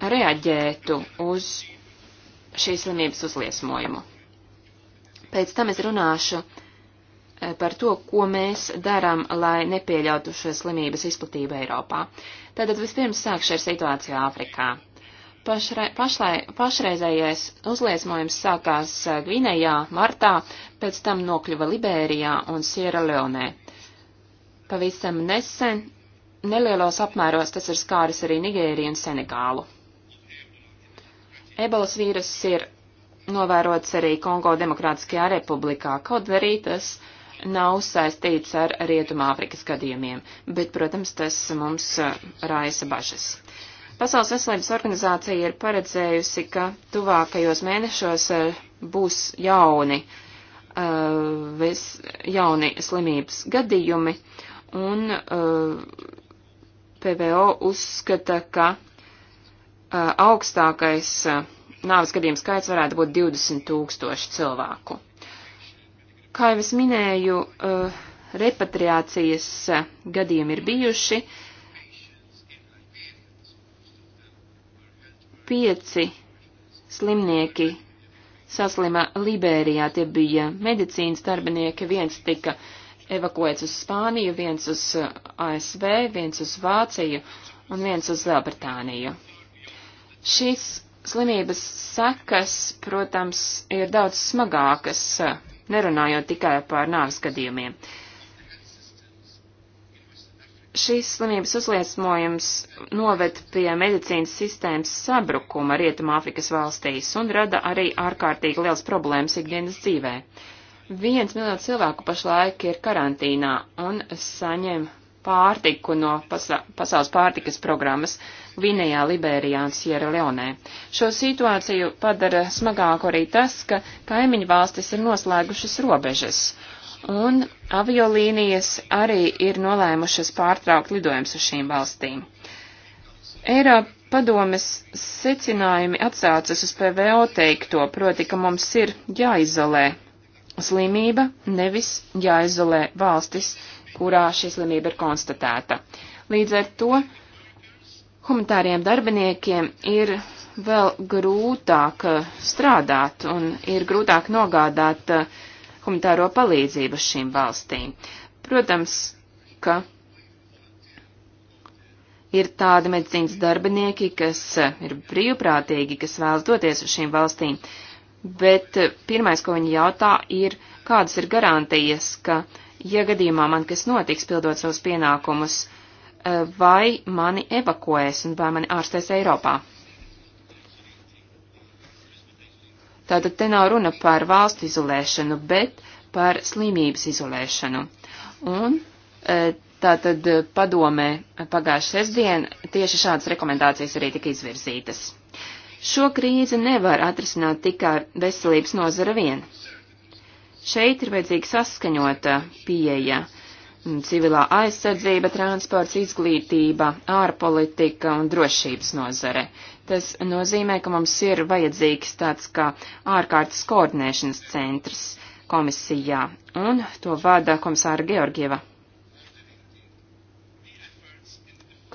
reaģētu uz šīs slimības uzliesmojumu. Pēc tam es runāšu eh, par to, ko mēs darām, lai nepieļautu šo slimības izplatību Eiropā. Tātad vispirms sākšu ar situāciju Āfrikā. Pašre, pašlai, pašreizējais uzliesmojums sākās eh, Gvinējā martā, pēc tam nokļuva Liberijā un Sierra Leonē. Pavisam nesen nelielos apmēros tas ir skāris arī Nigēriju un Senegālu. Ebolas vīrus ir novērots arī Kongo Demokrātiskajā republikā, kaut arī tas nav saistīts ar Rietumāfrikas gadījumiem, bet, protams, tas mums uh, raisa bažas. Pasaules veselības organizācija ir paredzējusi, ka tuvākajos mēnešos uh, būs jauni, uh, ves, jauni slimības gadījumi, un uh, PVO uzskata, ka Eh, augstākais eh, nāves gadījums skaits varētu būt 20 tūkstoši cilvēku. Kā jau es minēju, eh, repatriācijas gadījumi ir bijuši. Pieci slimnieki saslima Liberijā, tie bija medicīnas darbinieki, viens tika evakuēts uz Spāniju, viens uz ASV, viens uz Vāciju un viens uz Lielbritāniju. Šīs slimības sekas, protams, ir daudz smagākas, nerunājot tikai par nāves gadījumiem. Šīs slimības uzliesmojums noved pie medicīnas sistēmas sabrukuma Rietumā Afrikas valstīs un rada arī ārkārtīgi liels problēmas ikdienas dzīvē. Viens miljons cilvēku pašlaik ir karantīnā un saņem pārtiku no pasa pasaules pārtikas programmas Vinējā, Liberijā un Sierra Leonē. Šo situāciju padara smagāku arī tas, ka kaimiņu valstis ir noslēgušas robežas, un aviolīnijas arī ir nolēmušas pārtraukt lidojums uz šīm valstīm. Eiropa padomes secinājumi atsācas uz PVO teikto, proti, ka mums ir jāizolē slimība, nevis jāizolē valstis kurā šī slimība ir konstatēta. Līdz ar to humanitāriem darbiniekiem ir vēl grūtāk strādāt un ir grūtāk nogādāt eh, humanitāro palīdzību šīm valstīm. Protams, ka ir tādi medicīnas darbinieki, kas eh, ir brīvprātīgi, kas vēlas doties uz šīm valstīm, bet eh, pirmais, ko viņi jautā, ir, kādas ir garantijas, ka uh, ja gadījumā man kas notiks pildot savus pienākumus, eh, vai mani evakuēs un vai mani ārstēs Eiropā. Tātad te nav runa par valstu izolēšanu, bet par slimības izolēšanu. Un eh, tātad eh, padomē pagājušajā sestdien tieši šādas rekomendācijas arī tika izvirzītas. Šo krīzi nevar atrisināt tikai veselības nozara vien. Šeit ir vajadzīga saskaņota pieeja - civilā aizsardzība, transports, izglītība, ārpolitika un drošības nozare. Tas nozīmē, ka mums ir vajadzīgs tāds kā ārkārtas koordinēšanas centrs komisijā, un to vada komisāra Georgieva,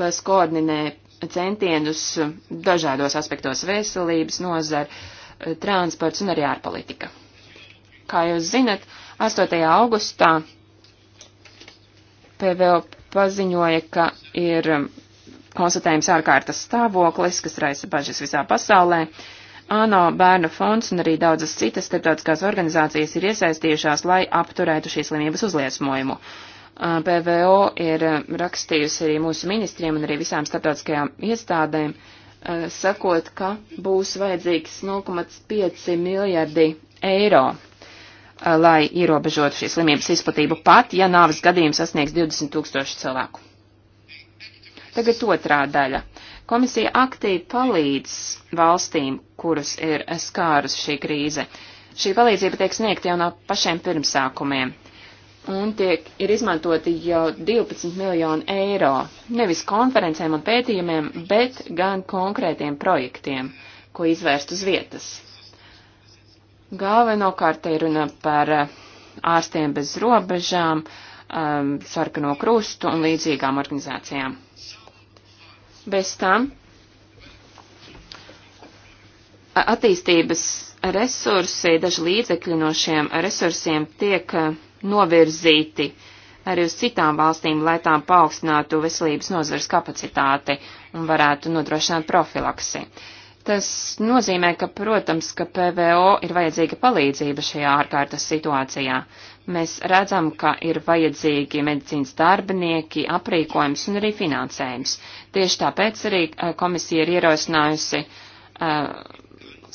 kas koordinē centienus dažādos aspektos - veselības nozara, transports un arī ārpolitika. Kā jūs zinat, 8. augustā PVO paziņoja, ka ir um, konstatējums ārkārtas stāvoklis, kas raisa bažas visā pasaulē. ANO bērnu fonds un arī daudzas citas starptautiskās organizācijas ir iesaistījušās, lai apturētu šīs slimības uzliesmojumu. Uh, PVO ir um, rakstījusi arī mūsu ministriem un arī visām starptautiskajām iestādēm, uh, sakot, ka būs vajadzīgs 0,5 miljardi eiro Uh, lai ierobežotu šīs slimības izplatību pat, ja nāves gadījums sasniegs 20 tūkstoši cilvēku. Tagad otrā daļa. Komisija aktīvi palīdz valstīm, kuras ir skārus šī krīze. Šī palīdzība tiek sniegta jau no pašiem pirmsākumiem. Un tiek, ir izmantoti jau 12 miljoni eiro, nevis konferencēm un pētījumiem, bet gan konkrētiem projektiem, ko izvērst uz vietas. Galvenokārt ir runa par eh, ārstiem bez robežām, um, sarkano krustu un līdzīgām organizācijām. Bez tam attīstības resursi, daži līdzekļi no šiem resursiem tiek eh, novirzīti arī uz citām valstīm, lai tām paaugstinātu veselības nozars kapacitāti un varētu nodrošināt profilaksi. Uh, Tas nozīmē, ka, protams, ka PVO ir vajadzīga palīdzība šajā ārkārtas situācijā. Mēs redzam, ka ir vajadzīgi medicīnas darbinieki, aprīkojums un arī finansējums. Tieši tāpēc arī eh, komisija ir ierosinājusi uh,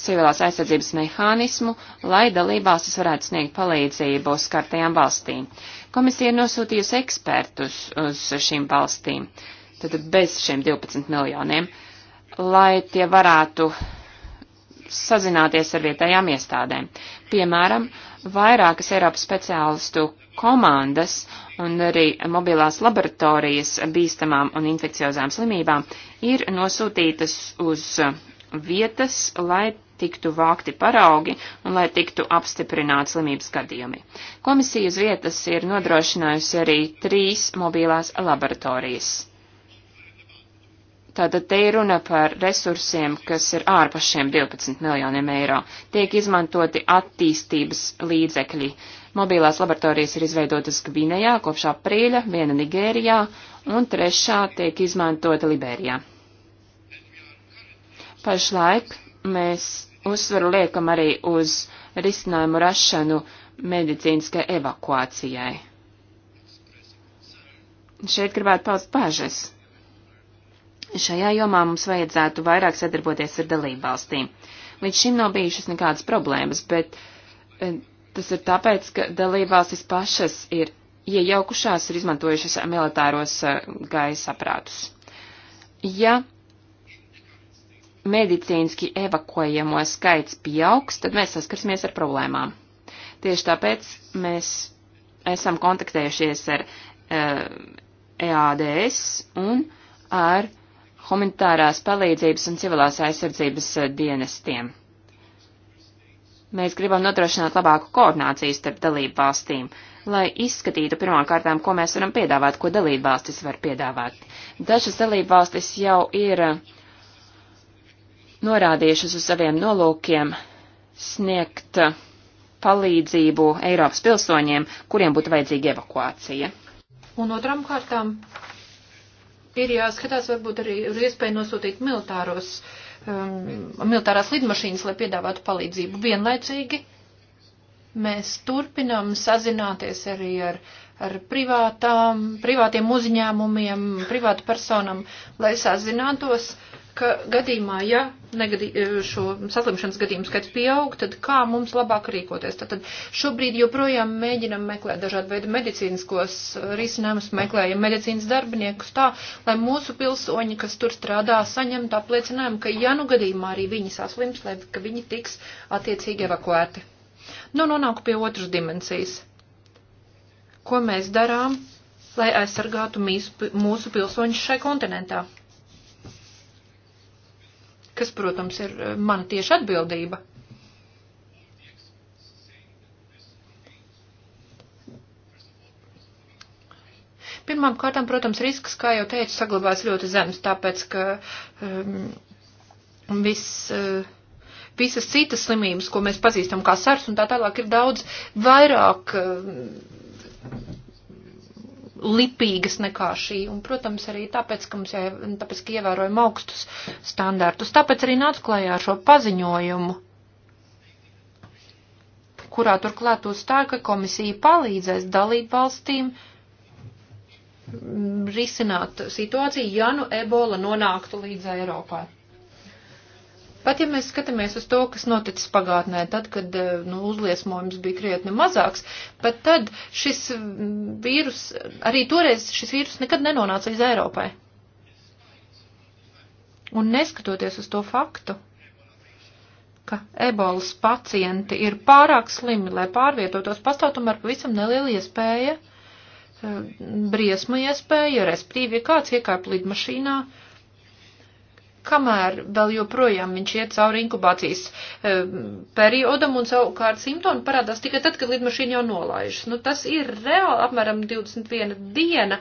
civilās aizsardzības mehānismu, lai dalībvalstis varētu sniegt palīdzību skartajām valstīm. Komisija ir nosūtījusi ekspertus uz šīm valstīm, tad bez šiem 12 miljoniem. Uh, lai tie varētu sazināties ar vietējām iestādēm. Piemēram, vairākas Eiropas speciālistu komandas un arī mobilās laboratorijas bīstamām un infekciozām slimībām ir nosūtītas uz vietas, lai tiktu vākti paraugi un lai tiktu apstiprināti slimības gadījumi. Komisija uz vietas ir nodrošinājusi arī trīs mobilās laboratorijas. Tātad te ir runa par resursiem, kas ir ārpus šiem 12 miljoniem eiro. Tiek izmantoti attīstības līdzekļi. Mobilās laboratorijas ir izveidotas Gvinējā kopš aprīļa, viena Nigērijā un trešā tiek izmantota Liberijā. Pašlaik mēs uzsvaru liekam arī uz risinājumu rašanu medicīniskai evakuācijai. Šeit gribētu paust bažas Šajā jomā mums vajadzētu vairāk sadarboties ar dalībvalstīm. Līdz šim nav bijušas nekādas problēmas, bet eh, tas ir tāpēc, ka dalībvalstis pašas ir iejaukušās, ir izmantojušas militāros eh, gaisa aprātus. Ja medicīniski evakuējamo skaits pieaugs, tad mēs saskarsimies ar problēmām. Tieši tāpēc mēs esam kontaktējušies ar uh, eh, EADS un ar uh, humanitārās palīdzības un civilās aizsardzības eh, dienestiem. Mēs gribam nodrošināt labāku koordināciju starp dalību valstīm, lai izskatītu pirmkārtām, ko mēs varam piedāvāt, ko dalību valstis var piedāvāt. Dažas dalību valstis jau ir eh, norādījušas uz saviem nolūkiem sniegt eh, palīdzību Eiropas pilsoņiem, kuriem būtu vajadzīga evakuācija. Un otram kārtām ir jāskatās varbūt arī uz iespēju nosūtīt militāros, um, militārās lidmašīnas, lai piedāvātu palīdzību. Vienlaicīgi mēs turpinām sazināties arī ar, ar privātām, privātiem uzņēmumiem, privātu personam, lai sazinātos, uh, ka gadījumā, ja negadī, e, šo saslimšanas gadījumu skaits pieaug, tad kā mums labāk rīkoties? Tātad šobrīd joprojām mēģinam meklēt dažādu veidu medicīniskos risinājumus, meklējam medicīnas darbiniekus tā, lai mūsu pilsoņi, kas tur strādā, saņemtu apliecinājumu, ka ja nu gadījumā arī viņi saslims, lai ka viņi tiks attiecīgi evakuēti. Nu, nonāku pie otras dimensijas. Ko mēs darām, lai aizsargātu mīsu, mūsu pilsoņus šai kontinentā? kas, protams, ir eh, mana tieša atbildība. Pirmām kārtām, protams, risks, kā jau teicu, saglabās ļoti zems, tāpēc, ka um, ehm, viss. Uh, eh, visas citas slimības, ko mēs pazīstam kā sars un tā tālāk, ir daudz vairāk ehm, lipīgas nekā šī, un, protams, arī tāpēc, ka mums jā, tāpēc, ka ievērojam augstus standārtus. Tāpēc arī nāc klajā ar šo paziņojumu, kurā turklāt uzstāja, ka komisija palīdzēs dalību valstīm risināt situāciju, ja nu ebola nonāktu līdz Eiropai. Pat ja mēs skatāmies uz to, kas noticis pagātnē, tad, kad eh, nu, uzliesmojums bija krietni mazāks, pat tad šis mm, vīrus, arī toreiz šis vīrus nekad nenonāca līdz Eiropai. Un neskatoties uz to faktu, ka ebolas pacienti ir pārāk slimi, lai pārvietotos, pastāv tomēr pavisam neliela iespēja, eh, briesma iespēja, respektīvi, ja kāds iekāp lidmašīnā, mašīnā, kamēr vēl joprojām viņš iet cauri inkubācijas e, periodam un savukārt simptomi parādās tikai tad, kad lidmašīna jau nolaižas. Nu, tas ir reāli apmēram 21 diena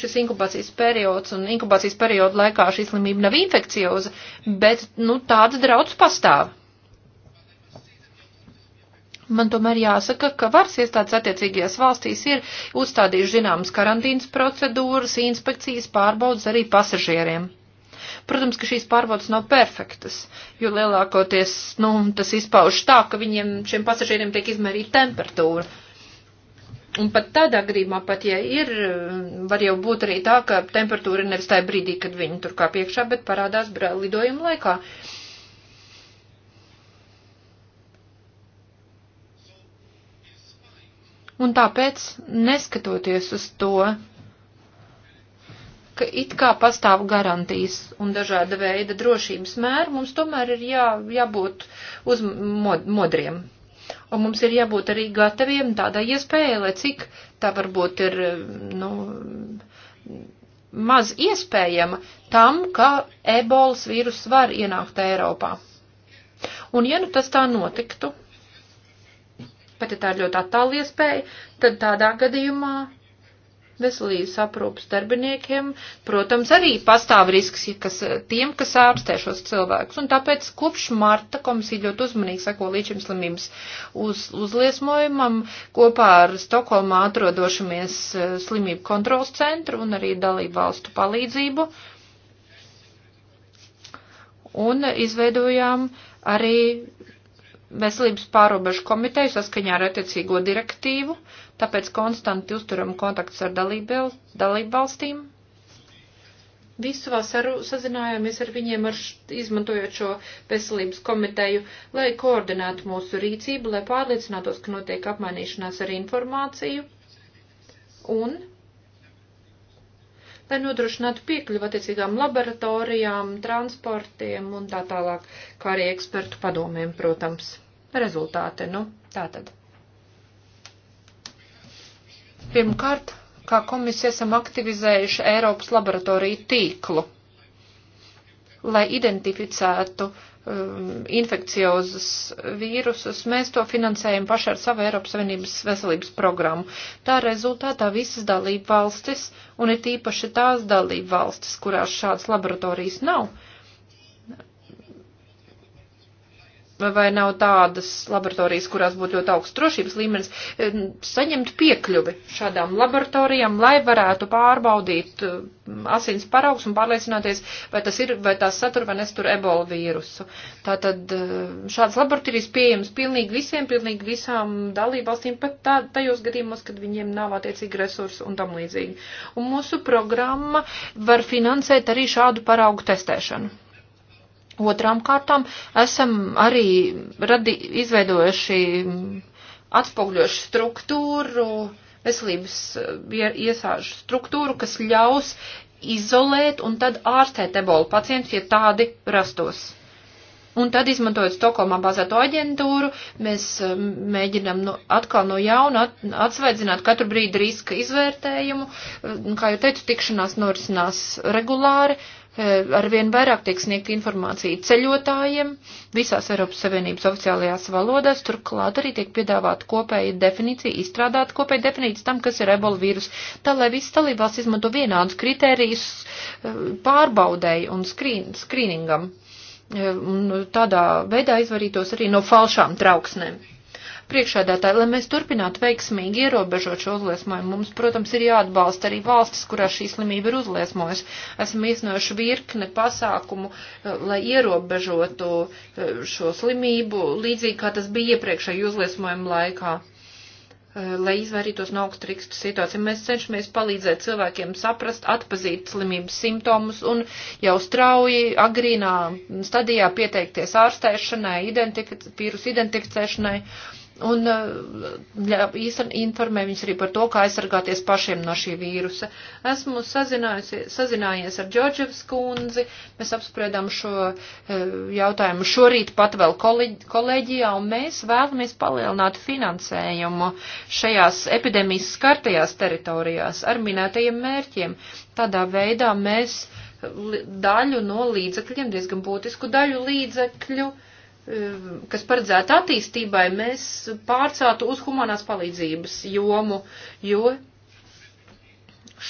šis inkubācijas periods, un inkubācijas perioda laikā šī slimība nav infekcioza, bet, nu, tāds draudz pastāv. Man tomēr jāsaka, ka varas iestādes attiecīgajās valstīs ir uzstādījuši zināmas karantīnas procedūras, inspekcijas pārbaudas arī pasažieriem. Protams, ka šīs pārbaudas nav perfektas, jo lielākoties, nu, tas izpauž tā, ka viņiem, šiem pasažieriem tiek izmērīta temperatūra. Un pat tādā gadījumā, pat ja ir, var jau būt arī tā, ka temperatūra ir nevis tajā brīdī, kad viņi tur kā piekšā, bet parādās lidojuma laikā. Un tāpēc, neskatoties uz to, ka it kā pastāv garantijas un dažāda veida drošības mēri, mums tomēr ir jā, jābūt uz mod, modriem. Un mums ir jābūt arī gataviem tādai iespējai, lai cik tā varbūt ir, nu, maz iespējama tam, ka ebolas vīrus var ienākt Eiropā. Un ja nu tas tā notiktu, pat ja tā ir ļoti attāla iespēja, tad tādā gadījumā veselības aprūpas darbiniekiem, protams, arī pastāv risks kas, tiem, kas ārstē šos cilvēkus. Un tāpēc kopš marta komisija ļoti uzmanīgi sako līdz šim slimības uz, uzliesmojumam kopā ar Stokholmā atrodošamies e, slimību kontrols centru un arī dalību valstu palīdzību. Un izveidojām arī veselības pārobežu komiteju saskaņā ar attiecīgo direktīvu, tāpēc konstanti uzturam kontaktus ar dalību valstīm. Visu vasaru sazinājāmies ar viņiem, ar izmantojot šo veselības komiteju, lai koordinētu mūsu rīcību, lai pārliecinātos, ka notiek apmainīšanās ar informāciju un lai nodrošinātu piekļuvu attiecīgām laboratorijām, transportiem un tā tālāk, kā arī ekspertu padomiem, protams. Rezultāti, nu, tā tad. Pirmkārt, kā komisija esam aktivizējuši Eiropas laboratoriju tīklu, lai identificētu uh, um, infekciozas vīrusus, mēs to finansējam paši ar savu Eiropas Savienības veselības programmu. Tā rezultātā visas dalība valstis, un ir tīpaši tās dalība valstis, kurās šādas laboratorijas nav, uh, vai nav tādas laboratorijas, kurās būtu ļoti augsts drošības līmenis, e, saņemt piekļuvi šādām laboratorijām, lai varētu pārbaudīt e, asins paraugs un pārliecināties, vai tas ir, vai tās satur vai nestur ebola vīrusu. Tātad e, šāds laboratorijas pieejams pilnīgi visiem, pilnīgi visām dalībvalstīm, pat tā, tajos gadījumos, kad viņiem nav attiecīgi resursi un tam līdzīgi. Un mūsu programma var finansēt arī šādu paraugu testēšanu. Otrām kārtām esam arī radi, izveidojuši atspoguļošu struktūru, veselības iesāžu struktūru, kas ļaus izolēt un tad ārstēt ebolu pacientus, ja tādi rastos. Un tad, izmantojot Stokholmā bāzēto aģentūru, mēs um, mēģinām no, atkal no jauna at, atsveidzināt katru brīdi riska izvērtējumu. Kā jau teicu, tikšanās norisinās regulāri. Uh, E, arvien vairāk tiek sniegt informācija ceļotājiem visās Eiropas Savienības oficiālajās valodās, turklāt arī tiek piedāvāta kopēja definīcija, izstrādāta kopēja definīcija tam, kas ir ebola vīrus, tā lai visas dalībvalsts izmanto vienādus kritērijus e, pārbaudēji un skrīn, skrīningam. E, un tādā veidā izvarītos arī no falšām trauksnēm priekšādātāji, lai mēs turpinātu veiksmīgi ierobežot šo uzliesmojumu, mums, protams, ir jāatbalsta arī valstis, kurā šī slimība ir uzliesmojusi. Esam iesnojuši virkne pasākumu, eh, lai ierobežotu eh, šo slimību, līdzīgi kā tas bija iepriekšēju uzliesmojumu laikā eh, lai izvairītos no augstrikstu situācijām. Mēs cenšamies palīdzēt cilvēkiem saprast, atpazīt slimības simptomus un jau strauji agrīnā stadijā pieteikties ārstēšanai, identific vīrusu identificēšanai un uh, informē viņus arī par to, kā aizsargāties pašiem no šī vīrusa. Esmu sazinājies ar Džordževs kundzi, mēs apspriedām šo uh, jautājumu šorīt pat vēl kolēģijā, un mēs vēlamies palielināt finansējumu šajās epidēmijas skartajās teritorijās ar minētajiem mērķiem. Tādā veidā mēs daļu no līdzekļiem, diezgan būtisku daļu līdzekļu, uh, kas paredzēta attīstībai, mēs pārceltu uz humanās palīdzības jomu, jo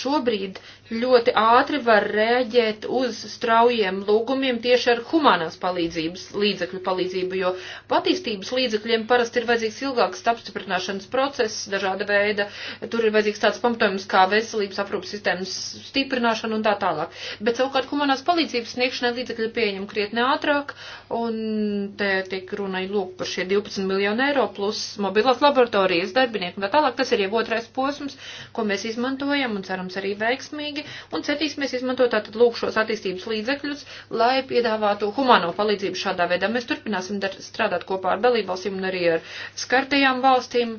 šobrīd ļoti ātri var rēģēt uz straujiem lūgumiem tieši ar humanās palīdzības līdzekļu palīdzību, jo patīstības līdzekļiem parasti ir vajadzīgs ilgāks apstiprināšanas process, dažāda veida, tur ir vajadzīgs tāds pamatojums kā veselības aprūpas sistēmas stiprināšana un tā tālāk. Bet savukārt humanās palīdzības sniegšanai līdzekļi pieņem krietni ātrāk, un te tiek runai lūk par šie 12 miljonu eiro plus mobilās laboratorijas darbinieku un tā tālāk. Tas ir jau otrais posms, ko mēs izmantojam un cerams arī veiksmīgi mērķi un centīsimies izmantot tātad lūk šos attīstības līdzekļus, lai piedāvātu humano palīdzību šādā veidā. Mēs turpināsim dar, strādāt kopā ar dalībvalstīm un arī ar skartajām valstīm.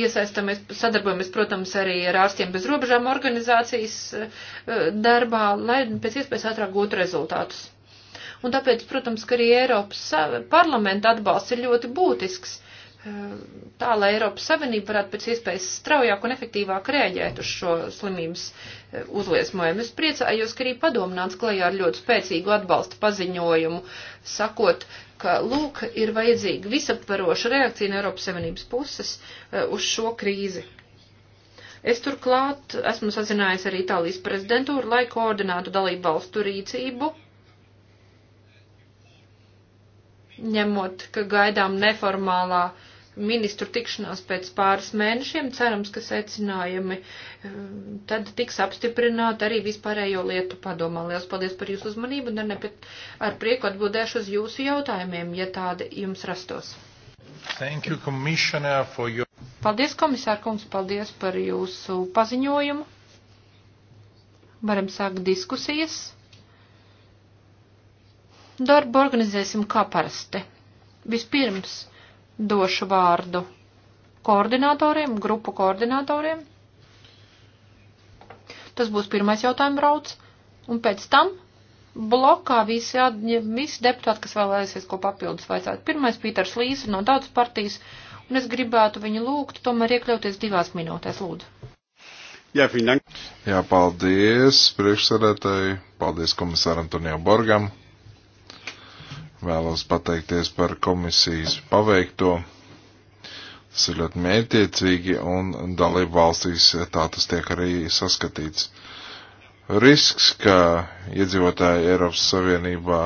Iesaistamies, sadarbojamies, protams, arī ar ārstiem bez robežām organizācijas eh, darbā, lai pēc iespējas ātrāk gūtu rezultātus. Un tāpēc, protams, ka arī Eiropas parlamenta atbalsts ir ļoti būtisks tā, lai Eiropas Savienība varētu pēc iespējas straujāk un efektīvāk rēģēt uz šo slimības eh, uzliesmojumu. Es priecājos, ka arī padomnāts klajā ar ļoti spēcīgu atbalsta paziņojumu, sakot, ka, lūk, ir vajadzīga visaptvaroša reakcija no Eiropas Savienības puses eh, uz šo krīzi. Es turklāt esmu sazinājis ar Itālijas prezidentūru, lai koordinātu dalību valstu rīcību ņemot, ka gaidām neformālā uh, ministru tikšanās pēc pāris mēnešiem, cerams, ka secinājumi eh, tad tiks apstiprināti arī vispārējo lietu padomā. Lielas paldies par jūsu uzmanību un ar, nepēc, ar prieku atbildēšu uz jūsu jautājumiem, ja tādi jums rastos. Thank you, Commissioner, for your... Paldies, komisārkungs, paldies par jūsu paziņojumu. Varam sākt diskusijas. Darbu organizēsim kā parasti. Vispirms došu vārdu koordinatoriem, grupu koordinatoriem. Tas būs pirmais jautājuma rauds. Un pēc tam blokā visi, atņa, visi deputāti, kas vēlēsies ko papildus vaicāt. Pirmais Pīters Līs no Tautas partijas, un es gribētu viņu lūgt tomēr iekļauties divās minūtēs, lūdzu. Jā, Jā paldies priekšsarētāji, paldies komisāram Tonijam Borgam. Vēlos pateikties par komisijas paveikto. Tas ir ļoti mērķiecīgi un dalību valstīs tā tas tiek arī saskatīts. Risks, ka iedzīvotāji Eiropas Savienībā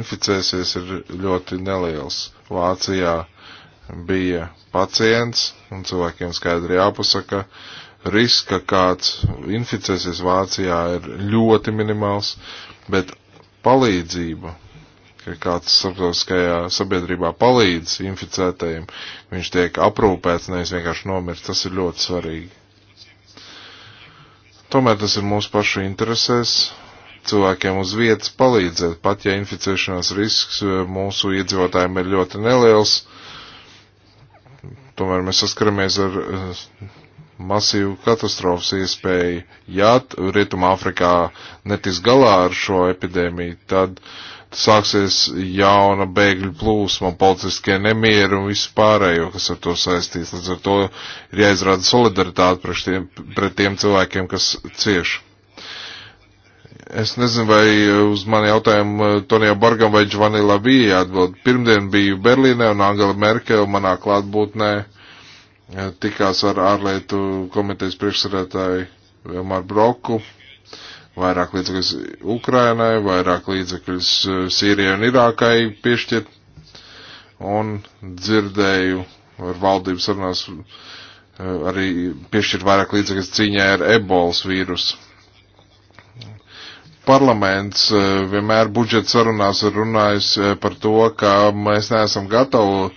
inficēsies, ir ļoti neliels. Vācijā bija pacients un cilvēkiem skaidri jāpasaka, risks, ka kāds inficēsies Vācijā ir ļoti minimāls, bet palīdzība ka kāds starptautiskajā sabiedrībā palīdz inficētajiem, viņš tiek aprūpēts, nevis vienkārši nomirst. Tas ir ļoti svarīgi. Tomēr tas ir mūsu pašu interesēs cilvēkiem uz vietas palīdzēt, pat ja inficēšanās risks eh, mūsu iedzīvotājiem ir ļoti neliels. Tomēr mēs saskaramies ar eh, masīvu katastrofas iespēju. Ja Rietumā Afrikā netiks galā ar šo epidēmiju, tad uh, sāksies jauna bēgļu plūsma, policiskie nemieri un viss pārējo, kas ar to saistīts. Līdz ar to ir jāizrāda solidaritāte pret tiem, pret tiem cilvēkiem, kas cieš. Es nezinu, vai uz mani jautājumu eh, Tonijā Borgam vai Giovanni Labija atbild. Pirmdien biju Berlīnē un Angela Merkel manā klātbūtnē eh, tikās ar ārlietu komitejas priekšsarētāju Vilmāru Broku vairāk līdzekļus Ukrainai, vairāk līdzekļus eh, Sīrijai un Irākai piešķirt. Un dzirdēju ar valdības sarunās eh, arī piešķirt vairāk līdzekļus cīņai ar ebolas vīrusu. Parlaments eh, vienmēr budžeta sarunās ir runājis par to, ka mēs neesam gatavi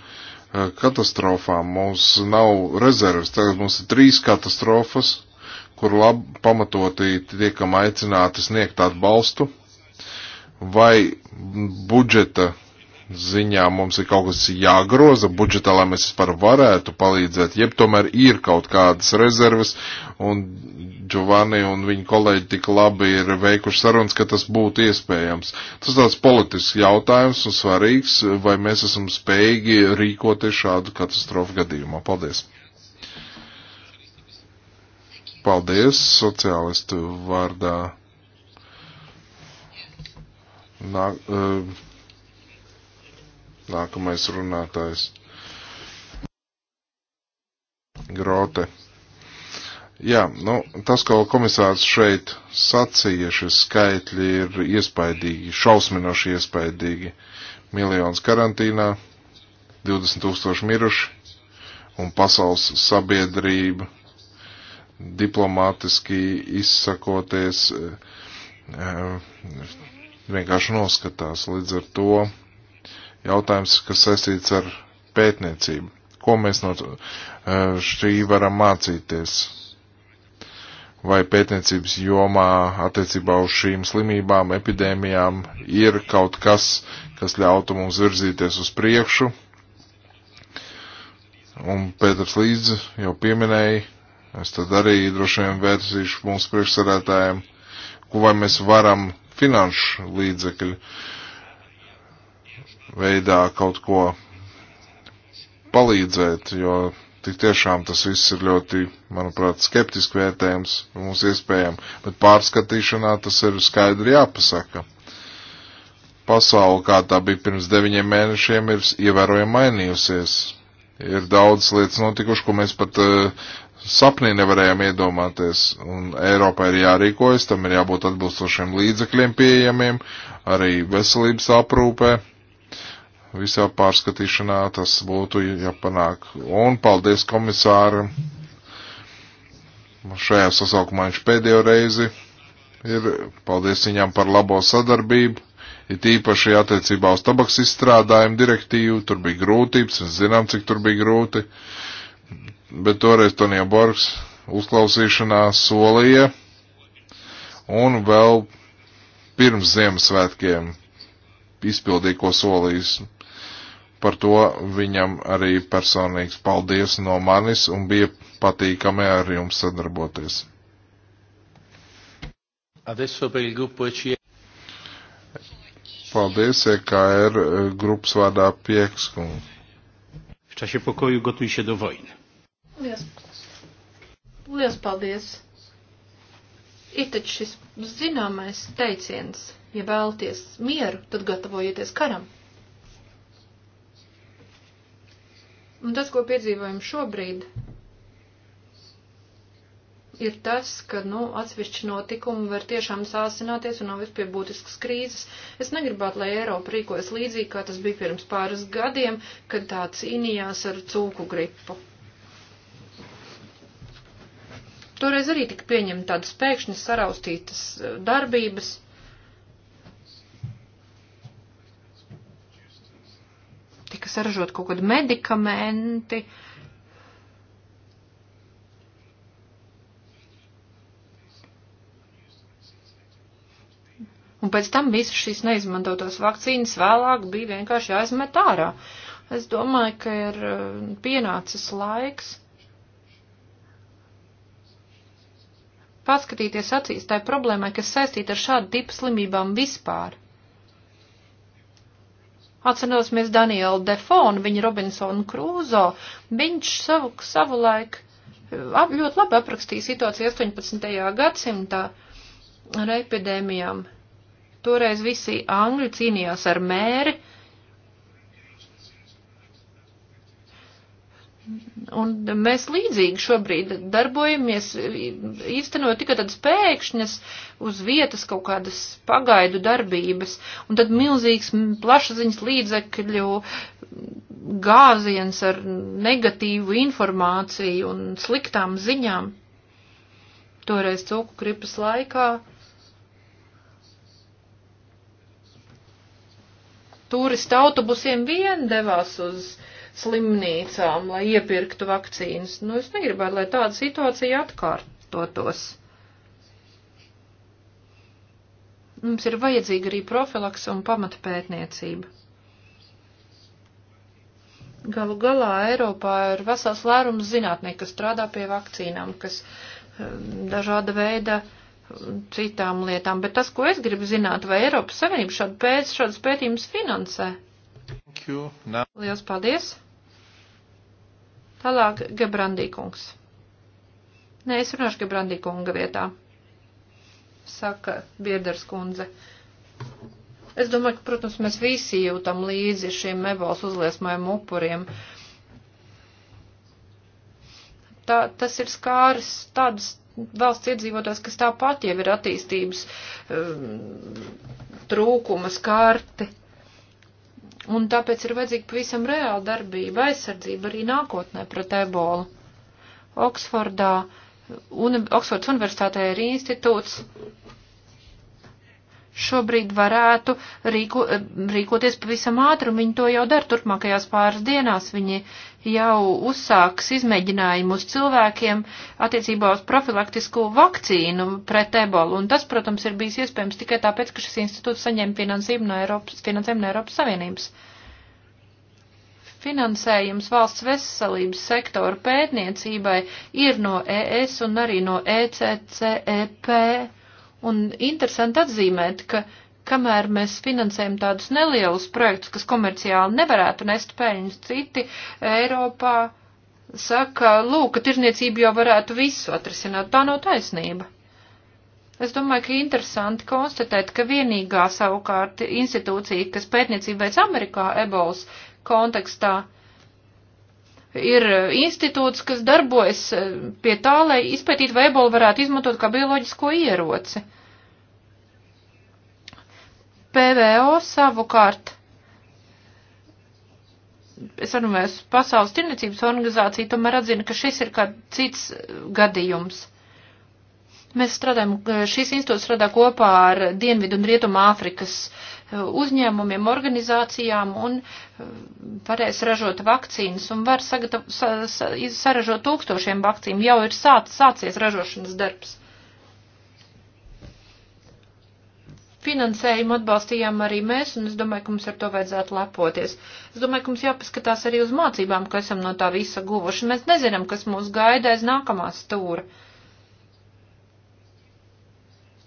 katastrofām. Mums nav rezerves. Tagad mums ir trīs katastrofas kur lab, pamatoti tiekam aicināti sniegt atbalstu, vai budžeta ziņā mums ir kaut kas jāgroza budžetā, lai mēs vispār varētu palīdzēt, jeb tomēr ir kaut kādas rezerves, un Giovanni un viņa kolēģi tik labi ir veikuši sarunas, ka tas būtu iespējams. Tas tāds politisks jautājums un svarīgs, vai mēs esam spējīgi rīkoties šādu katastrofu gadījumā. Paldies! Paldies, sociālistu vārdā. Nā, eh, nākamais runātājs. Grote. Jā, nu, tas, ko komisārs šeit sacīja, šie skaitļi ir iespaidīgi, šausminoši iespaidīgi. Miljons karantīnā, 20 tūkstoši miruši un pasaules sabiedrība diplomātiski izsakoties, e, e, vienkārši noskatās. Līdz ar to jautājums, kas saistīts ar pētniecību. Ko mēs no e, šī varam mācīties? Vai pētniecības jomā attiecībā uz šīm slimībām, epidēmijām ir kaut kas, kas ļautu mums virzīties uz priekšu? Un Pēters Līdz jau pieminēja Es tad arī droši vien vērsīšu mūsu priekšsarētājiem, ko vai mēs varam finanšu līdzekļu veidā kaut ko palīdzēt, jo tik tiešām tas viss ir ļoti, manuprāt, skeptiski vērtējums mūsu iespējām, bet pārskatīšanā tas ir skaidri jāpasaka pasauli, kā tā bija pirms deviņiem mēnešiem, ir ievērojami mainījusies. Ir daudz lietas notikuši, ko mēs pat uh, sapnī nevarējām iedomāties, un Eiropā ir jārīkojas, tam ir jābūt atbilstošiem līdzekļiem pieejamiem, arī veselības aprūpē, visā pārskatīšanā tas būtu jāpanāk. Un paldies komisāram, šajā sasaukumā viņš pēdējo reizi ir, paldies viņam par labo sadarbību. Ir tīpaši attiecībā uz tabaks izstrādājumu direktīvu, tur bija grūtības, es zinām, cik tur bija grūti bet toreiz Tonija Borgs uzklausīšanā solīja un vēl pirms Ziemassvētkiem izpildīja, ko solījis. Par to viņam arī personīgs paldies no manis un bija patīkami ar jums sadarboties. E e. Paldies, EKR eh, grupas vārdā Piekskungs. W czasie pokoju gotuj się do wojny. Liels, liels paldies! Ir taču šis zināmais teiciens, ja vēlties mieru, tad gatavojieties karam. Un tas, ko piedzīvojam šobrīd, ir tas, ka, nu, atsevišķi notikumi var tiešām sāsināties un novest pie būtiskas krīzes. Es negribētu, lai Eiropa rīkojas līdzīgi, kā tas bija pirms pāris gadiem, kad tā cīnījās ar cūku gripu. Toreiz arī tika pieņemta tādas pēkšņi saraustītas e, darbības. Tika saražot kaut kādi medikamenti. Un pēc tam visas šīs neizmantotās vakcīnas vēlāk bija vienkārši jāizmet ārā. Es domāju, ka ir e, pienācis laiks paskatīties acīs tai problēmai, kas saistīta ar šādu tipu slimībām vispār. Atcerosimies Danielu Defonu, viņa Robinsonu Krūzo, viņš savu, savu laiku ap, ļoti labi aprakstīja situāciju 18. gadsimtā ar epidēmijām. Toreiz visi angļi cīnījās ar mēri, Un mēs līdzīgi šobrīd darbojamies, īstenot tikai tādas pēkšņas uz vietas kaut kādas pagaidu darbības, un tad milzīgs plašsaziņas līdzekļu gāziens ar negatīvu informāciju un sliktām ziņām. Toreiz cūku kripas laikā turistu autobusiem vien devās uz uh, slimnīcām, lai iepirktu vakcīnas. Nu, es negribētu, lai tāda situācija atkārtotos. Mums ir vajadzīga arī profilaks un pamata pētniecība. Galu galā Eiropā ir vesels lērums zinātnieki, kas strādā pie vakcīnām, kas um, dažāda veida um, citām lietām. Bet tas, ko es gribu zināt, vai Eiropas Savienība šādu pēc, šādas pētījumus finansē? Lielas paldies! Tālāk Gebrandīkungs. Nē, es runāšu Gebrandīkunga vietā, saka Bieders kundze. Es domāju, ka, protams, mēs visi jūtam līdzi šiem ebols uzliesmējumu upuriem. Tā, tas ir skāris tādas valsts iedzīvotājs, kas tāpat jau ir attīstības um, trūkuma skārti Un tāpēc ir vajadzīga pavisam reāla darbība, aizsardzība arī nākotnē pret ebolu. Oksfordā, un, Oksfords universitātē ir institūts, šobrīd varētu rīko, rīkoties pavisam ātri, un viņi to jau dara turpmākajās pāris dienās. Viņi jau uzsāks izmēģinājumu uz cilvēkiem attiecībā uz profilaktisko vakcīnu pret ebolu, un tas, protams, ir bijis iespējams tikai tāpēc, ka šis institūts saņem finansējumu no Eiropas, finansējumu no Eiropas Savienības. Finansējums valsts veselības sektora pētniecībai ir no ES un arī no ECCEP Un interesanti atzīmēt, ka kamēr mēs finansējam tādus nelielus projektus, kas komerciāli nevarētu nest peļņas, citi Eiropā saka, lūk, ka tirniecība jau varētu visu atrisināt. Tā nav taisnība. Es domāju, ka interesanti konstatēt, ka vienīgā savukārt institūcija, kas pētniecību veids Amerikā ebols kontekstā, uh, ir e, institūts, kas darbojas e, pie tā, lai izpētītu, vai ebolu varētu izmantot kā bioloģisko ieroci. PVO savukārt, es runāju, Pasaules tirnicības organizācija tomēr atzina, ka šis ir kā cits e, gadījums. Mēs strādājam, šīs institūts strādā kopā ar Dienvidu un Rietumu Āfrikas e, uzņēmumiem, organizācijām un e, varēs ražot vakcīnas un var sagatav, sa, sa, saražot tūkstošiem vakcīnu. Jau ir sāc, sācies ražošanas darbs. finansējumu atbalstījām arī mēs, un es domāju, ka mums ar to vajadzētu lepoties. Es domāju, ka mums jāpaskatās arī uz mācībām, ko esam no tā visa guvuši. Mēs nezinām, kas mūs gaida aiz nākamā stūra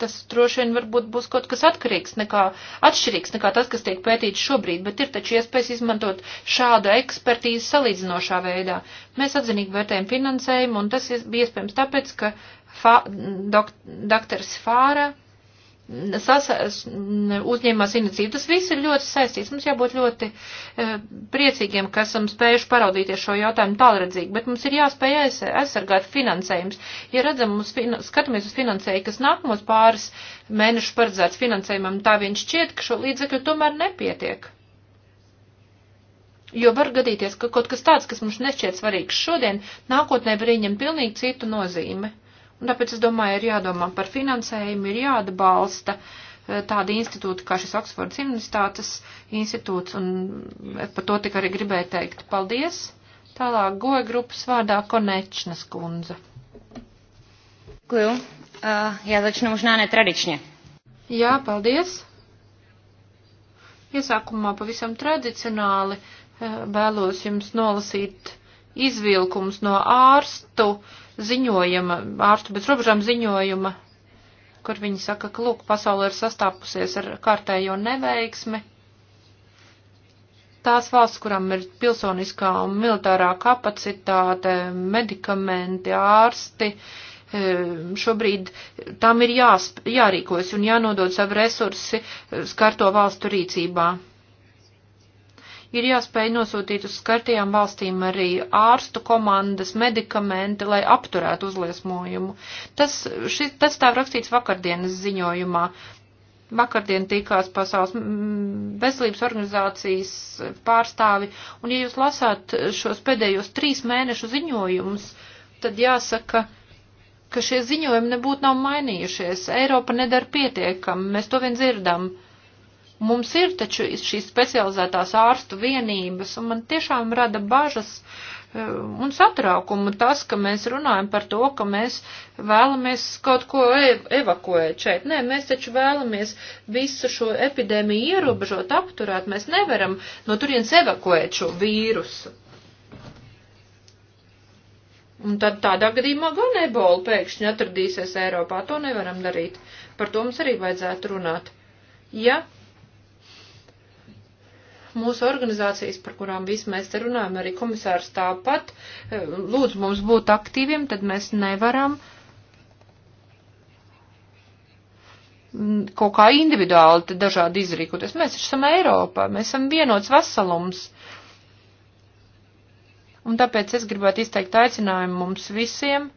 tas droši vien varbūt būs kaut kas atkarīgs nekā, atšķirīgs nekā tas, kas tiek pētīts šobrīd, bet ir taču iespējas izmantot šādu ekspertīzi salīdzinošā veidā. Mēs atzinīgi vērtējam finansējumu, un tas bija iespējams tāpēc, ka fa, dok, doktors Fāra sas, uzņēmās inicīvu. Tas viss ir ļoti saistīts. Mums jābūt ļoti e, priecīgiem, ka esam spējuši paraudīties šo jautājumu tālredzīgi, bet mums ir jāspēj aiz, aizsargāt finansējums. Ja redzam, uz, skatāmies uz finansēju, kas nākamos pāris mēnešus paredzēts finansējumam, tā viņš šķiet, ka šo līdzekļu tomēr nepietiek. Jo var gadīties, ka kaut kas tāds, kas mums nešķiet svarīgs šodien, nākotnē var ieņemt pilnīgi citu nozīmi. Un tāpēc es domāju, ir jādomā par finansējumu, ir jāatbalsta eh, tādi institūti kā šis Oksfords Universitātes institūts, un par to tik arī gribēju teikt paldies. Tālāk goja grupas vārdā Konečnas kundze. Kliju, uh, eh, jā, začnu možnā netradičņa. Jā, paldies. Iesākumā pavisam tradicionāli eh, vēlos jums nolasīt izvilkums no ārstu uh, ziņojuma, ārstu bez robežām ziņojuma, kur viņi saka, ka, lūk, pasaule ir sastāpusies ar kārtējo neveiksmi. Tās valsts, kurām ir pilsoniskā un militārā kapacitāte, medikamenti, ārsti, e, šobrīd tam ir jās, jārīkojas un jānodod savu resursi e, skarto valstu rīcībā ir jāspēj nosūtīt uz skartajām valstīm arī ārstu komandas medikamenti, lai apturētu uzliesmojumu. Tas, ši, tas tā rakstīts vakardienas ziņojumā. Vakardien tikās pasaules mm, veselības organizācijas pārstāvi, un ja jūs lasāt šos pēdējos trīs mēnešu ziņojumus, tad jāsaka, ka šie ziņojumi nebūtu nav mainījušies. Eiropa nedara pietiekam, mēs to vien dzirdam. Uh, Mums ir taču šīs specializētās ārstu vienības, un man tiešām rada bažas e, un satraukumu tas, ka mēs runājam par to, ka mēs vēlamies kaut ko ev evakuēt šeit. Nē, mēs taču vēlamies visu šo epidēmiju ierobežot, apturēt. Mēs nevaram no turienes evakuēt šo vīrusu. Un tad tādā gadījumā gan ebola pēkšņi atradīsies Eiropā. To nevaram darīt. Par to mums arī vajadzētu runāt. Ja Mūsu organizācijas, par kurām visi mēs te runājam, arī komisārs tāpat, e, lūdzu mums būt aktīviem, tad mēs nevaram kaut kā individuāli dažādi izrīkoties. Mēs esam Eiropā, mēs esam vienots veselums. Un tāpēc es gribētu izteikt aicinājumu mums visiem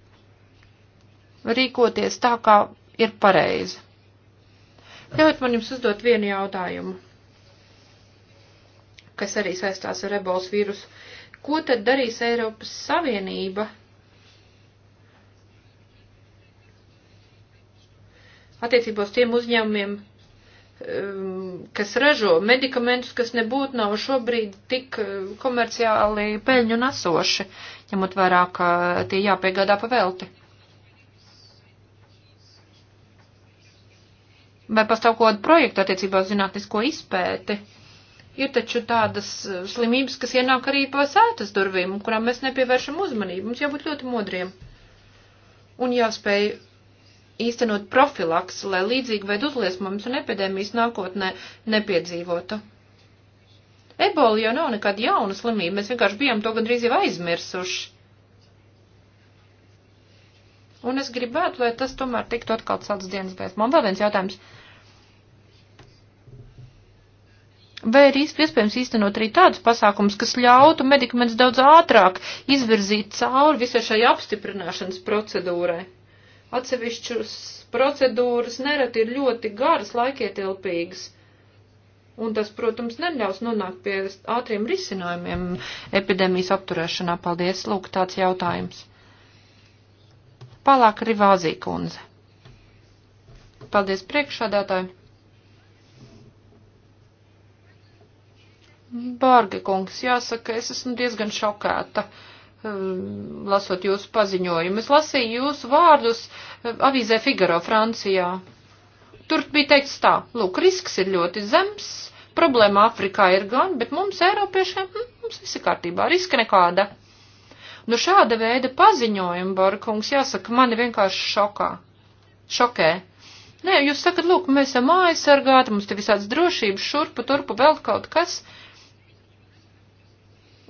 rīkoties tā, kā ir pareizi. Ļaujiet man jums uzdot vienu jautājumu kas arī saistās ar ebols vīrusu. Ko tad darīs Eiropas Savienība? Attiecībos tiem uzņēmumiem, um, kas ražo medikamentus, kas nebūtu nav šobrīd tik uh, komerciāli peļņu nesoši, ņemot vērā, ka tie jāpiegādā pa velti. Vai pastāv kaut kāda projekta attiecībā uz zinātnisko izpēti? Ir taču tādas eh, slimības, kas ienāk arī pa sētas durvīm, kurām mēs nepievēršam uzmanību. Mums jābūt ļoti modriem. Un jāspēj īstenot profilaks, lai līdzīgi veidu uzliesmums un epidēmijas nākotnē nepiedzīvotu. Ebola jau nav nekāda jauna slimība, mēs vienkārši bijām to gandrīz jau aizmirsuši. Un es gribētu, lai tas tomēr tiktu atkal celts dienas gaismā. Man vēl viens jautājums. Uh, Vai ir iespējams īstenot arī tādus pasākumus, kas ļautu medikamentus daudz ātrāk izvirzīt cauri visai šai apstiprināšanas procedūrai? Atsevišķus procedūras nereti ir ļoti garas, laikietilpīgas. Un tas, protams, neļaus nonākt pie ātriem risinājumiem epidēmijas apturēšanā. Paldies, lūk, tāds jautājums. Palāk arī Vāzī kundze. Paldies priekšādātāji. Bārga kungs, jāsaka, es esmu diezgan šokēta, eh, lasot jūsu paziņojumu. Es lasīju jūsu vārdus eh, avīzē Figaro Francijā. Tur bija teikts tā, lūk, risks ir ļoti zems, problēma Afrikā ir gan, bet mums, Eiropiešiem, hm, mums viss ir kārtībā, riska nekāda. Nu šāda veida paziņojumi, Bārga kungs, jāsaka, mani vienkārši šokā. Šokē. Nē, jūs sakat, lūk, mēs esam aizsargāti, mums te visāds drošības šurpa, turpa, vēl kaut kas. Uh,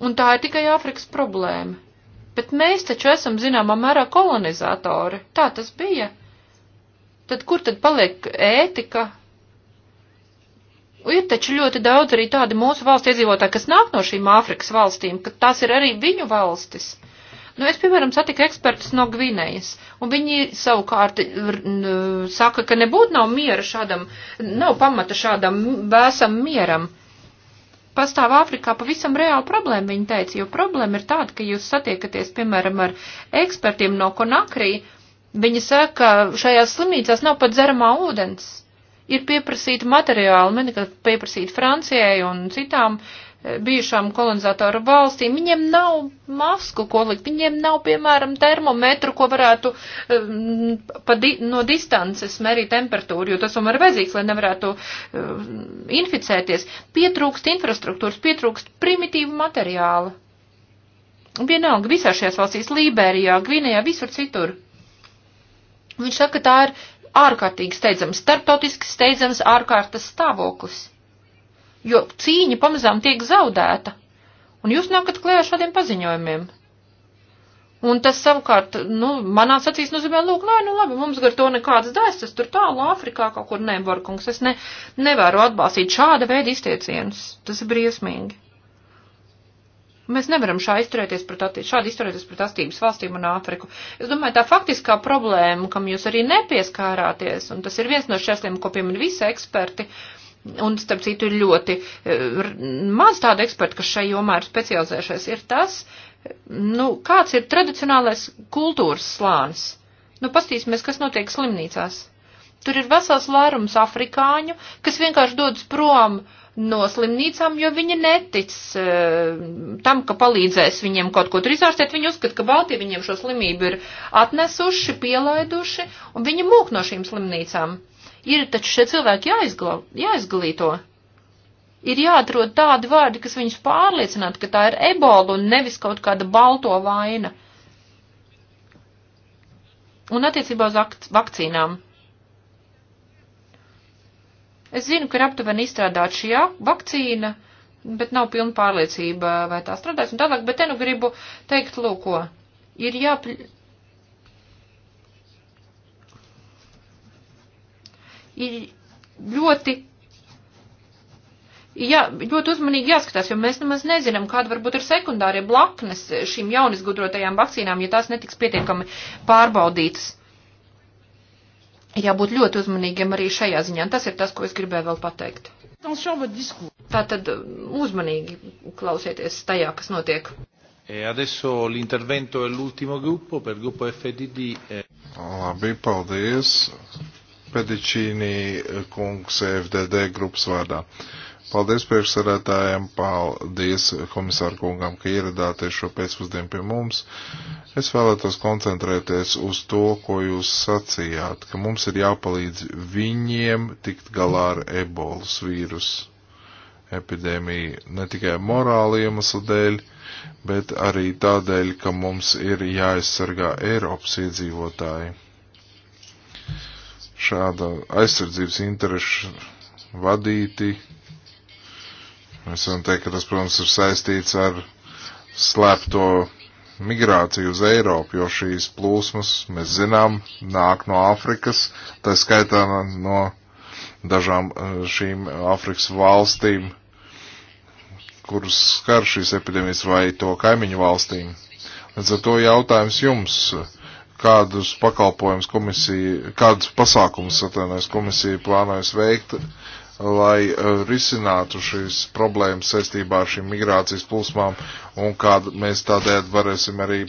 Un tā ir tikai Āfrikas problēma. Bet mēs taču esam zināmā mērā kolonizatori. Tā tas bija. Tad kur tad paliek ētika? Ir taču ļoti daudz arī tādi mūsu valsts iedzīvotāji, kas nāk no šīm Āfrikas valstīm, ka tās ir arī viņu valstis. Nu, es, piemēram, satiku ekspertus no Gvinējas, un viņi savukārt saka, ka nebūtu nav miera šādam, nav pamata šādam vēsam mieram. Uh, pastāv Āfrikā pavisam reāla problēma, viņa teica, jo problēma ir tāda, ka jūs satiekaties, piemēram, ar ekspertiem no Konakrī, viņi saka, ka šajās slimnīcās nav pat dzeramā ūdens. Ir pieprasīti materiāli, man ir pieprasīti Francijai un citām uh, bijušām kolonizatoru valstīm, viņiem nav masku, ko likt, viņiem nav, piemēram, termometru, ko varētu um, di no distances mērīt temperatūru, jo tas tomēr ir vajadzīgs, lai nevarētu um, inficēties. Pietrūkst infrastruktūras, pietrūkst primitīvu materiālu. Vienalga visā šajās valstīs, Lībērijā, Gvinējā, visur citur. Viņš saka, ka tā ir ārkārtīgi steidzams, starptautiski steidzams ārkārtas stāvoklis jo cīņa pamazām tiek zaudēta. Un jūs nākat klējā šādiem paziņojumiem. Un tas savukārt, nu, manā acīs nozīmē, lūk, nē, nu labi, mums gar to nekādas daisas, tur tālu Āfrikā kaut kur neborkungs, es ne, nevaru atbalstīt šāda veida izteicienus. Tas ir briesmīgi. Mēs nevaram šā izturēties pret atti, šādi izturēties pret astības valstīm un Āfriku. Es domāju, tā faktiskā problēma, kam jūs arī nepieskārāties, un tas ir viens no šķērsliem, ko piemin visi eksperti, uh, un starp citu ir ļoti e, maz tādu ekspertu, kas šai jomā ir specializējušies, ir tas, nu, kāds ir tradicionālais kultūras slānis. Nu, pastīsimies, kas notiek slimnīcās. Tur ir vesels lērums afrikāņu, kas vienkārši dodas prom no slimnīcām, jo viņi netic e, tam, ka palīdzēs viņiem kaut ko tur izārstēt. Viņi uzskata, ka Baltija viņiem šo slimību ir atnesuši, pielaiduši, un viņi mūk no šīm slimnīcām. Ir taču šie cilvēki jāizgla, jāizglīto. Ir jāatrod tādi vārdi, kas viņus pārliecinātu, ka tā ir ebola un nevis kaut kāda balto vaina. Un attiecībā uz vakcīnām. Es zinu, ka ir aptuveni izstrādāta šī vakcīna, bet nav pilna pārliecība, vai tā strādās un tālāk, bet te nu gribu teikt, lūko, ir jāpļ ļoti jā, ļoti uzmanīgi jāskatās, jo mēs nemaz nezinām, kāda varbūt ir sekundārie blaknes šīm jaunisgudrotajām vakcīnām, ja tās netiks pietiekami pārbaudītas. Jābūt ļoti uzmanīgiem arī šajā ziņā. Tas ir tas, ko es gribēju vēl pateikt. Tātad uh, uzmanīgi klausieties tajā, kas notiek. E adesso l'intervento è l'ultimo gruppo, per gruppo FDD. Eh. Labi, paldies. Pedičīnī kungs FDD grupas vārdā. Paldies priekšsarētājiem, paldies komisāru kungam, ka ieradāties šo pēcpusdienu pie mums. Es vēlētos koncentrēties uz to, ko jūs sacījāt, ka mums ir jāpalīdz viņiem tikt galā ar ebolas vīrusu epidēmiju ne tikai morāli iemeslu dēļ, bet arī tādēļ, ka mums ir jāaizsargā Eiropas iedzīvotāji šāda aizsardzības interešu vadīti. Mēs varam teikt, ka tas, protams, ir saistīts ar slēpto migrāciju uz Eiropu, jo šīs plūsmas, mēs zinām, nāk no Āfrikas, tā skaitā no dažām eh, šīm Āfrikas valstīm, kuras skar šīs epidēmijas vai to kaimiņu valstīm. Līdz ar to jautājums jums kādus pakalpojumus komisija, kādus pasākumus atvainojas komisija plānojas veikt, lai eh, risinātu šīs problēmas saistībā ar šīm migrācijas plūsmām un kā mēs tādējādi varēsim arī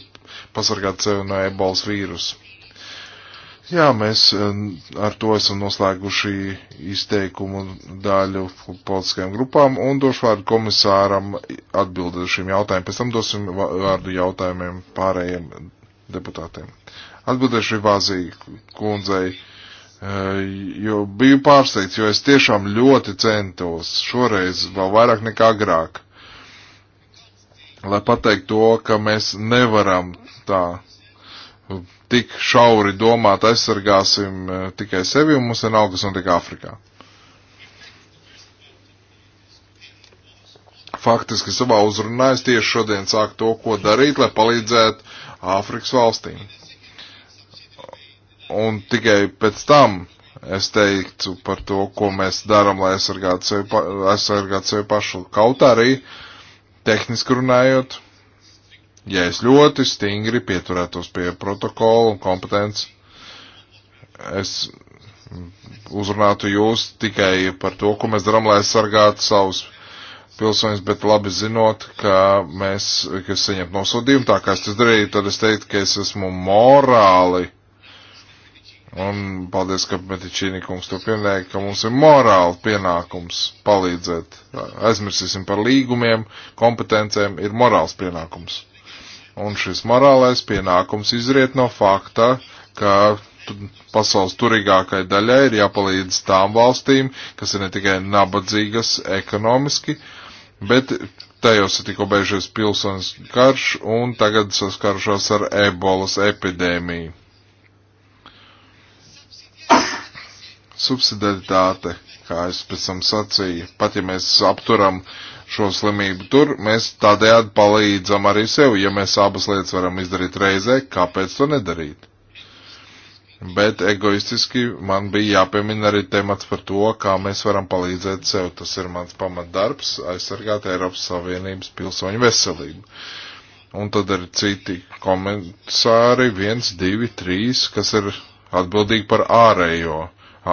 pasargāt sevi no ebolas vīrusu. Jā, mēs eh, ar to esam noslēguši izteikumu daļu politiskajām grupām un došu vārdu komisāram atbildēt šiem jautājumiem. Pēc tam dosim vārdu jautājumiem pārējiem deputātiem. Atbildēšu Vāzī kundzei, e, jo biju pārsteigts, jo es tiešām ļoti centos šoreiz vēl vairāk nekā agrāk, lai pateiktu to, ka mēs nevaram tā tik šauri domāt, aizsargāsim e, tikai sevi un mums vienalga, kas notiek Āfrikā. faktiski savā uzrunā es tieši šodien sāku to, ko darīt, lai palīdzētu Āfrikas valstīm. Un tikai pēc tam es teicu par to, ko mēs darām, lai aizsargātu sevi, pa, aizsargātu sevi pašu. Kaut arī, tehniski runājot, ja es ļoti stingri pieturētos pie protokola un kompetences, es uzrunātu jūs tikai par to, ko mēs darām, lai aizsargātu savus pilsoņus, bet labi zinot, ka mēs, ka es saņemtu nosodījumu, tā kā es tas darīju, tad es teiktu, ka es esmu morāli Un paldies, ka Metičīnī kungs to pieminēja, ka mums ir morāli pienākums palīdzēt. Aizmirsīsim par līgumiem, kompetencēm, ir morāls pienākums. Un šis morālais pienākums izriet no fakta, ka pasaules turīgākai daļai ir jāpalīdz tām valstīm, kas ir ne tikai nabadzīgas ekonomiski, bet tajos ir tikko beigušies pilsonis karš un tagad saskarušās ar ebolas epidēmiju subsidaritāte, kā es pēc tam sacīju, pat ja mēs apturam šo slimību tur, mēs tādējādi palīdzam arī sev, ja mēs abas lietas varam izdarīt reizē, kāpēc to nedarīt? Bet egoistiski man bija jāpiemina arī temats par to, kā mēs varam palīdzēt sev. Tas ir mans pamatdarbs - aizsargāt Eiropas Savienības pilsoņu veselību. Un tad ir citi komisāri, viens, divi, trīs, kas ir atbildīgi par ārējo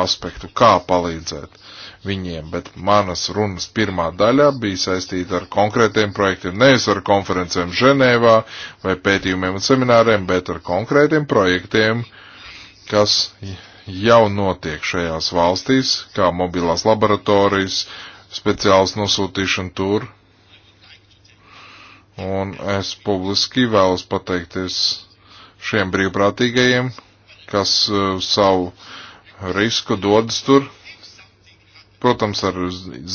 aspektu, kā palīdzēt viņiem, bet manas runas pirmā daļa bija saistīta ar konkrētiem projektiem, nevis ar konferencēm Ženēvā vai pētījumiem un semināriem, bet ar konkrētiem projektiem, kas jau notiek šajās valstīs, kā mobilās laboratorijas, speciāls nosūtīšana tur. Un es publiski vēlos pateikties šiem brīvprātīgajiem, kas uh, savu uh, risku dodas tur, protams, ar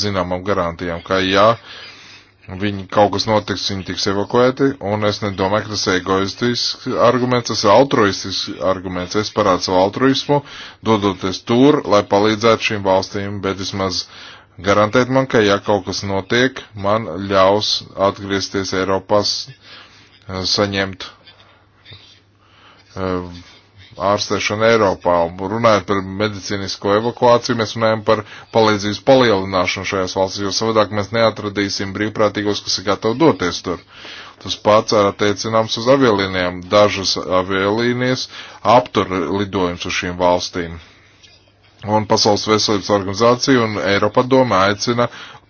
zināmām garantijām, ka jā, viņi kaut kas notiks, viņi tiks evakuēti, un es nedomāju, ka tas ir egoistisks arguments, tas ir altruistisks arguments. Es parādu savu altruismu, dodoties tur, lai palīdzētu šīm valstīm, bet vismaz garantēt man, ka ja kaut kas notiek, man ļaus atgriezties Eiropās, eh, saņemt eh, ārstēšanu Eiropā. Runājot par medicīnisko evakuāciju, mēs runājam par palīdzības palielināšanu šajās valstīs, jo savādāk mēs neatradīsim brīvprātīgos, kas ir gatavi doties tur. Tas pats ir attiecināms uz aviolīnijām. Dažas aviolīnijas aptur lidojums uz šīm valstīm. Un Pasaules veselības organizācija un Eiropa doma aicina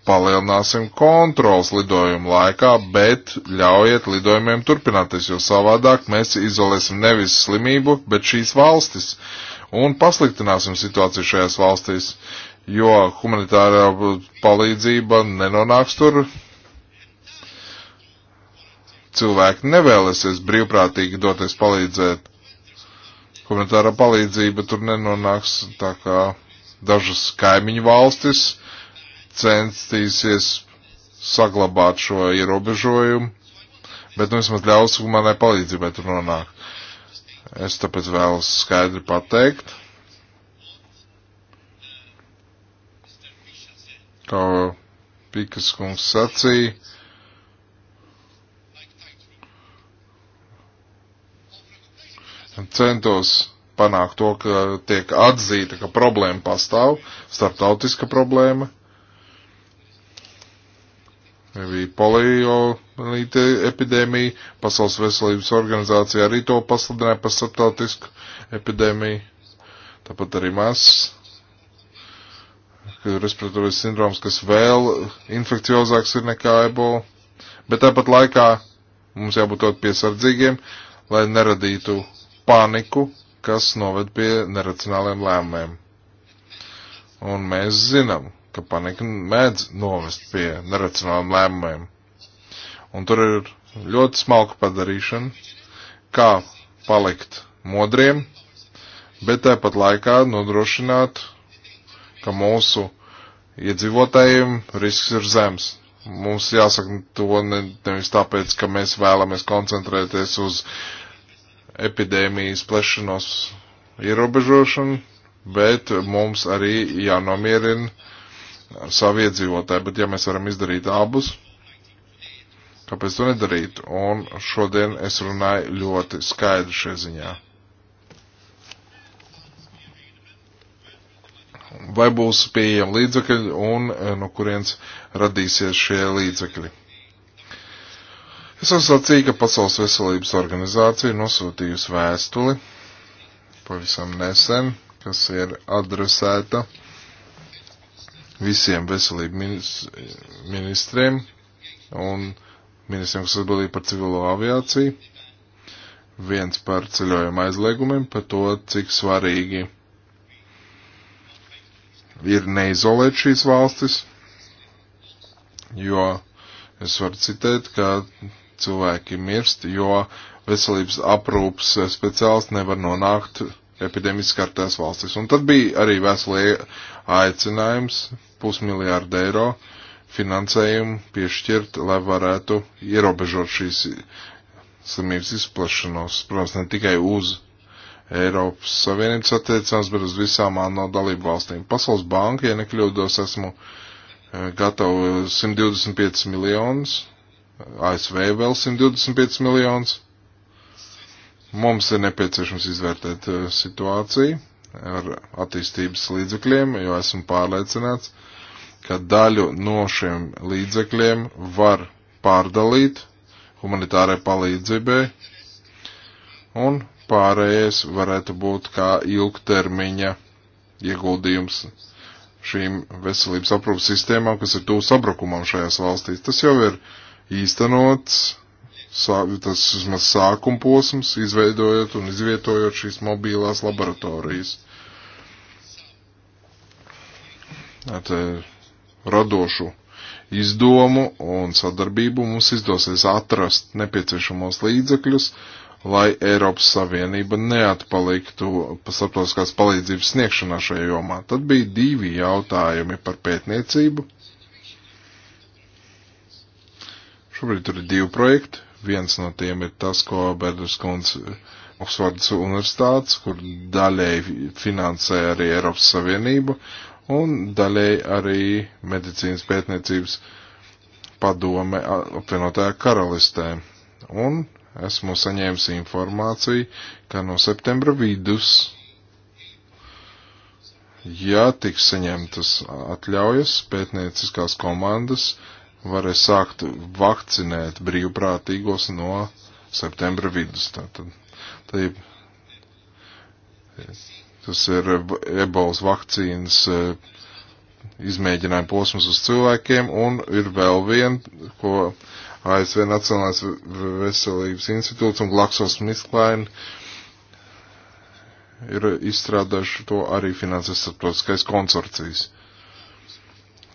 palielināsim kontrols lidojumu laikā, bet ļaujiet lidojumiem turpināties, jo savādāk mēs izolēsim nevis slimību, bet šīs valstis un pasliktināsim situāciju šajās valstīs, jo humanitārā palīdzība nenonāks tur. Cilvēki nevēlēsies brīvprātīgi doties palīdzēt. Humanitārā palīdzība tur nenonāks tā kā dažas kaimiņu valstis censtīsies saglabāt šo ierobežojumu, bet nu vismaz ļaus manai palīdzībai tur nonākt. Es tāpēc vēlos skaidri pateikt, kā Pikas kungs sacīja, centos panākt to, ka tiek atzīta, ka problēma pastāv, starptautiska problēma, bija poliolīte epidēmija, Pasaules veselības organizācija arī to pasludināja par starptautisku epidēmiju, tāpat arī mēs, respiratoris sindroms, kas vēl infekciozāks ir nekā ebola, bet tāpat laikā mums jābūt ļoti piesardzīgiem, lai neradītu paniku, kas noved pie neracionāliem lēmumiem. Un mēs zinām, ka panika mēdz novest pie neracionāliem lēmumiem. Un tur ir ļoti smalka padarīšana, kā palikt modriem, bet tāpat laikā nodrošināt, ka mūsu iedzīvotājiem risks ir zems. Mums jāsaka to ne, nevis tāpēc, ka mēs vēlamies koncentrēties uz epidēmijas plešanos ierobežošanu, bet mums arī jānomierina saviedzīvotāji, bet ja mēs varam izdarīt abus, kāpēc to nedarīt? Un šodien es runāju ļoti skaidri šajā ziņā. Vai būs pieejami līdzekļi un eh, no kurienes radīsies šie līdzekļi? Es esmu sacīju, ka Pasaules veselības organizācija nosūtījusi vēstuli pavisam nesen, kas ir adresēta uh, visiem veselību ministriem un ministriem, kas atbildīgi par civilo aviāciju. Viens par ceļojuma aizliegumiem, par to, cik svarīgi ir neizolēt šīs valstis, jo es varu citēt, ka cilvēki mirst, jo veselības aprūpas speciālists nevar nonākt epidēmijas skartās valstis. Un tad bija arī veselē aicinājums pusmiljārdu eiro finansējumu piešķirt, lai varētu ierobežot šīs slimības izplašanos. Protams, ne tikai uz Eiropas Savienības attiecās, bet uz visām ANO dalību valstīm. Pasaules banka, ja nekļūdos, esmu eh, gatava 125 miljonus, ASV vēl 125 miljonus Mums ir nepieciešams izvērtēt eh, situāciju ar attīstības līdzekļiem, jo esmu pārliecināts, ka daļu no šiem līdzekļiem var pārdalīt humanitārai palīdzībai, un pārējais varētu būt kā ilgtermiņa ieguldījums šīm veselības aprūpas sistēmām, kas ir tuvu sabrukumam šajās valstīs. Tas jau ir īstenots sā, tas vismaz sākuma posms, izveidojot un izvietojot šīs mobilās laboratorijas. At, radošu izdomu un sadarbību mums izdosies atrast nepieciešamos līdzekļus, lai Eiropas Savienība neatpaliktu starptautiskās palīdzības sniegšanā šajā jomā. Tad bija divi jautājumi par pētniecību. Šobrīd tur ir divi projekti. Viens no tiem ir tas, ko Bedras kundze Oksfordas universitātes, kur daļēji finansē arī Eiropas Savienību un daļēji arī medicīnas pētniecības padome apvienotajā karalistē. Un esmu saņēmis informāciju, ka no septembra vidus, ja tiks saņemtas atļaujas pētnieciskās komandas, uh, varēs sākt vakcinēt brīvprātīgos no septembra vidus. Tātad, tā, tas ir ebolas vakcīnas eh, izmēģinājuma posms uz cilvēkiem, un ir vēl viena, ko ASV Nacionālais veselības institūts un GlaxoSmithKline ir izstrādājuši to arī finansēs starptautiskais konsorcijas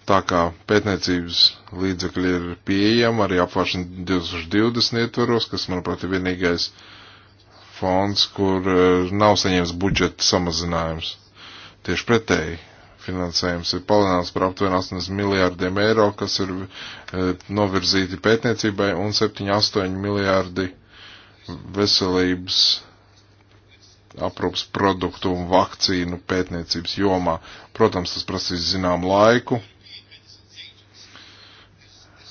tā kā pētniecības līdzekļi ir pieejami arī apvāršana 2020 ietvaros, kas, manuprāt, ir vienīgais fonds, kur eh, nav saņēmis budžeta samazinājums. Tieši pretēji finansējums ir palielināts par aptuveni 80 miljārdiem eiro, kas ir eh, novirzīti pētniecībai un 7-8 miljārdi veselības aprūpas produktu un vakcīnu pētniecības jomā. Protams, tas prasīs zinām laiku,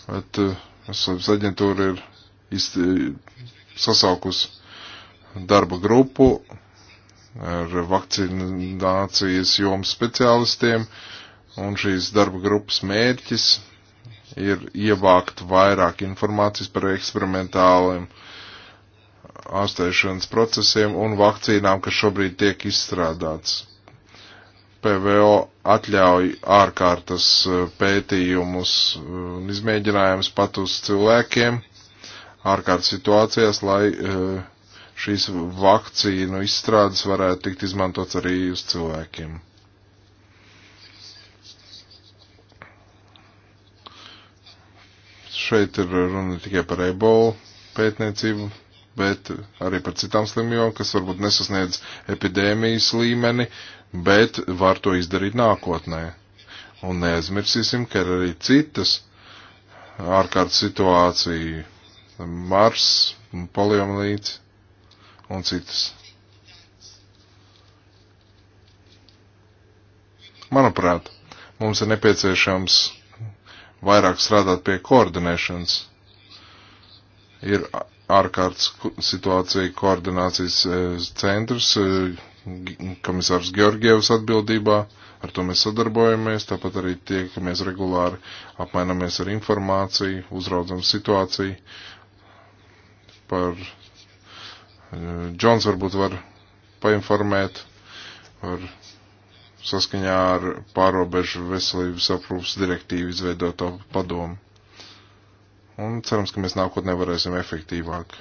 Veselības eh, aģentūra ir sasaukus darba grupu ar vakcinācijas jomas speciālistiem, un šīs darba grupas mērķis ir ievākt vairāk informācijas par eksperimentāliem ārstēšanas procesiem un vakcīnām, kas šobrīd tiek izstrādāts PVO atļauj ārkārtas eh, pētījumus eh, un izmēģinājumus pat uz cilvēkiem ārkārtas situācijās, lai eh, šīs vakcīnu izstrādes varētu tikt izmantots arī uz cilvēkiem. Šeit ir runa tikai par ebolu pētniecību, bet arī par citām slimībām, kas varbūt nesasniedz epidēmijas līmeni, bet var to izdarīt nākotnē. Un neaizmirsīsim, ka ir arī citas ārkārtas situācija - Mars, poliomielīts un citas. Manuprāt, mums ir nepieciešams vairāk strādāt pie koordinēšanas. Ir ārkārtas situācija koordinācijas eh, centrs, eh, komisārs Georgievs atbildībā, ar to mēs sadarbojamies, tāpat arī tiekamies regulāri, apmainamies ar informāciju, uzraudzam situāciju par eh, Džons varbūt var painformēt par saskaņā ar pārobežu veselības aprūpas direktīvu izveidoto padomu. Un cerams, ka mēs nākotnē varēsim efektīvāk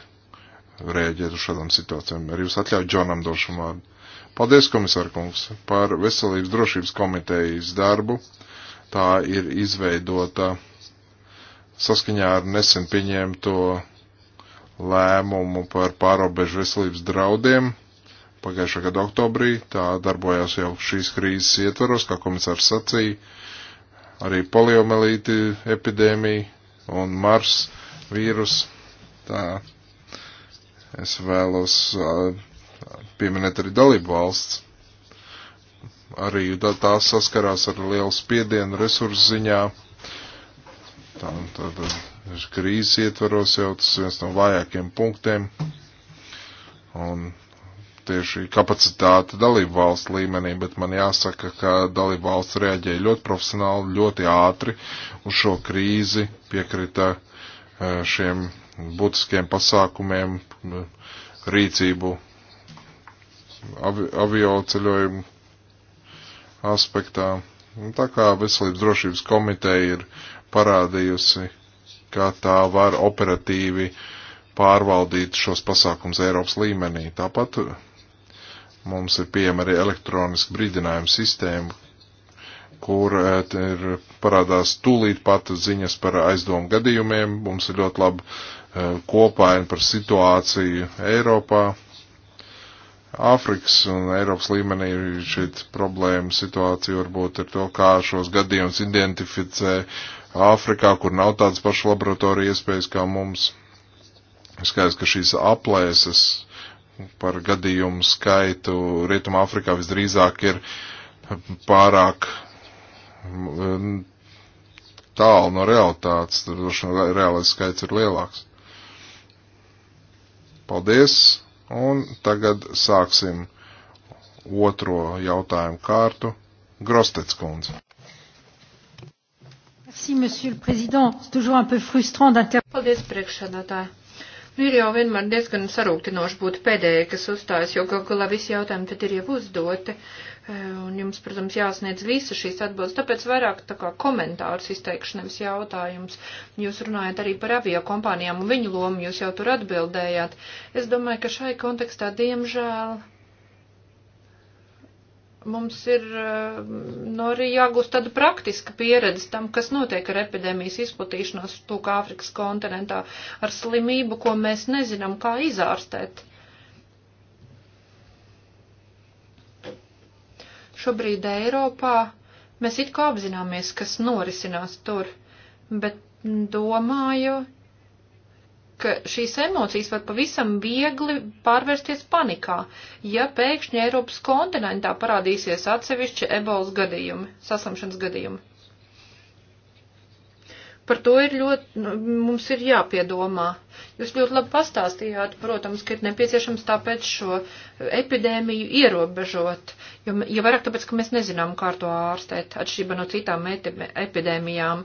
rēģēt uz šādām situācijām. Ar jūs atļauju Džonam došu vārdu. Paldies, komisārkungs, par veselības drošības komitejas darbu. Tā ir izveidota saskaņā ar nesen pieņemto lēmumu par pārobežu veselības draudiem pagājušā gada oktobrī. Tā darbojās jau šīs krīzes ietvaros, kā komisārs sacīja, arī poliomelīti epidēmija un mars vīrus. Tā es vēlos pieminēt arī dalību valsts. Arī tās saskarās ar lielu spiedienu resursu ziņā. Tā, tā, tā, uh, krīzes ietvaros jau tas viens no vājākiem punktiem. Un tieši kapacitāte dalību valsts līmenī, bet man jāsaka, ka dalību valsts reaģēja ļoti profesionāli, ļoti ātri uz šo krīzi, piekrita uh, šiem būtiskiem pasākumiem, rīcību avi, avio ceļojumu aspektā. Un tā kā Veselības drošības komiteja ir parādījusi, kā tā var operatīvi pārvaldīt šos pasākums Eiropas līmenī. Tāpat mums ir pieejama arī elektroniska brīdinājuma sistēma, kur e, ir parādās tūlīt pat ziņas par aizdomu gadījumiem. Mums ir ļoti laba e, kopaina par situāciju Eiropā, Āfrikas un Eiropas līmenī šeit problēma situācija varbūt ir to, kā šos gadījumus identificē Āfrikā, kur nav tādas pašas laboratorija iespējas kā mums. Skaidrs, ka šīs aplēses par gadījumu skaitu Rietumā Āfrikā visdrīzāk ir pārāk mm, tālu no realitātes, tad reālais skaits ir lielāks. Paldies! Un tagad sāksim otro jautājumu kārtu. Grostets kundze. Paldies, priekšsēdētāji. Nu, ir jau vienmēr diezgan sarūktinoši būt pēdējai, kas uzstājas, jo gal galā visi jautājumi tad ir jau uzdoti. Uh, E, un jums, protams, jāsniedz visa šīs atbildes, tāpēc vairāk tā kā komentārs izteikšu, nevis jautājums. Jūs runājat arī par avio kompānijām un viņu lomu, jūs jau tur atbildējāt. Es domāju, ka šai kontekstā, diemžēl, mums ir e, no nu, arī jāgūst tāda praktiska pieredze tam, kas notiek ar epidēmijas izplatīšanos tūk Āfrikas kontinentā, ar slimību, ko mēs nezinām, kā izārstēt. Šobrīd Eiropā mēs it kā apzināmies, kas norisinās tur, bet domāju, ka šīs emocijas var pavisam viegli pārvērsties panikā, ja pēkšņi Eiropas kontinentā parādīsies atsevišķi ebolas gadījumi, saslimšanas gadījumi. Par to ir ļoti, nu, mums ir jāpiedomā. Jūs ļoti labi pastāstījāt, protams, ka ir nepieciešams tāpēc šo epidēmiju ierobežot, jo, jo vairāk tāpēc, ka mēs nezinām, kā to ārstēt atšķirībā no citām epidēmijām.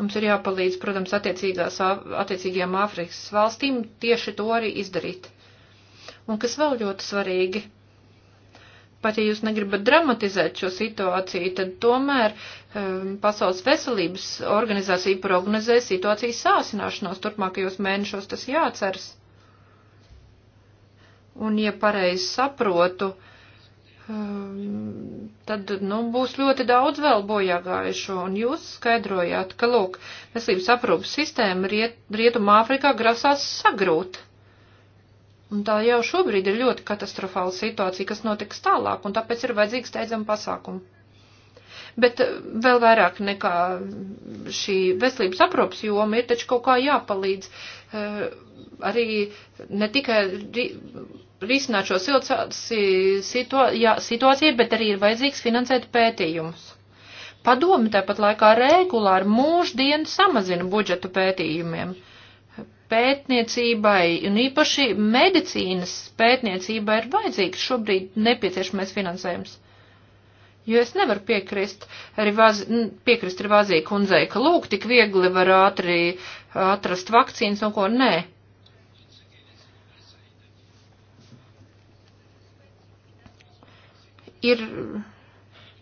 Mums ir jāpalīdz, protams, attiecīgajām Āfrikas valstīm tieši to arī izdarīt. Un kas vēl ļoti svarīgi, pat ja jūs negribat dramatizēt šo situāciju, tad tomēr um, Pasaules veselības organizācija prognozē situācijas sāsināšanos turpmākajos mēnešos, tas jāceras. Un, ja pareizi saprotu, um, tad, nu, būs ļoti daudz vēl bojā gājušo, un jūs skaidrojāt, ka, lūk, veselības aprūpas sistēma Riet, Rietumā Afrikā grasās sagrūt. Un tā jau šobrīd ir ļoti katastrofāla situācija, kas notiks tālāk, un tāpēc ir vajadzīgs steidzam pasākumu. Bet eh, vēl vairāk nekā šī veselības aprūpas joma ir taču kaut kā jāpalīdz eh, arī ne tikai risināt šo situāciju, bet arī ir vajadzīgs finansēt pētījumus. Padomi tāpat laikā regulāri mūždien samazina budžetu pētījumiem. Uh, pētniecībai un īpaši medicīnas pētniecībai ir vajadzīgs šobrīd nepieciešamais finansējums. Jo es nevaru piekrist arī, vaz, piekrist arī Vāzija kundzei, ka lūk, tik viegli var ātri atrast vakcīnas un ko nē. Ir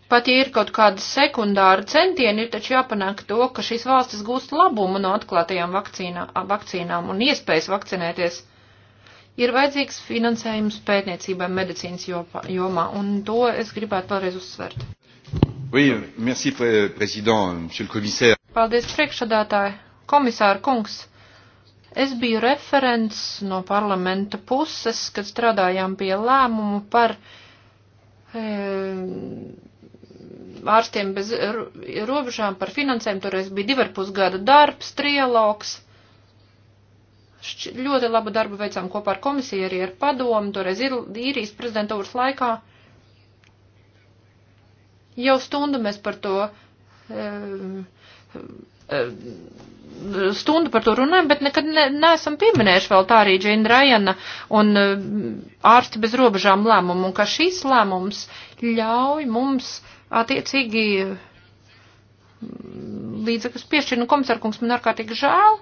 Pat ja ir kaut kāda sekundāra centieni, ir taču jāpanāk to, ka šīs valstis gūst labumu no atklātajām vakcīnā, vakcīnām un iespējas vakcinēties. Ir vajadzīgs finansējums pētniecībai medicīnas jomā, un to es gribētu vēlreiz uzsvert. Oui, merci, président, monsieur le commissaire. Paldies, priekšsādātāji. Komisāra kungs, es biju referents no parlamenta puses, kad strādājām pie lēmumu par. E, ārstiem bez robežām par finansēm. Toreiz bija divi ar pusgada darbs, trialogs. Šķi, ļoti labu darbu veicām kopā ar komisiju, arī ar padomu. Toreiz ir, īrijas prezidentūras laikā. Jau stundu mēs par to. Um, stundu par to runājam, bet nekad ne, neesam pieminējuši vēl tā arī Džina Rajana un eh, ārsti bez robežām lēmumu, un ka šīs lēmums ļauj mums attiecīgi mm, līdzekļus piešķir. Nu, komisārkungs, man ārkārtīgi žēl,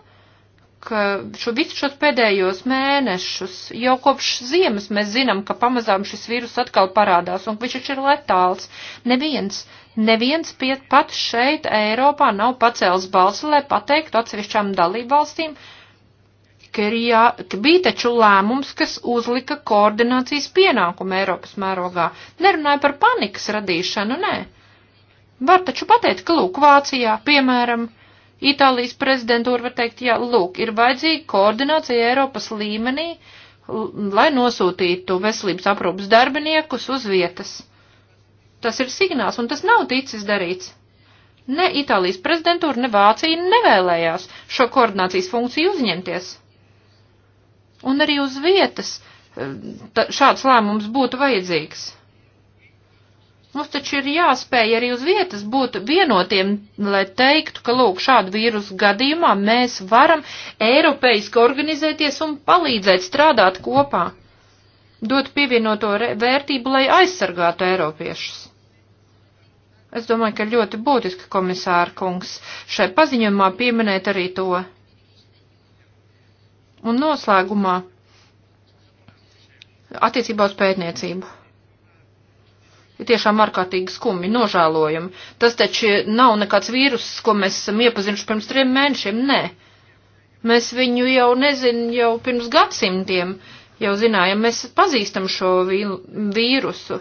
ka šo visu šos pēdējos mēnešus, jau kopš ziemas mēs zinām, ka pamazām šis vīrus atkal parādās un viņš ir letāls. Neviens, neviens pat šeit Eiropā nav pacēls balsi, lai pateiktu atsevišķām dalībvalstīm, valstīm, ka, ir jā, ka bija taču lēmums, kas uzlika koordinācijas pienākumu Eiropas mērogā. Nerunāja par panikas radīšanu, nē. Var taču pateikt, ka lūk, Vācijā, piemēram, Itālijas prezidentūra var teikt, jā, lūk, ir vajadzīga koordinācija Eiropas līmenī, lai nosūtītu veselības aprūpas darbiniekus uz vietas. Tas ir signāls, un tas nav ticis darīts. Ne Itālijas prezidentūra, ne Vācija nevēlējās šo koordinācijas funkciju uzņemties un arī uz vietas eh, šāds lēmums būtu vajadzīgs. Mums taču ir jāspēj arī uz vietas būt vienotiem, lai teiktu, ka, lūk, šādu vīrusu gadījumā mēs varam eiropeiski organizēties un palīdzēt strādāt kopā, dot pievienoto vērtību, lai aizsargātu eiropiešus. Es domāju, ka ļoti būtiski komisāra kungs šai paziņojumā pieminēt arī to. Un noslēgumā attiecībā uz pētniecību. Ir tiešām ārkārtīgi skumji, nožēlojami. Tas taču nav nekāds vīrus, ko mēs esam iepazinuši pirms trim mēnešiem, nē. Mēs viņu jau nezinu, jau pirms gadsimtiem jau zinājam, mēs pazīstam šo vīrusu.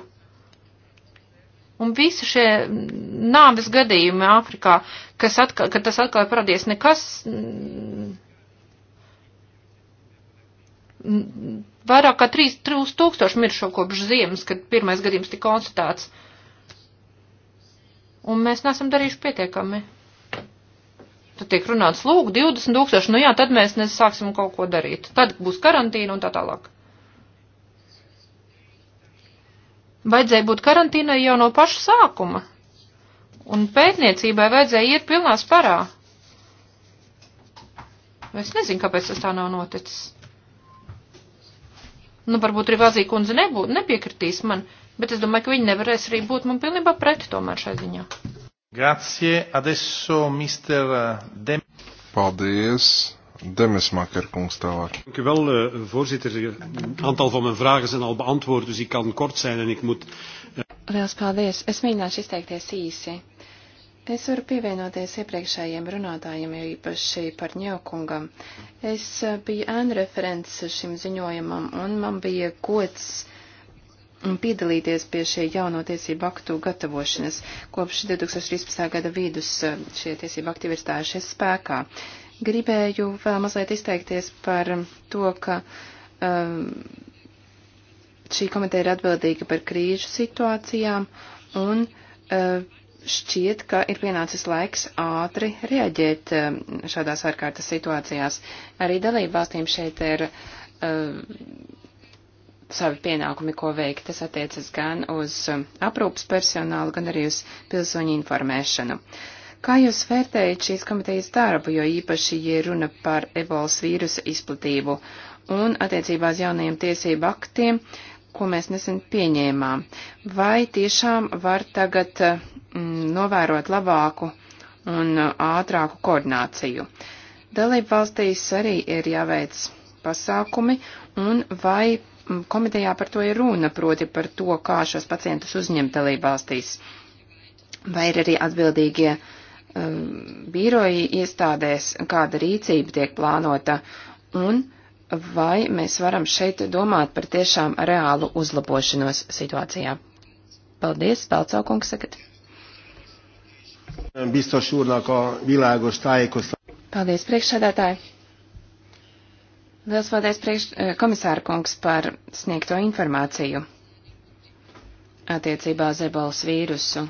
Un visi šie nāves gadījumi Āfrikā, kas atkal, kad tas atkal paradies, nekas vairāk kā 3000 miršo kopš ziemas, kad pirmais gadījums tika konstatēts. Un mēs nesam darījuši pietiekami. Tad tiek runāts, lūk, 20 tūkstoši, nu jā, tad mēs nesāksim kaut ko darīt. Tad būs karantīna un tā tālāk. Vajadzēja būt karantīnai jau no paša sākuma. Un pētniecībai vajadzēja iet pilnā sparā. Es nezinu, kāpēc tas tā nav noticis. Nu, varbūt arī Vāzija kundze nebū, nepiekritīs man, bet es domāju, ka viņi nevarēs arī būt man pilnībā preti tomēr šai ziņā. Grazie, adesso mister eh, Dem. Paldies. Demesmaker, kungs tālāk. Dank u wel, uh, voorzitter. Een aantal van mijn vragen zijn al beantwoord, dus ik kan kort zijn en ik moet... Uh... Liels paldies. Es mēģināšu izteikties īsi. Es varu pievienoties iepriekšējiem runātājiem, jo īpaši par ņēkungam. Es eh, biju ēnu referents šim ziņojumam, un man bija gods mm, piedalīties pie šie jauno tiesību aktu gatavošanas. Kopš 2013. gada vidus eh, šie tiesību akti ir stājušies spēkā. Gribēju vēl mazliet izteikties par to, ka um, šī komiteja ir atbildīga par krīžu situācijām un uh, šķiet, ka ir pienācis laiks ātri reaģēt um, šādās ārkārtas situācijās. Arī dalību valstīm šeit ir uh, savi pienākumi, ko veikt. Tas attiecas gan uz um, aprūpas personālu, gan arī uz pilsoņu informēšanu. Kā jūs vērtējat šīs komitejas darbu, jo īpaši, ja runa par ebolas vīrusa izplatību un attiecībās jaunajiem tiesību aktiem, uh, ko mēs nesen pieņēmām. Vai tiešām var tagad mm, novērot labāku un ātrāku koordināciju? Dalību valstīs arī ir jāveic pasākumi, un vai mm, komitejā par to ir runa, proti par to, kā šos pacientus uzņemt dalību valstīs? Vai ir arī atbildīgie um, mm, biroji iestādēs, kāda rīcība tiek plānota, un vai mēs varam šeit domāt par tiešām reālu uzlabošanos situācijā. Paldies, Pelcaukungs, tagad. Biztos úrnak a világos tájékoztató. Paldies, priekšsēdētāji. Liels paldies, priekš, eh, komisāra kungs, par sniegto informāciju attiecībā uz ebolas vīrusu.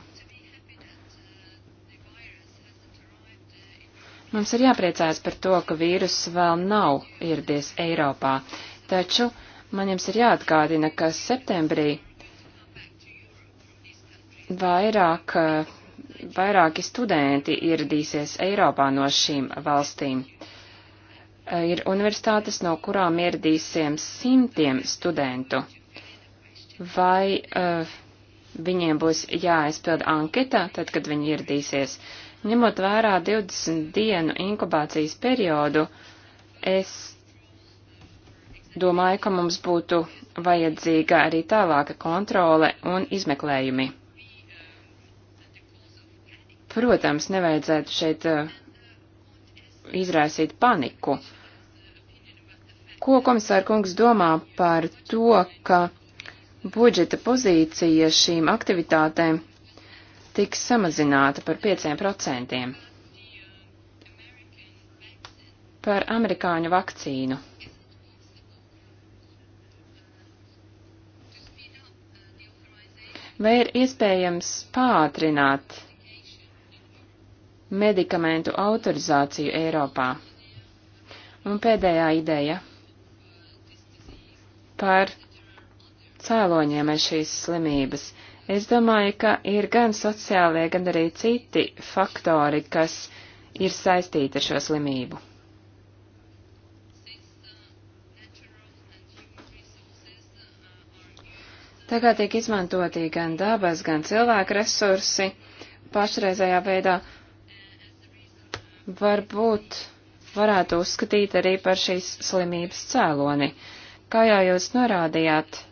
Mums ir jāpriecājas par to, ka vīrus vēl nav ieradies Eiropā, taču man jums ir jāatgādina, ka septembrī vairāk, vairāki studenti ieradīsies Eiropā no šīm valstīm. Ir universitātes, no kurām ieradīsies simtiem studentu. Vai uh, viņiem būs jāaizpild anketa, tad, kad viņi ieradīsies, uh, Ņemot vērā 20 dienu inkubācijas periodu, es domāju, ka mums būtu vajadzīga arī tālāka kontrole un izmeklējumi. Protams, nevajadzētu šeit uh, izraisīt paniku. Ko komisāra kungs domā par to, ka budžeta pozīcija šīm aktivitātēm tiks samazināta par 5%. Par amerikāņu vakcīnu. Vai ir iespējams pātrināt medikamentu autorizāciju Eiropā? Un pēdējā ideja par cēloņiem aiz šīs slimības. Es domāju, ka ir gan sociālie, gan arī citi faktori, kas ir saistīti ar šo slimību. Tagad tiek izmantoti gan dabas, gan cilvēku resursi pašreizējā veidā. Varbūt varētu uzskatīt arī par šīs slimības cēloni. Kā jau jūs norādījāt,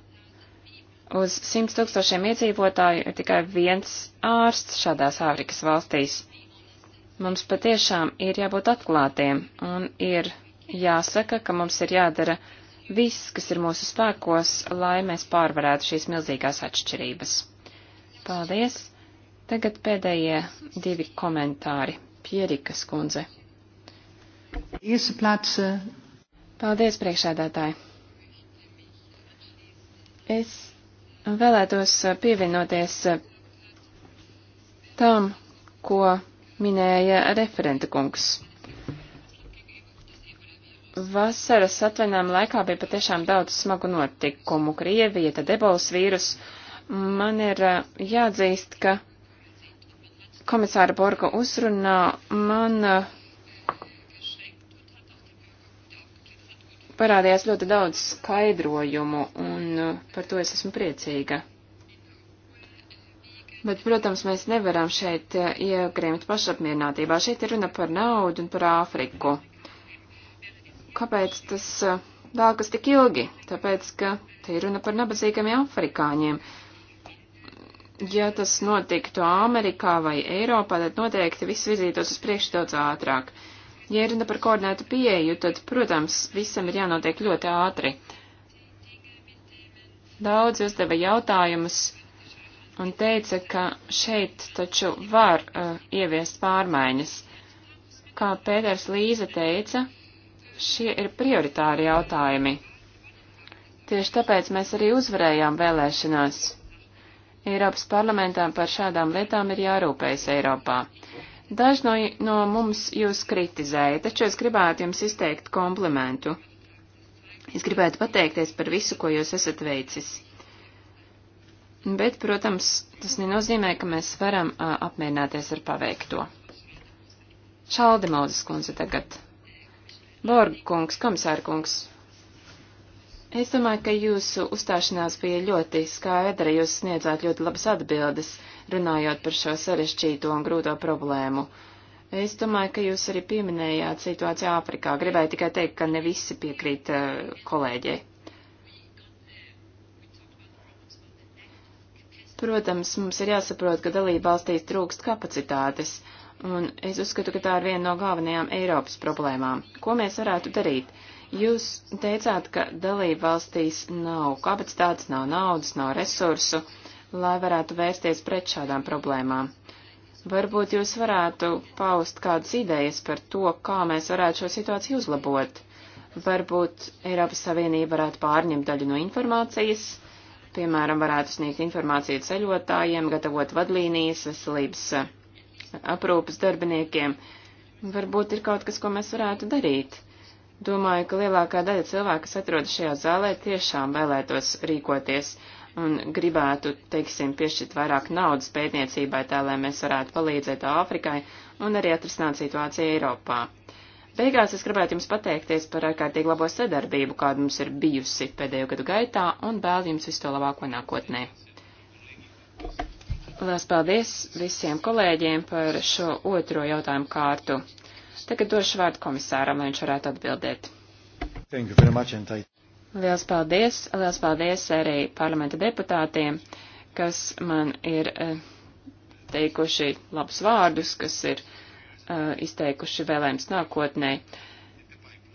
Uz 100 tūkstošiem iedzīvotāju ir tikai viens ārsts šādās Āfrikas valstīs. Mums patiešām ir jābūt atklātiem un ir jāsaka, ka mums ir jādara viss, kas ir mūsu spēkos, lai mēs pārvarētu šīs milzīgās atšķirības. Paldies! Tagad pēdējie divi komentāri. Pierikas kundze. Eh, Paldies, priekšēdētāji! Es Vēlētos eh, pievienoties eh, tam, ko minēja referenta kungs. Vasaras atvainājuma laikā bija patiešām daudz smagu notikumu. Krievija, tad ebolas vīrus. Man ir eh, jāatzīst, ka komisāra Borga uzrunā man uh, parādījās ļoti daudz skaidrojumu, un uh, par to es esmu priecīga. Bet, protams, mēs nevaram šeit uh, iekrimt pašapmierinātībā. Šeit ir runa par naudu un par Āfriku. Kāpēc tas velkas uh, tik ilgi? Tāpēc, ka te ir runa par nabadzīgiem afrikāņiem. Ja tas notiktu Amerikā vai Eiropā, tad noteikti viss virzītos uz priekšu daudz ātrāk. Uh, Ja runa par koordinētu pieeju, tad, protams, visam ir jānotiek ļoti ātri. Daudz uzdeva jautājumus un teica, ka šeit taču var uh, ieviest pārmaiņas. Kā Pēters Līze teica, šie ir prioritāri jautājumi. Tieši tāpēc mēs arī uzvarējām vēlēšanās. Eiropas parlamentām par šādām lietām ir jārūpējas Eiropā. Daži no, no mums jūs kritizēja, taču es gribētu jums izteikt komplimentu. Es gribētu pateikties par visu, ko jūs esat veicis. Bet, protams, tas nenozīmē, ka mēs varam a, apmierināties ar paveikto. Šaldi Mauzes kundze tagad. Borg kungs, komisāra kungs, Es domāju, ka jūsu uzstāšanās bija ļoti skaidra, jūs sniedzāt ļoti labas atbildes, runājot par šo sarežģīto un grūto problēmu. Es domāju, ka jūs arī pieminējāt situāciju Āfrikā. Gribēju tikai teikt, ka ne visi piekrīt uh, kolēģei. Protams, mums ir jāsaprot, ka dalība valstīs trūkst kapacitātes, un es uzskatu, ka tā ir viena no galvenajām Eiropas problēmām. Ko mēs varētu darīt? Uh, Jūs teicāt, ka dalība valstīs nav kapacitātes, nav naudas, nav resursu, lai varētu vērsties pret šādām problēmām. Varbūt jūs varētu paust kādas idejas par to, kā mēs varētu šo situāciju uzlabot. Varbūt Eiropas Savienība varētu pārņemt daļu no informācijas, piemēram, varētu sniegt informāciju ceļotājiem, gatavot vadlīnijas veselības eh, aprūpas darbiniekiem. Varbūt ir kaut kas, ko mēs varētu darīt. Domāju, ka lielākā daļa cilvēku, kas atrodas šajā zālē, tiešām vēlētos rīkoties un gribētu, teiksim, piešķirt vairāk naudas pētniecībai, tā lai mēs varētu palīdzēt Āfrikai un arī atrisināt situāciju Eiropā. Beigās es gribētu jums pateikties par ārkārtīgi labo sadarbību, kāda mums ir bijusi pēdējo gadu gaitā, un vēlu jums visu to labāko nākotnē. Lielas paldies visiem kolēģiem par šo otro jautājumu kārtu. Tagad došu vārdu komisāram, lai viņš varētu atbildēt. I... Liels paldies! Liels paldies arī parlamenta deputātiem, kas man ir eh, teikuši labus vārdus, kas ir uh, izteikuši vēlējums nākotnē.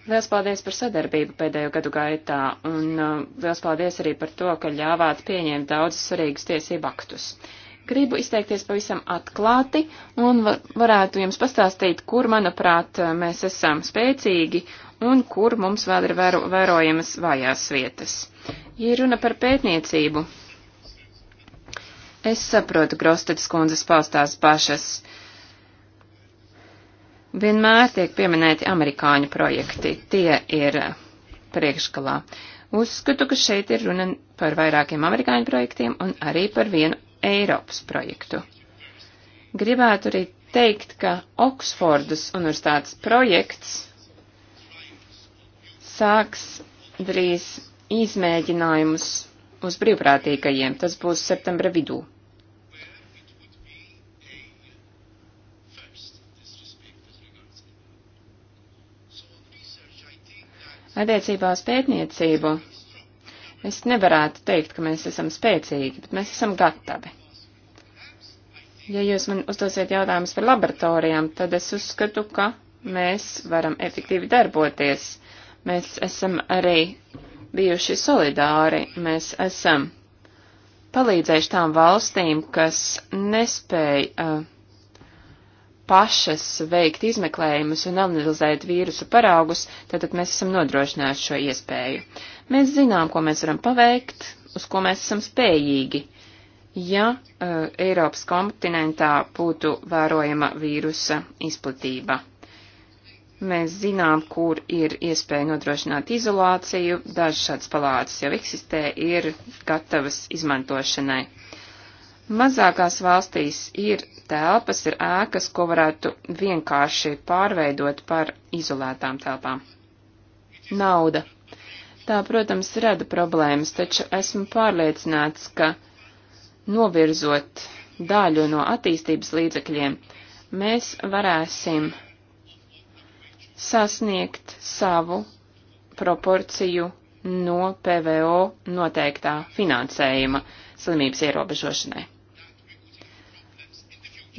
Liels paldies par sadarbību pēdējo gadu gaitā, un uh, liels paldies arī par to, ka ļāvāt pieņemt daudzus svarīgus tiesību aktus. Uh, Gribu izteikties pavisam atklāti un varētu jums pastāstīt, kur, manuprāt, mēs esam spēcīgi un kur mums vēl ir vēro, vērojamas vājās vietas. Ja runa par pētniecību, es saprotu Grostetas kundzes paustās pašas. Vienmēr tiek pieminēti amerikāņu projekti, tie ir priekšgalā. Uzskatu, ka šeit ir runa par vairākiem amerikāņu projektiem un arī par vienu Eiropas projektu. Gribētu arī teikt, ka Oksfordas universitātes projekts sāks drīz izmēģinājumus uz brīvprātīgajiem. Tas būs septembra vidū. Attiecībā uz pētniecību Es nevarētu teikt, ka mēs esam spēcīgi, bet mēs esam gatavi. Ja jūs man uzdosiet jautājumus par laboratorijām, tad es uzskatu, ka mēs varam efektīvi darboties. Mēs esam arī bijuši solidāri, mēs esam palīdzējuši tām valstīm, kas nespēja uh, pašas veikt izmeklējumus un analizēt vīrusu paraugus, tad mēs esam nodrošinājuši šo iespēju. Mēs zinām, ko mēs varam paveikt, uz ko mēs esam spējīgi, ja uh, Eiropas kontinentā būtu vērojama vīrusa izplatība. Mēs zinām, kur ir iespēja nodrošināt izolāciju, dažas šādas palātas jau eksistē, ir gatavas izmantošanai. Mazākās valstīs ir telpas, ir ēkas, ko varētu vienkārši pārveidot par izolētām telpām. Nauda. Tā, protams, rada problēmas, taču esmu pārliecināts, ka novirzot daļu no attīstības līdzekļiem, mēs varēsim sasniegt savu proporciju no PVO noteiktā finansējuma slimības ierobežošanai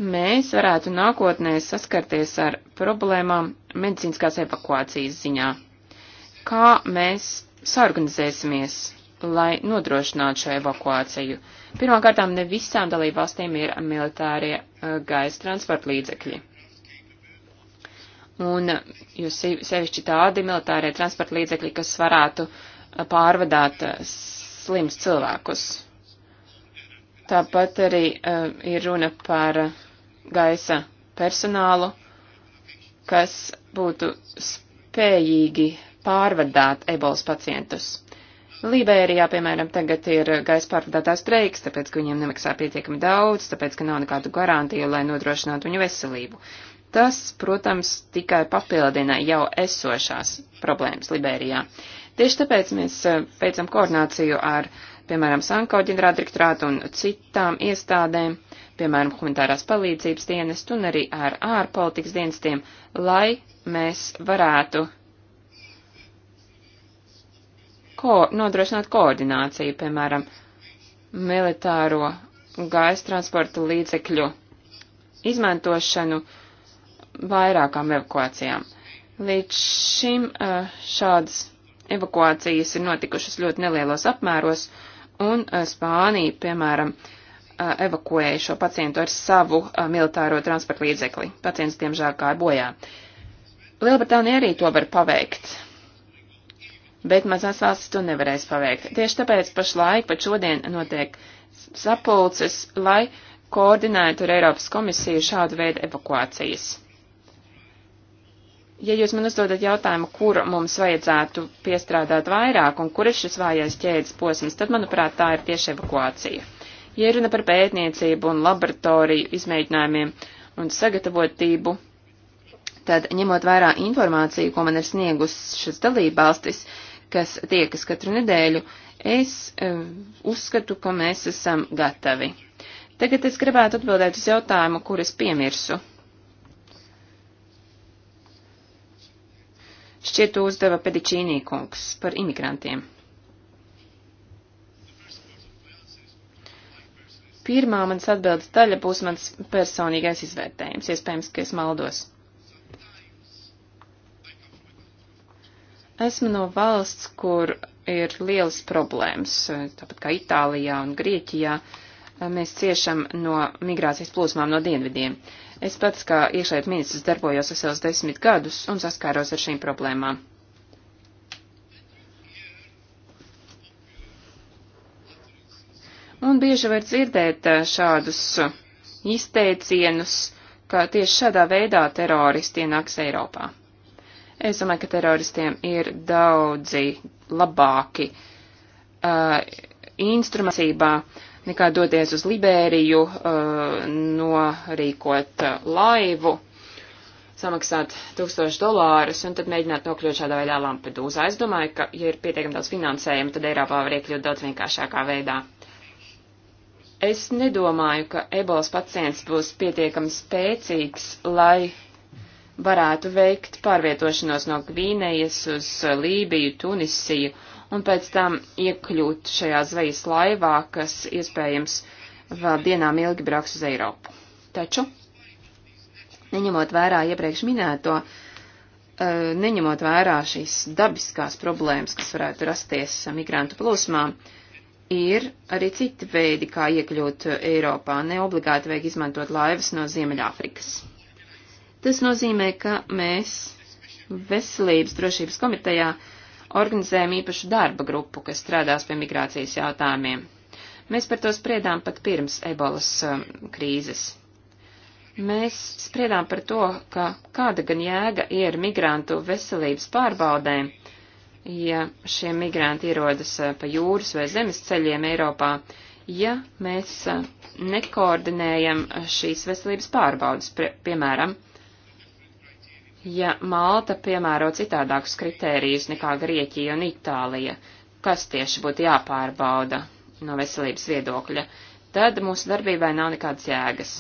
mēs varētu nākotnē saskarties ar problēmām medicīniskās evakuācijas ziņā. Kā mēs saorganizēsimies, lai nodrošinātu šo evakuāciju? Pirmkārtām, ne visām dalībvalstīm ir militārie eh, gaisa transporta līdzekļi. Un jo sevišķi tādi militārie transporta līdzekļi, kas varētu eh, pārvadāt eh, slims cilvēkus. Tāpat arī uh, ir runa par uh, gaisa personālu, kas būtu spējīgi pārvadāt ebolas pacientus. Lībērijā, piemēram, tagad ir gaisa pārvadātās streiks, tāpēc, ka viņiem nemaksā pietiekami daudz, tāpēc, ka nav nekādu garantiju, lai nodrošinātu viņu veselību. Tas, protams, tikai papildina jau esošās problēmas Lībērijā. Tieši tāpēc mēs eh, veicam koordināciju ar piemēram, Sanko ģenerāldirektorātu un citām iestādēm, piemēram, humanitārās palīdzības dienestu un arī ar ārpolitikas dienestiem, lai mēs varētu ko nodrošināt koordināciju, piemēram, militāro gaisa transporta līdzekļu izmantošanu vairākām evakuācijām. Līdz šim eh, šādas evakuācijas ir notikušas ļoti nelielos apmēros, un eh, Spānija, piemēram, eh, evakuēja šo pacientu ar savu eh, militāro transporta līdzekli. Pacients, diemžēl, kā bojā. Lielbritānija arī to var paveikt, bet mazās valstis to nevarēs paveikt. Tieši tāpēc pašlaik, pat šodien, notiek sapulces, lai koordinētu ar Eiropas komisiju šādu veidu evakuācijas. Ja jūs man uzdodat jautājumu, kur mums vajadzētu piestrādāt vairāk un kur ir šis vājais ķēdes posms, tad, manuprāt, tā ir tieši evakuācija. Ja runa par pētniecību un laboratoriju izmēģinājumiem un sagatavotību, tad, ņemot vērā informāciju, ko man ir sniegušas dalībvalstis, kas tiekas katru nedēļu, es uh, uzskatu, ka mēs esam gatavi. Tagad es gribētu atbildēt uz jautājumu, kur es piemirsu. šķiet to uzdeva Pedičīnī kungs par imigrantiem. Pirmā manas atbildes daļa būs mans personīgais izvērtējums, iespējams, ka es maldos. Esmu no valsts, kur ir lielas problēmas, tāpat kā Itālijā un Grieķijā. Mēs ciešam no migrācijas plūsmām no dienvidiem. Es pats kā iekšlietu ministrs darbojos vesels desmit gadus un saskāros ar šīm problēmām. Un bieži var dzirdēt eh, šādus izteicienus, ka tieši šādā veidā teroristi ienāks Eiropā. Es domāju, ka teroristiem ir daudzi labāki uh, eh, instrumentībā, nekā doties uz Liberiju, uh, norīkot uh, laivu, samaksāt tūkstošu dolārus un tad mēģināt nokļūt šādā veidā Lampedūzā. Es domāju, ka, ja ir pietiekami daudz finansējuma, tad Eiropā var iekļūt daudz vienkāršākā veidā. Es nedomāju, ka ebolas pacients būs pietiekami spēcīgs, lai varētu veikt pārvietošanos no Gvīnejas uz Lībiju, Tunisiju un pēc tam iekļūt šajā zvejas laivā, kas iespējams vēl dienām ilgi brauks uz Eiropu. Taču, neņemot vērā iepriekš minēto, eh, neņemot vērā šīs dabiskās problēmas, kas varētu rasties migrantu plūsmām, ir arī citi veidi, kā iekļūt Eiropā. Neobligāti vajag izmantot laivas no Ziemeļāfrikas. Tas nozīmē, ka mēs veselības drošības komitejā uh, organizējam īpašu darba grupu, kas strādās pie migrācijas jautājumiem. Mēs par to spriedām pat pirms ebolas um, krīzes. Mēs spriedām par to, ka kāda gan jēga ir migrantu veselības pārbaudēm, ja šie migranti ierodas uh, pa jūras vai zemes ceļiem Eiropā, ja mēs uh, nekoordinējam uh, šīs veselības pārbaudas, piemēram, Ja Malta piemēro citādākus kritērijus nekā Grieķija un Itālija, kas tieši būtu jāpārbauda no veselības viedokļa, tad mūsu darbībai nav nekādas jēgas.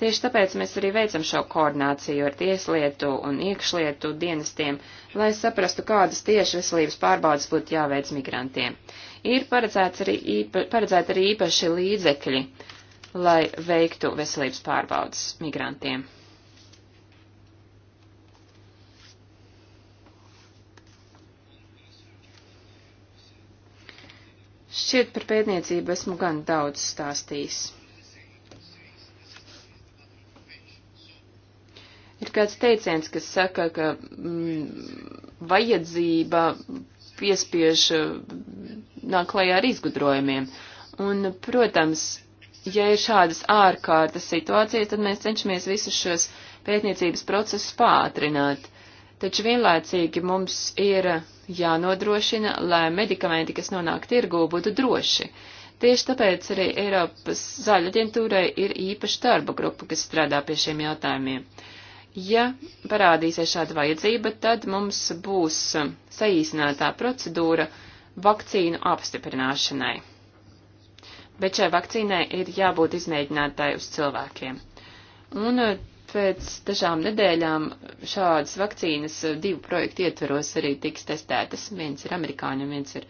Tieši tāpēc mēs arī veicam šo koordināciju ar tieslietu un iekšlietu dienestiem, lai saprastu, kādas tieši veselības pārbaudas būtu jāveic migrantiem. Ir paredzēti arī, īpa, paredzēt arī īpaši līdzekļi, lai veiktu veselības pārbaudas migrantiem. Šķiet par pētniecību esmu gan daudz stāstījis. Ir kāds teiciens, kas saka, ka mm, vajadzība piespiež mm, nāk klajā ar izgudrojumiem. Un, protams, ja ir šādas ārkārtas situācijas, tad mēs cenšamies visus šos pētniecības procesus pātrināt. Uh, taču vienlaicīgi mums ir jānodrošina, lai medikamenti, kas nonāk tirgū, būtu droši. Tieši tāpēc arī Eiropas zaļa aģentūrai ir īpaša darba grupa, kas strādā pie šiem jautājumiem. Ja parādīsies šāda vajadzība, tad mums būs saīsinātā procedūra vakcīnu apstiprināšanai. Bet šai vakcīnai ir jābūt izmēģinātai uz cilvēkiem. Un Pēc dažām nedēļām šādas vakcīnas eh, divu projektu ietveros arī tiks testētas. Viens ir amerikāņu, viens ir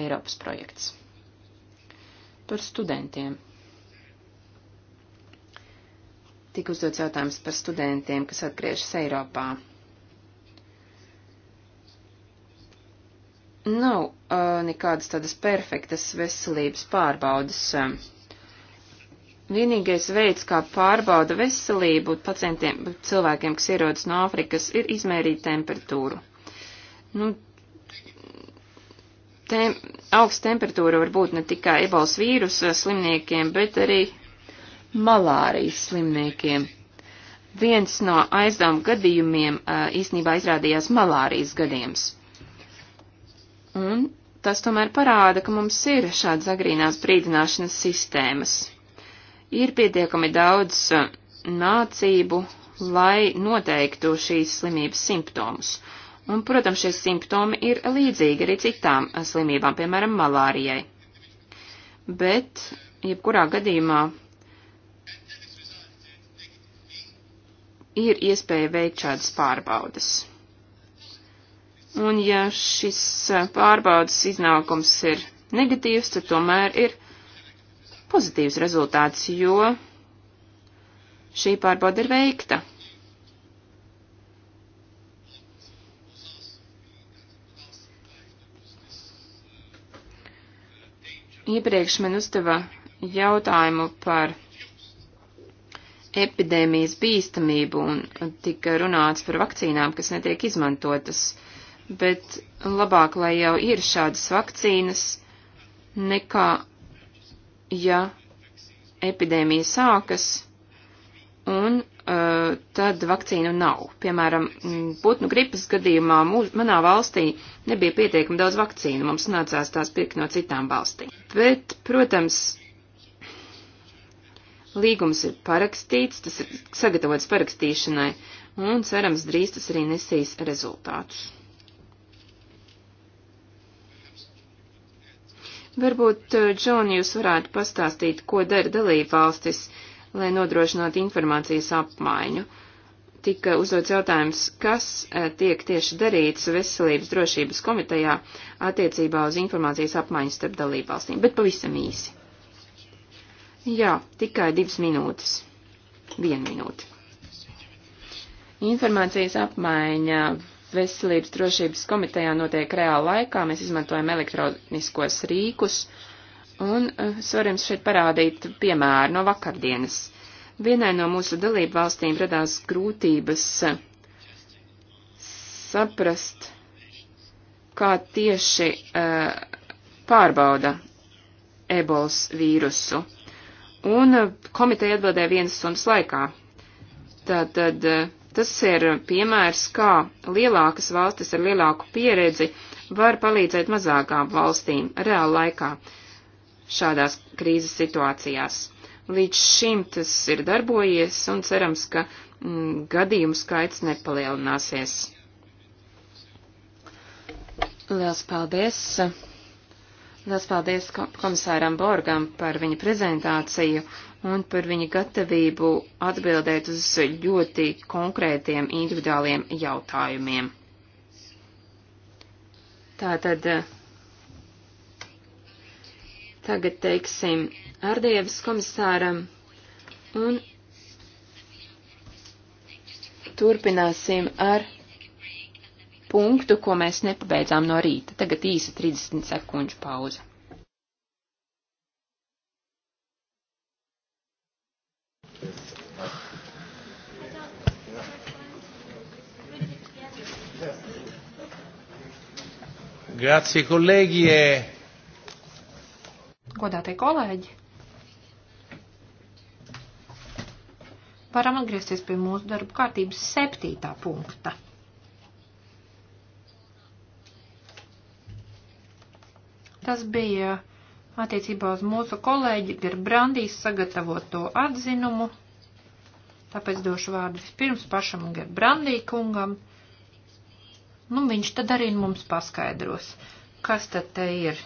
Eiropas projekts. Par studentiem. Tik uzdots jautājums par studentiem, kas atgriežas Eiropā. Nav uh, nekādas tādas perfektas veselības pārbaudas. Uh, vienīgais veids, kā pārbauda veselību pacientiem, cilvēkiem, kas ierodas no Āfrikas, ir izmērīt temperatūru. Nu, tem, augsta temperatūra var būt ne tikai ebols vīrusa eh, slimniekiem, bet arī malārijas slimniekiem. Viens no aizdevuma gadījumiem eh, īstenībā izrādījās malārijas gadījums. Un tas tomēr parāda, ka mums ir šādas agrīnās brīdināšanas sistēmas. Ir pietiekami daudz uh, nācību, lai noteiktu šīs slimības simptomus. Un, protams, šie simptomi ir līdzīgi arī citām uh, slimībām, piemēram, malārijai. Bet, jebkurā gadījumā, ir iespēja veikt šādas pārbaudas. Un, ja šis uh, pārbaudas iznākums ir negatīvs, tad tomēr ir pozitīvs rezultāts, jo šī pārbauda ir veikta. Iepriekš man uzdeva jautājumu par epidēmijas bīstamību un tika runāts par vakcīnām, kas netiek izmantotas, bet labāk, lai jau ir šādas vakcīnas, nekā ja epidēmija sākas un uh, tad vakcīnu nav. Piemēram, putnu gripas gadījumā mūs, manā valstī nebija pietiekami daudz vakcīnu, mums nācās tās pirkt no citām valstīm. Bet, protams, līgums ir parakstīts, tas ir sagatavots parakstīšanai, un cerams drīz tas arī nesīs rezultātus. Varbūt, eh, Džon, jūs varētu pastāstīt, ko dara dalība valstis, lai nodrošinātu informācijas apmaiņu. Tika uzdots jautājums, kas eh, tiek tieši darīts veselības drošības komitejā attiecībā uz informācijas apmaiņu starp dalību valstīm, bet pavisam īsi. Jā, tikai divas minūtes. Vienu minūti. Informācijas apmaiņa veselības drošības komitejā notiek reāla laikā, mēs izmantojam elektroniskos rīkus, un eh, es varu jums šeit parādīt piemēru no vakardienas. Vienai no mūsu dalību valstīm radās grūtības eh, saprast, kā tieši uh, pārbauda ebolas vīrusu. Un komiteja atbildēja vienas stundas laikā. Tātad uh, Tas ir piemērs, kā lielākas valstis ar lielāku pieredzi var palīdzēt mazākām valstīm reāla laikā šādās krīzes situācijās. Līdz šim tas ir darbojies un cerams, ka mm, gadījumu skaits nepalielināsies. Liels paldies! Liels paldies komisāram Borgam par viņa prezentāciju un par viņa gatavību atbildēt uz ļoti konkrētiem individuāliem jautājumiem. Tātad tagad teiksim ārdievas komisāram un turpināsim ar punktu, ko mēs nepabeidzām no rīta. Tagad īsa 30 sekundžu pauze. Grazie, kolēģi. E Godātie kolēģi. Varam atgriezties pie mūsu darba kārtības septītā punkta. Tas bija attiecībā uz mūsu kolēģi Gerbrandīs sagatavoto atzinumu. Tāpēc došu vārdu vispirms pašam Gerbrandī kungam. Nu, viņš tad arī mums paskaidros, kas tad te ir.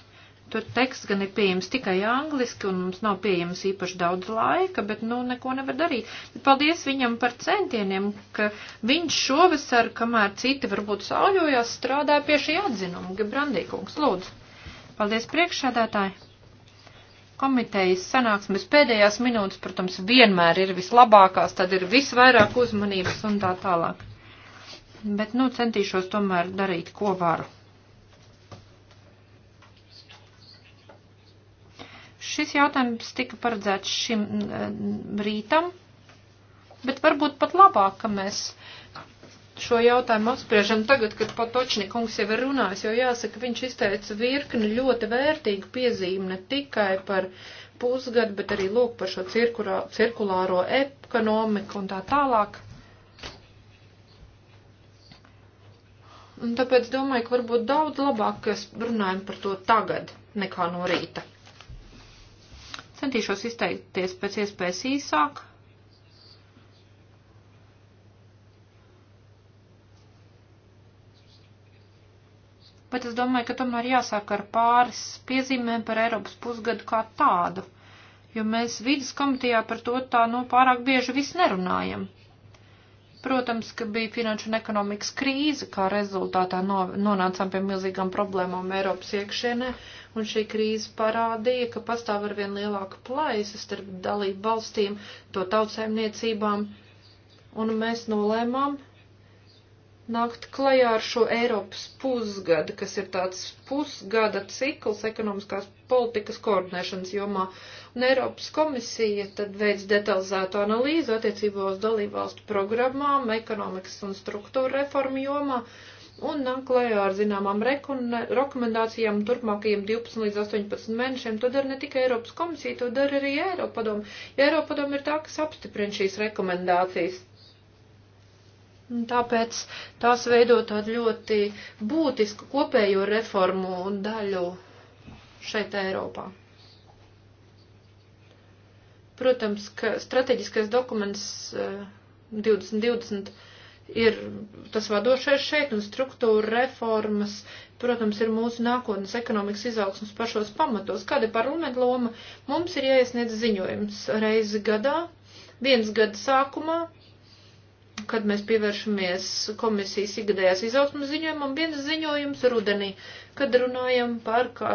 Tur teksts gan ir pieejams tikai angliski, un mums nav pieejams īpaši daudz laika, bet, nu, neko nevar darīt. Bet paldies viņam par centieniem, ka viņš šovasar, kamēr citi varbūt sauļojās, strādāja pie šī atzinuma. Gebrandīkungs, lūdzu. Paldies priekšsādātāji. Komitejas sanāksmes pēdējās minūtes, protams, vienmēr ir vislabākās, tad ir visvairāk uzmanības un tā tālāk. Bet, nu, centīšos tomēr darīt, ko varu. Šis jautājums tika paredzēts šim eh, rītam, bet varbūt pat labāk, ka mēs šo jautājumu apspriežam tagad, kad Patočni kungs jau ir runājis, jo jāsaka, viņš izteica virkni ļoti vērtīgu piezīmi ne tikai par pusgadu, bet arī lūk par šo cirkurā, cirkulāro ekonomiku un tā tālāk. Un tāpēc domāju, ka varbūt daudz labāk, ka runājam par to tagad nekā no rīta. Centīšos izteikties pēc iespējas īsāk, bet es domāju, ka tomēr jāsāk ar pāris piezīmēm par Eiropas pusgadu kā tādu, jo mēs vidas komitejā par to tā no nu, pārāk bieži viss nerunājam. Protams, ka bija finanšu un ekonomikas krīze, kā rezultātā no, nonācām pie milzīgām problēmām Eiropas iekšienē, un šī krīze parādīja, ka pastāv arvien lielāka plaisa starp dalību valstīm, to tautsēmniecībām, un mēs nolēmām nākt klajā ar šo Eiropas pusgadu, kas ir tāds pusgada cikls ekonomiskās politikas koordinēšanas jomā. Un Eiropas komisija tad veids detalizētu analīzi attiecībā uz dalībvalstu programmām, ekonomikas un struktūra reformu jomā un nāk klajā ar zināmām rekomendācijām turpmākajiem 12 līdz 18 mēnešiem. To dara ne tikai Eiropas komisija, to dara arī Eiropa padomu. Ja Eiropa padomu ir tā, kas apstiprina šīs rekomendācijas Tāpēc tās veido tādu ļoti būtisku kopējo reformu daļu šeit Eiropā. Protams, ka strateģiskais dokuments 2020 eh, ir tas vadošais šeit un struktūra reformas, protams, ir mūsu nākotnes ekonomikas izaugsmas pašos pamatos. Kāda ir parlamenta loma? Mums ir jāiesniedz ziņojums reizi gadā, viens gada sākumā kad mēs pievēršamies komisijas ikgadējās izaugsmas ziņojumam, viens ziņojums rudenī, kad runājam par kā,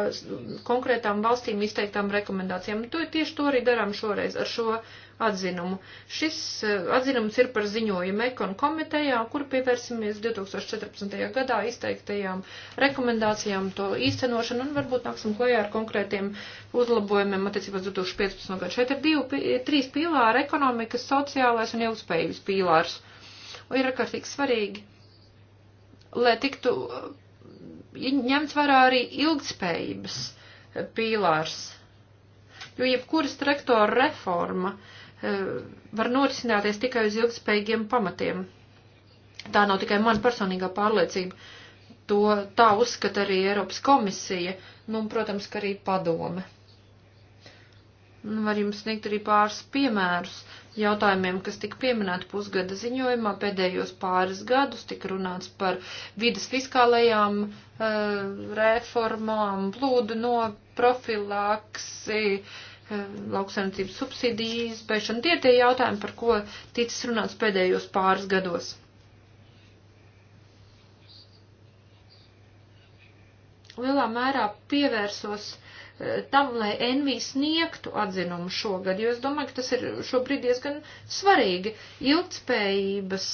konkrētām valstīm izteiktām rekomendācijām. To, tieši to arī darām šoreiz ar šo atzinumu. Šis eh, atzinums ir par ziņojumu ekon komitejā, kur pievērsimies 2014. gadā izteiktajām rekomendācijām to īstenošanu un varbūt nāksim klajā ar konkrētiem uzlabojumiem attiecībā 2015. gadu. Šeit ir divi, trīs pīlāri - ekonomikas, sociālais un ilgspējības pīlārs un ir ārkārtīgi svarīgi, lai tiktu ņemts vērā arī ilgspējības pīlārs. Jo jebkuras traktora reforma eh, var norisināties tikai uz ilgspējīgiem pamatiem. Tā nav tikai mana personīgā pārliecība. To tā uzskata arī Eiropas komisija, nu, un, protams, ka arī padome. Nu, var jums sniegt arī pāris piemērus jautājumiem, kas tika pieminēti pusgada ziņojumā. Pēdējos pāris gadus tika runāts par vidas fiskālajām uh, reformām, plūdu no profilaksi, uh, lauksaimniecības subsidiju izbēšanu. Tie tie jautājumi, par ko ticis runāts pēdējos pāris gados. Lielā mērā pievērsos uh, tam, lai NV sniegtu atzinumu šogad, jo es domāju, ka tas ir šobrīd diezgan svarīgi. Ilgtspējības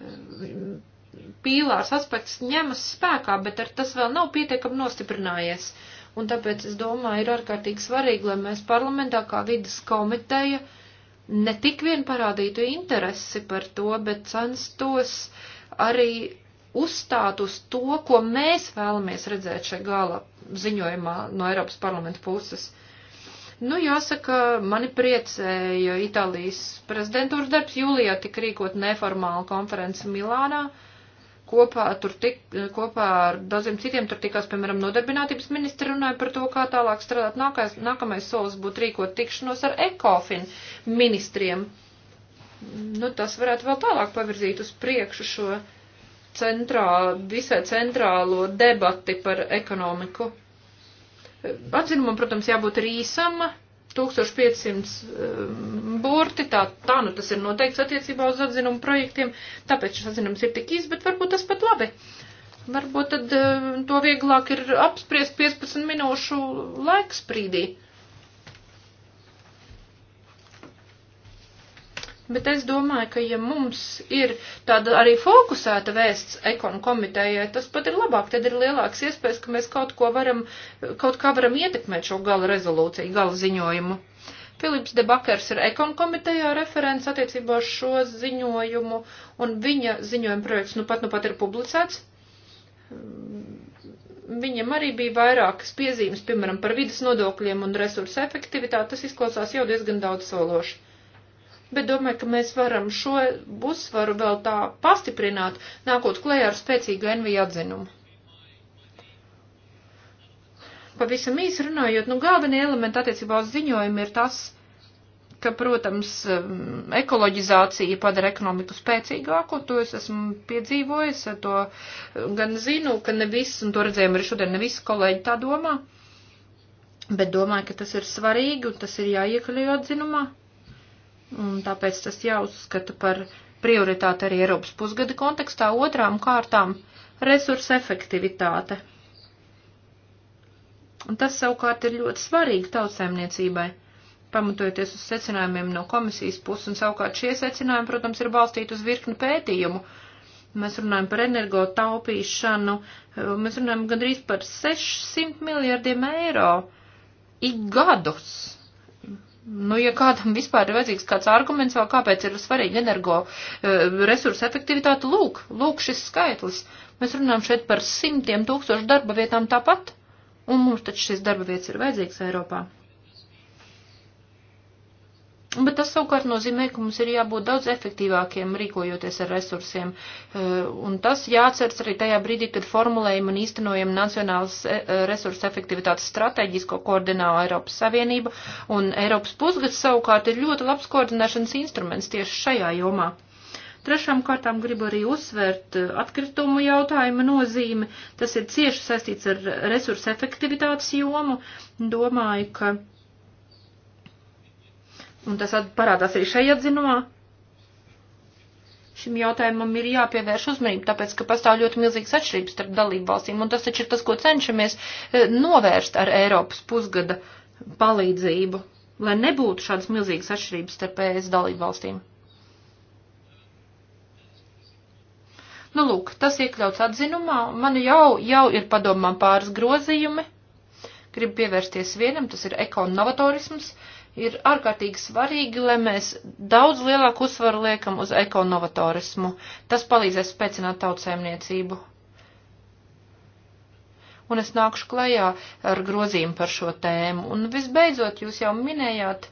eh, pīlārs aspekts ņemas spēkā, bet ar tas vēl nav pietiekami nostiprinājies. Un tāpēc es domāju, ir ārkārtīgi svarīgi, lai mēs parlamentā kā vidas komiteja ne tik vien parādītu interesi par to, bet censtos arī uzstāt uz to, ko mēs vēlamies redzēt šajā gala ziņojumā no Eiropas parlamenta puses. Nu, jāsaka, mani priecēja Itālijas prezidentūras darbs. Jūlijā tika rīkot neformāla konference Milānā. Kopā, tur tik, kopā ar daudziem citiem tur tikās, piemēram, nodarbinātības ministri runāja par to, kā tālāk strādāt. Nākais, nākamais solis būtu rīkot tikšanos ar ECOFIN ministriem. Nu, tas varētu vēl tālāk pavirzīt uz priekšu šo. Uh, centrā, visai centrālo debati par ekonomiku. Atzinumam, protams, jābūt rīsama, 1500 um, burti, tā, tā nu tas ir noteikts attiecībā uz atzinumu projektiem, tāpēc šis atzinums ir tik īs, bet varbūt tas pat labi. Varbūt tad um, to vieglāk ir apspriest 15 minūšu laiksprīdī. sprīdī. bet es domāju, ka ja mums ir tāda arī fokusēta vēsts ekonu komitējai, tas pat ir labāk, tad ir lielāks iespējas, ka mēs kaut ko varam, kaut kā varam ietekmēt šo gala rezolūciju, gala ziņojumu. Filips de Bakers ir ekonu komitejā referents attiecībā ar šo ziņojumu, un viņa ziņojuma projekts nu pat nu pat ir publicēts viņam arī bija vairākas piezīmes, piemēram, par vidas nodokļiem un resursu efektivitāti, tas izklausās jau diezgan daudz sološi bet domāju, ka mēs varam šo uzsvaru vēl tā pastiprināt, nākot klējā ar spēcīgu NV atzinumu. Pavisam īsi runājot, nu galvenie elementi attiecībā uz ziņojumu ir tas, ka, protams, um, ekoloģizācija padara ekonomiku spēcīgāku, to es esmu piedzīvojis, to gan zinu, ka ne viss, un to redzējām arī šodien, ne visi kolēģi tā domā, bet domāju, ka tas ir svarīgi un tas ir jāiekļauj atzinumā un tāpēc tas jāuzskata par prioritāti arī Eiropas pusgada kontekstā. Otrām kārtām resursa efektivitāte. Un tas savukārt ir ļoti svarīgi tautsēmniecībai, pamatojoties uz secinājumiem no komisijas puses, un savukārt šie secinājumi, protams, ir balstīti uz virkni pētījumu. Mēs runājam par energo taupīšanu, mēs runājam gandrīz par 600 miljardiem eiro ik gadus Nu, ja kādam vispār ir vajadzīgs kāds arguments, vēl kāpēc ir svarīgi energo eh, resursu efektivitāte, lūk, lūk šis skaitlis. Mēs runājam šeit par simtiem tūkstošu darba vietām tāpat, un mums taču šis darba vietas ir vajadzīgs Eiropā. Bet tas savukārt nozīmē, ka mums ir jābūt daudz efektīvākiem rīkojoties ar resursiem. Eh, un tas jāatceras arī tajā brīdī, kad formulējam un īstenojam Nacionālas eh, eh, resursa efektivitātes stratēģijas, ko koordinā Eiropas Savienība. Un Eiropas pusgads savukārt ir ļoti labs koordinēšanas instruments tieši šajā jomā. Trešām kārtām gribu arī uzsvērt atkritumu jautājuma nozīmi. Tas ir cieši saistīts ar resursa efektivitātes jomu. Domāju, ka un tas parādās arī šajā atzinumā, šim jautājumam ir jāpievērš uzmanība, tāpēc, ka pastāv ļoti milzīgas atšķirības starp dalību valstīm, un tas taču ir tas, ko cenšamies e, novērst ar Eiropas pusgada palīdzību, lai nebūtu šādas milzīgas atšķirības starp ES dalību valstīm. Nu, lūk, tas iekļauts atzinumā, man jau, jau ir padomā pāris grozījumi, gribu pievērsties vienam, tas ir ekonovatorisms. novatorisms ir ārkārtīgi svarīgi, lai mēs daudz lielāku uzsvaru liekam uz ekonovatorismu. Tas palīdzēs spēcināt tautsēmniecību. Un es nākušu klajā ar grozījumu par šo tēmu. Un visbeidzot, jūs jau minējāt,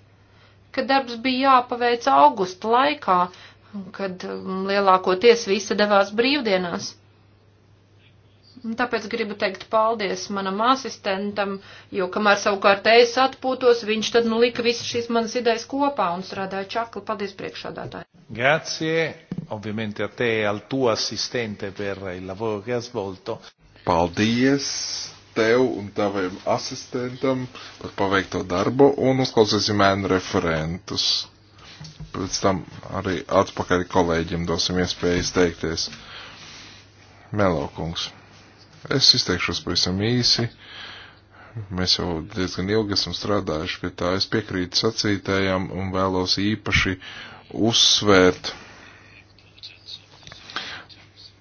ka darbs bija jāpaveic augusta laikā, kad um, lielākoties visi devās brīvdienās. Un tāpēc gribu teikt paldies manam asistentam, jo kamēr savukārt es atpūtos, viņš tad nu lika visas šīs manas idejas kopā un strādāja čakli. Paldies priekšādātāji. Grazie, ovviamente a te e al tuo assistente per il lavoro che ha svolto. Paldies tev un taviem asistentam par paveikto darbu un uzklausīsim ēnu referentus. Pēc tam arī atpakaļ kolēģiem dosim iespēju izteikties. Melokungs. Es izteikšos pavisam īsi. Mēs jau diezgan ilgi esam strādājuši pie tā. Es piekrītu sacītējām un vēlos īpaši uzsvērt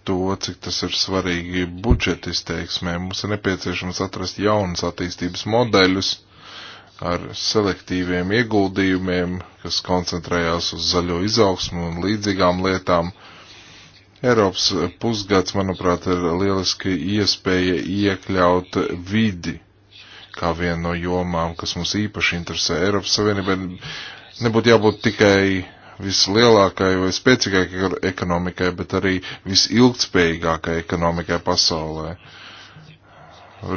to, cik tas ir svarīgi budžeta izteiksmē. Mums ir nepieciešams atrast jaunas attīstības modeļus ar selektīviem ieguldījumiem, kas koncentrējās uz zaļo izaugsmu un līdzīgām lietām. Uh, Eiropas pusgads, manuprāt, ir lieliski iespēja iekļaut vidi kā vienu no jomām, kas mums īpaši interesē. Eiropas Savienībai nebūtu jābūt tikai vislielākai vai spēcīgākai ekonomikai, bet arī visilgtspējīgākai ekonomikai pasaulē.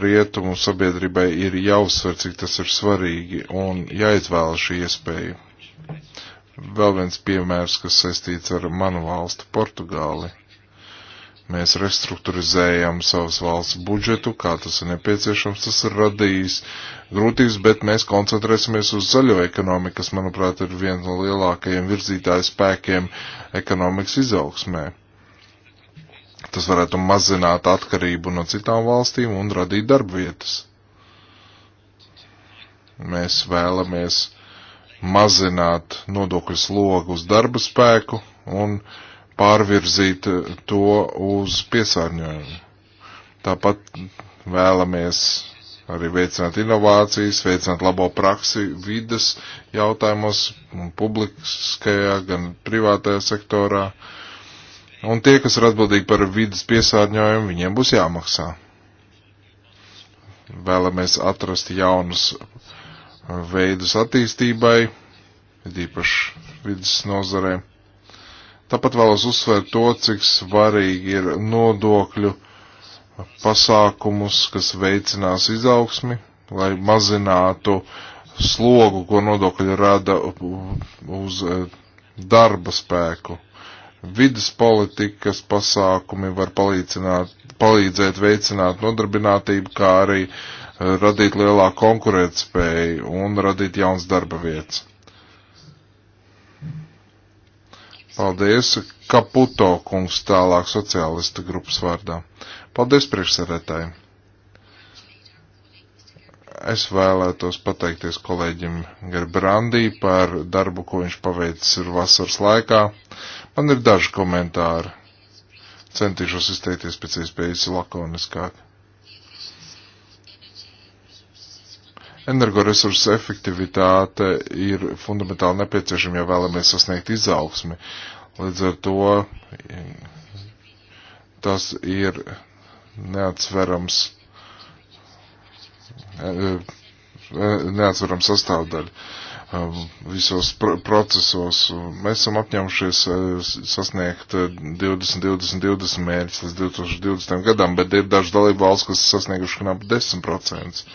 Rietumu sabiedrībai ir jāuzsver, cik tas ir svarīgi un jāizvēla šī iespēja. Vēl viens piemērs, kas saistīts ar manu valstu Portugāli. Mēs restruktūrizējam savas valsts budžetu, kā tas ir nepieciešams, tas ir radījis grūtības, bet mēs koncentrēsimies uz zaļo ekonomiku, kas, manuprāt, ir viena no lielākajiem virzītāju spēkiem ekonomikas izaugsmē. Tas varētu mazināt atkarību no citām valstīm un radīt darbvietas. Mēs vēlamies mazināt nodokļu slogu uz darba spēku un pārvirzīt to uz piesārņojumu. Tāpat vēlamies arī veicināt inovācijas, veicināt labo praksi vidas jautājumos, gan publiskajā, gan privātajā sektorā. Un tie, kas ir atbildīgi par vidas piesārņojumu, viņiem būs jāmaksā. Vēlamies atrast jaunus veidus attīstībai, īpaši vidas nozarē. Tāpat vēlos uzsvērt to, cik svarīgi ir nodokļu pasākumus, kas veicinās izaugsmi, lai mazinātu slogu, ko nodokļi rada uz eh, darba spēku. Vides politikas pasākumi var palīdzēt veicināt nodarbinātību, kā arī uh, Eh, radīt lielāku konkurētspēju un radīt jauns darba vietas. Paldies, Kaputo kungs tālāk sociālista grupas vārdā. Paldies priekšsarētāji. Es vēlētos pateikties kolēģim Gerbrandī par darbu, ko viņš paveicis vasaras laikā. Man ir daži komentāri. Centīšos izteikties pēc iespējas lakoniskāk. Energoresursu efektivitāte ir fundamentāli nepieciešama, ja vēlamies sasniegt izaugsmi. Līdz ar to tas ir neatsverams, e, neatsverams sastāvdaļa um, visos procesos. Mēs esam apņēmušies e, sasniegt 20-20-20 e, mērķis līdz 2020 gadam, bet ir daži dalību valsts, kas sasnieguši knap 10%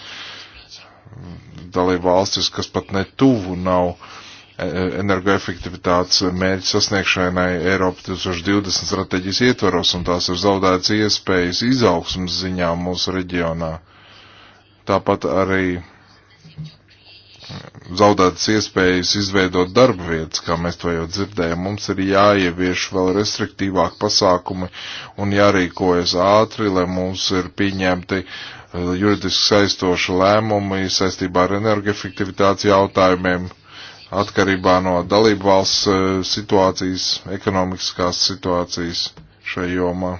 dalību valstis, kas pat ne tuvu nav e, e, energoefektivitātes mērķu sasniegšanai Eiropa 2020 strateģijas ietvaros, un tās ir zaudētas iespējas izaugsmas ziņā mūsu reģionā. Tāpat arī zaudētas iespējas izveidot darba vietas, kā mēs to jau dzirdējam. Mums ir jāievieš vēl restriktīvāk pasākumi un jārīkojas ātri, lai mums ir pieņemti Eh, juridiski saistoši lēmumi saistībā ar energoefektivitātes jautājumiem atkarībā no dalību valsts eh, situācijas, ekonomiskās situācijas šajā jomā.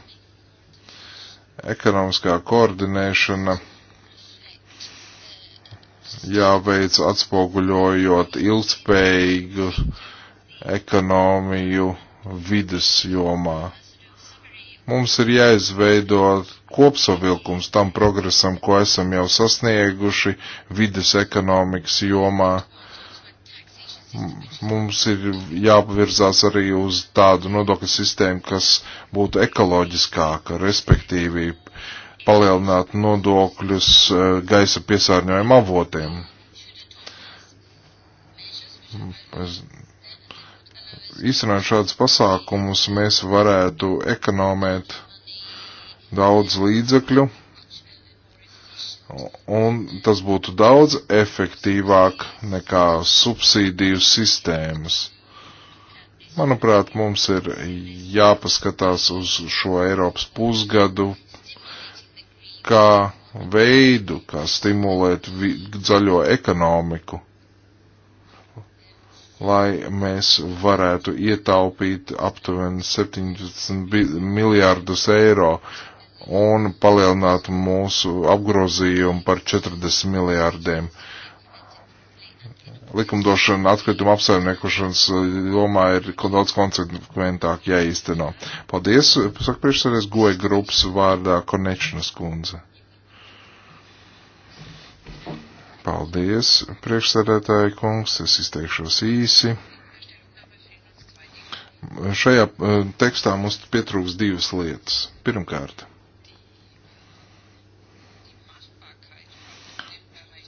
Ekonomiskā koordinēšana jāveic atspoguļojot ilgspējīgu ekonomiju vidas jomā. Mums ir jāizveido kopsavilkums tam progresam, ko esam jau sasnieguši vides ekonomikas jomā mums ir jāpavirzās arī uz tādu nodokļu sistēmu, kas būtu ekoloģiskāka, respektīvi palielināt nodokļus e, gaisa piesārņojuma avotiem. Es īstenot šādus pasākumus, mēs varētu ekonomēt daudz līdzekļu, un tas būtu daudz efektīvāk nekā subsīdiju sistēmas. Manuprāt, mums ir jāpaskatās uz šo Eiropas pusgadu kā veidu, kā stimulēt zaļo ekonomiku lai mēs varētu ietaupīt aptuveni 17 miljārdus eiro un palielināt mūsu apgrozījumu par 40 miljārdiem. Likumdošana atkrituma apsaimniekošanas uh, jomā ir daudz konsekventāk jāīsteno. Paldies, saka priekšsēdēs goja grupas vārdā Konečnas kundze. Paldies, priekšsēdētāji kungs, es izteikšos īsi. Šajā eh, tekstā mums pietrūks divas lietas. Pirmkārt,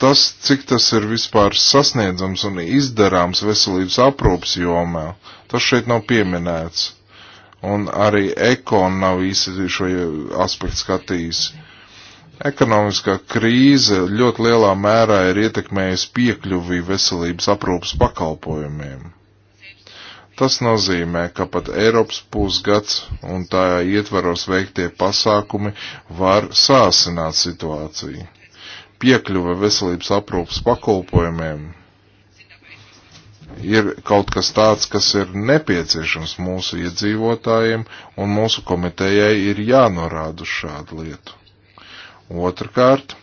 tas, cik tas ir vispār sasniedzams un izdarāms veselības aprūpas jomā, tas šeit nav pieminēts. Un arī ekon nav īsti šo aspektu skatījis. Uh, Ekonomiskā krīze ļoti lielā mērā ir ietekmējusi piekļuvi veselības aprūpas pakalpojumiem. Tas nozīmē, ka pat Eiropas pusgads un tā ietvaros veiktie pasākumi var sāsināt situāciju. Piekļuve veselības aprūpas pakalpojumiem ir kaut kas tāds, kas ir nepieciešams mūsu iedzīvotājiem, un mūsu komitejai ir jānorāda šādu lietu. Otrakārt,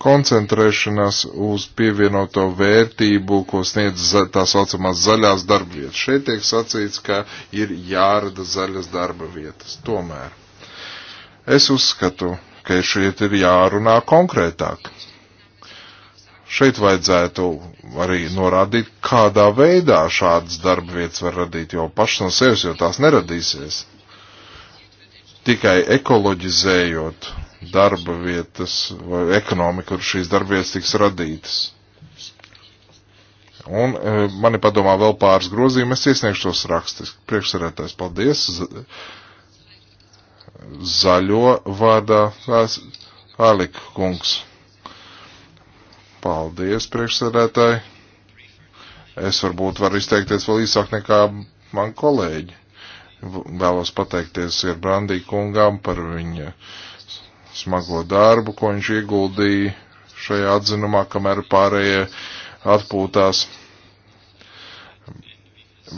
koncentrēšanās uz pievienoto vērtību, ko sniedz tā saucamās zaļās darba vietas. Šeit tiek sacīts, ka ir jārada zaļas darba vietas. Tomēr es uzskatu, ka šeit ir jārunā konkrētāk. Šeit vajadzētu arī norādīt, kādā veidā šādas darba vietas var radīt, jo pašas no sevis, jo tās neradīsies tikai ekoloģizējot darba vietas vai ekonomiku, kur šīs darba vietas tiks radītas. Un e, mani padomā vēl pāris grozījumi, es iesniegšu tos rakstus. Priekšsarētājs, paldies. Zaļo vārdā Alika kungs. Paldies, priekšsarētāji. Es varbūt varu izteikties vēl īsāk nekā man kolēģi. Vēlos pateikties ir Brandī kungam par viņa smago darbu, ko viņš ieguldīja šajā atzinumā, kamēr pārējie atpūtās.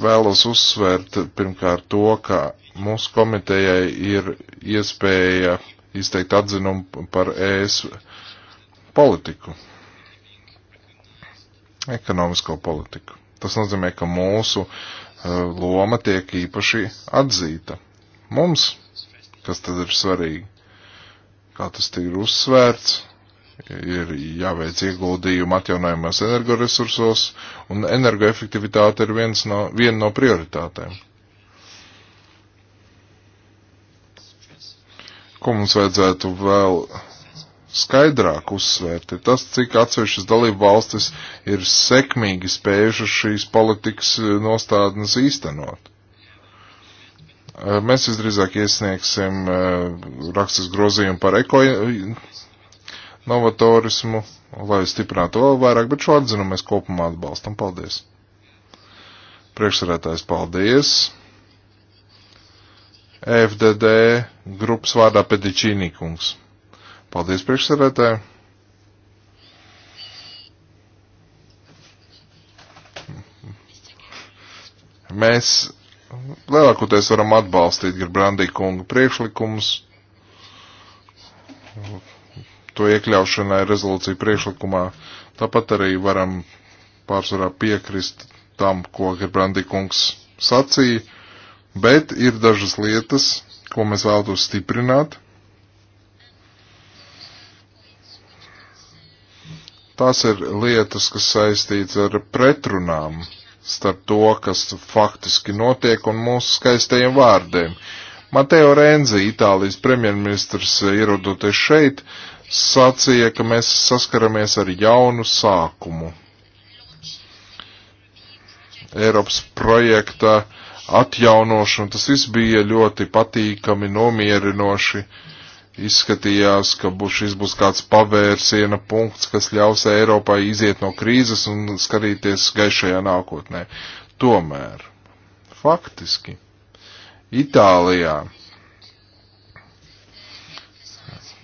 Vēlos uzsvērt pirmkārt to, ka mūsu komitejai ir iespēja izteikt atzinumu par ES politiku, ekonomisko politiku. Tas nozīmē, ka mūsu uh, Eh, loma tiek īpaši atzīta. Mums, kas tad ir svarīgi, kā tas tika uzsvērts, ir jāveic ieguldījumi atjaunojumās energoresursos, un energoefektivitāte ir viens no, viena no prioritātēm. Ko mums vajadzētu vēl skaidrāk uzsvērti. Tas, cik atsevišķas dalību valstis ir sekmīgi spējušas šīs politikas eh, nostādnes īstenot. Eh, mēs visdrīzāk iesniegsim eh, rakstas grozījumu par eko novatorismu, lai stiprinātu vēl vairāk, bet šo atzinu mēs kopumā atbalstam. Paldies! Priekšsarētājs, paldies! FDD grupas vārdā Pedičīnī kungs. Paldies priekšsarētāji. Mēs lielākoties varam atbalstīt Gerbrandī kunga priekšlikumus. To iekļaušanai rezolūcija priekšlikumā. Tāpat arī varam pārsvarā piekrist tam, ko Gerbrandī kungs sacīja, bet ir dažas lietas, ko mēs vēlētos stiprināt Tās ir lietas, kas saistīts ar pretrunām starp to, kas faktiski notiek un mūsu skaistajiem vārdiem. Mateo Renzi, Itālijas premjerministrs, ierodoties šeit, sacīja, ka mēs saskaramies ar jaunu sākumu. Eiropas projekta atjaunošana, tas viss bija ļoti patīkami, nomierinoši. Uh, izskatījās, ka šis būs kāds pavērsiena punkts, kas ļaus Eiropai iziet no krīzes un skatīties gaišajā nākotnē. Tomēr, faktiski, Itālijā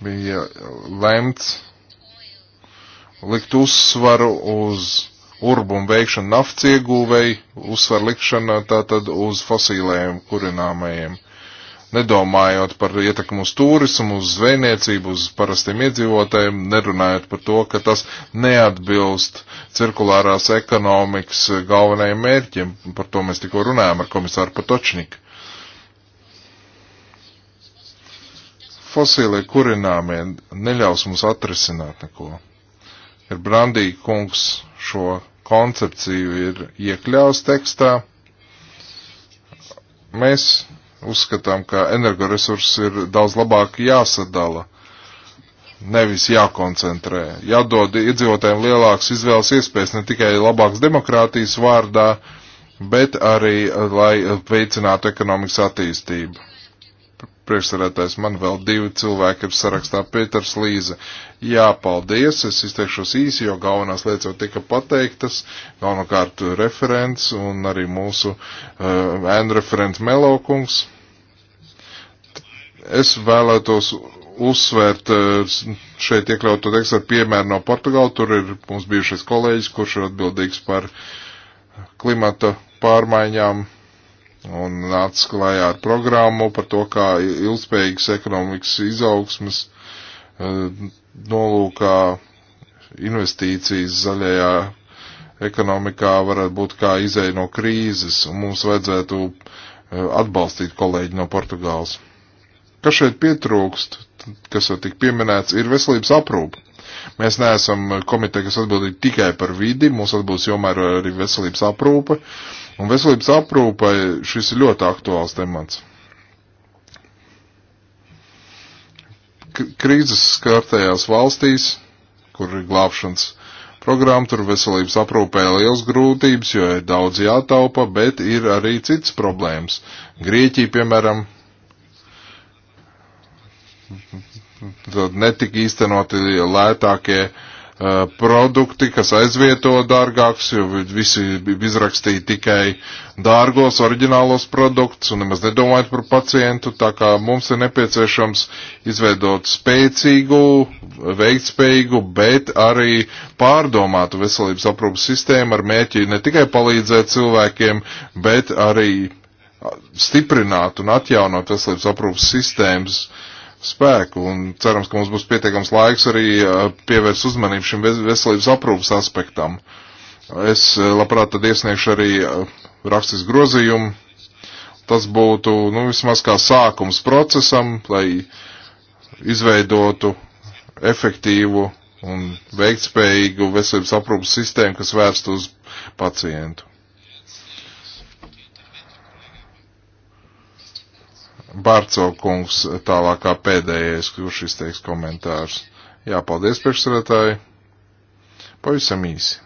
bija lemts likt uzsvaru uz urbumu veikšanu nafts ieguvēji, uzsvaru likšana tātad uz fosīlējiem kurināmajiem nedomājot par ietekmu uz turismu, uz zvejniecību, uz parastiem iedzīvotājiem, nerunājot par to, ka tas neatbilst cirkulārās ekonomikas galvenajiem mērķiem. Par to mēs tikko runājām ar komisāru Patočniku. Fosīlie kurināmie neļaus mums atrisināt neko. Ir Brandī kungs šo koncepciju ir iekļaus tekstā. Mēs uzskatām, ka energoresursi ir daudz labāk jāsadala, nevis jākoncentrē. Jādod iedzīvotājiem lielākas izvēles iespējas ne tikai labākas demokrātijas vārdā, bet arī, lai veicinātu ekonomikas attīstību priekšsarētājs. Man vēl divi cilvēki ir sarakstā Pēters Līze. Jā, paldies, es izteikšos īsi, jo galvenās lietas jau tika pateiktas, galvenokārt referents un arī mūsu uh, N referents Melokungs. Es vēlētos uzsvērt uh, šeit iekļautu tekstu ar piemēru no Portugāla. Tur ir mums bijušais kolēģis, kurš ir atbildīgs par klimata pārmaiņām un nāca klajā ar programmu par to, kā ilgspējīgas ekonomikas izaugsmas eh, nolūkā investīcijas zaļajā ekonomikā varētu būt kā izēja no krīzes, un mums vajadzētu eh, atbalstīt kolēģi no Portugāles. Kas šeit pietrūkst, kas jau tik pieminēts, ir veselības aprūpe. Mēs neesam komiteja, kas atbildīga tikai par vidi, mums atbūs jomā arī veselības aprūpe. Un veselības aprūpai šis ir ļoti aktuāls temats. Krīzes skartajās valstīs, kur ir glābšanas programma, tur veselības aprūpē liels grūtības, jo ir daudz jātaupa, bet ir arī cits problēmas. Grieķija, piemēram, Tad netika īstenoti lētākie uh, produkti, kas aizvieto dārgāks, jo visi izrakstīja tikai dārgos, oriģinālos produktus un nemaz nedomājot par pacientu, tā kā mums ir nepieciešams izveidot spēcīgu, veiktspējīgu, bet arī pārdomātu veselības aprūpas sistēmu ar mēķi ne tikai palīdzēt cilvēkiem, bet arī stiprināt un atjaunot veselības aprūpas sistēmas uh, spēku, un cerams, ka mums būs pietiekams laiks arī uh, pievērst uzmanību šim veselības aprūpas aspektam. Es uh, labprāt tad iesniegšu arī uh, rakstis grozījumu. Tas būtu, nu, vismaz kā sākums procesam, lai izveidotu efektīvu un veiktspējīgu veselības aprūpas sistēmu, kas vērst uz pacientu. Bārco kungs tālākā pēdējais, kurš izteiks komentārus. Jā, paldies priekšsarētāji. Pavisam īsi.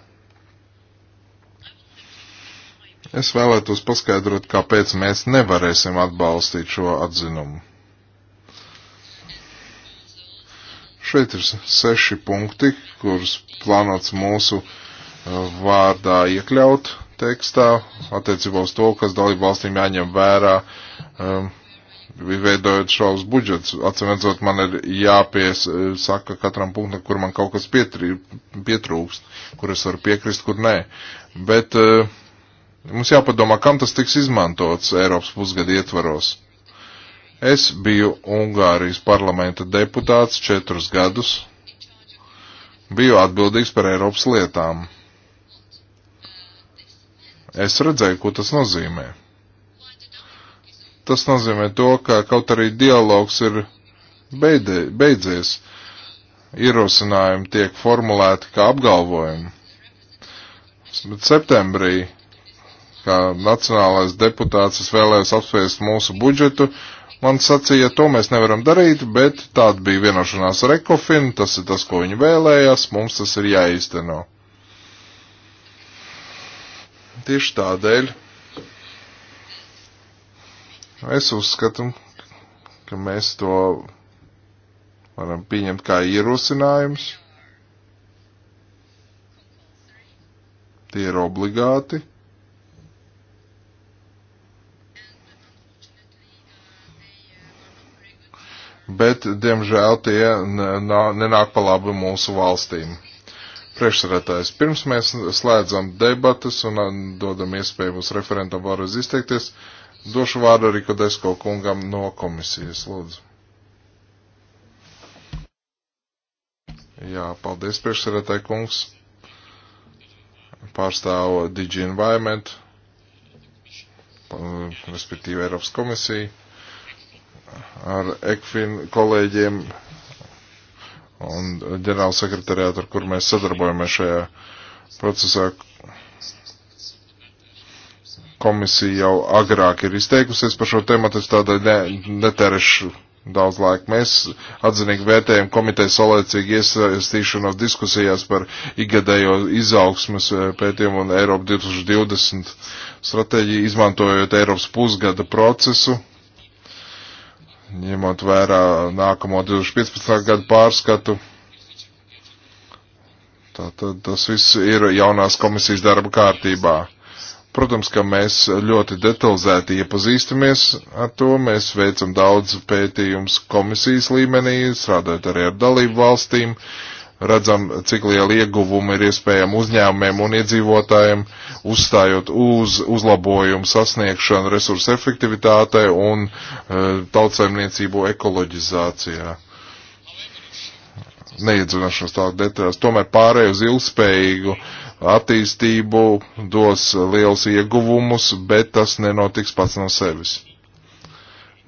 Es vēlētos paskaidrot, kāpēc mēs nevarēsim atbalstīt šo atzinumu. Šeit ir seši punkti, kurus plānots mūsu uh, vārdā iekļaut tekstā attiecībā uz to, kas dalību valstīm jāņem vērā um, veidojot šos budžets. Atcīmredzot, man ir jāpiesaka e, katram punktam, kur man kaut kas pietrī, pietrūkst, kur es varu piekrist, kur nē. Bet uh, mums jāpadomā, kam tas tiks izmantots Eiropas pusgada ietvaros. Es biju Ungārijas parlamenta deputāts četrus gadus, biju atbildīgs par Eiropas lietām. Es redzēju, ko tas nozīmē. Tas nozīmē to, ka kaut arī dialogs ir beidē, beidzies, ierosinājumi tiek formulēti kā apgalvojumi. Bet septembrī, kā nacionālais deputāts, es vēlējos apspriest mūsu budžetu. Man sacīja, to mēs nevaram darīt, bet tāda bija vienošanās ar Ekofinu, tas ir tas, ko viņi vēlējās, mums tas ir jāīsteno. Tieši tādēļ Es uzskatu, ka mēs to varam pieņemt kā ierosinājums. Tie ir obligāti. Bet, diemžēl, tie nenāk pa labi mūsu valstīm. Priekšsarētājs, pirms mēs slēdzam debatas un uh, dodam iespēju mūsu referentam vēlreiz izteikties, uh, Došu vārdu Riko Desko kungam no komisijas, lūdzu. Jā, paldies priekšsarētāji kungs. Pārstāvu Digi Environment, respektīvi Eiropas komisiju, ar ECFIN kolēģiem un ģenerāla sekretariātu, ar kur mēs sadarbojamies šajā procesā komisija jau agrāk ir izteikusies par šo tematu, es tādēļ ne, neterešu daudz laika. Mēs atzinīgi vērtējam komiteju saulēcīgi iesaistīšanos diskusijās par ikgadējo izaugsmas eh, pētījumu un Eiropu 2020 stratēģiju, izmantojot Eiropas pusgada procesu, ņemot vērā nākamo 2015. gadu pārskatu. Tātad tas viss ir jaunās komisijas darba kārtībā. Protams, ka mēs ļoti detalizēti iepazīstamies ar to. Mēs veicam daudz pētījums komisijas līmenī, strādājot arī ar dalību valstīm, redzam, cik liela ieguvuma ir iespējama uzņēmumiem un iedzīvotājiem, uzstājot uz uzlabojumu sasniegšanu resursu efektivitātei un e, tautsaimniecību ekoloģizācijā. Neiedzināšanos tālāk detaļās. Tomēr pārēju uz ilgspējīgu uh, attīstību, dos liels ieguvumus, bet tas nenotiks pats no sevis.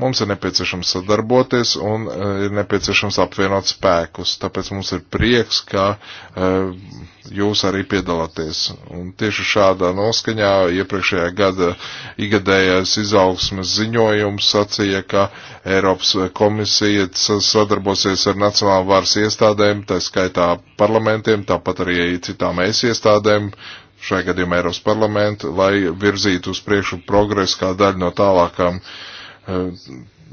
Mums ir nepieciešams sadarboties un eh, ir nepieciešams apvienot spēkus. Tāpēc mums ir prieks, ka eh, jūs arī piedalāties. Un tieši šādā noskaņā iepriekšējā gada igadējais izaugsmes ziņojums sacīja, ka Eiropas komisija sadarbosies ar nacionālām varas iestādēm, tā skaitā parlamentiem, tāpat arī citām es iestādēm, šajā gadījumā Eiropas parlamentu, lai virzītu uz priekšu progresu kā daļu no tālākām uh, Eh,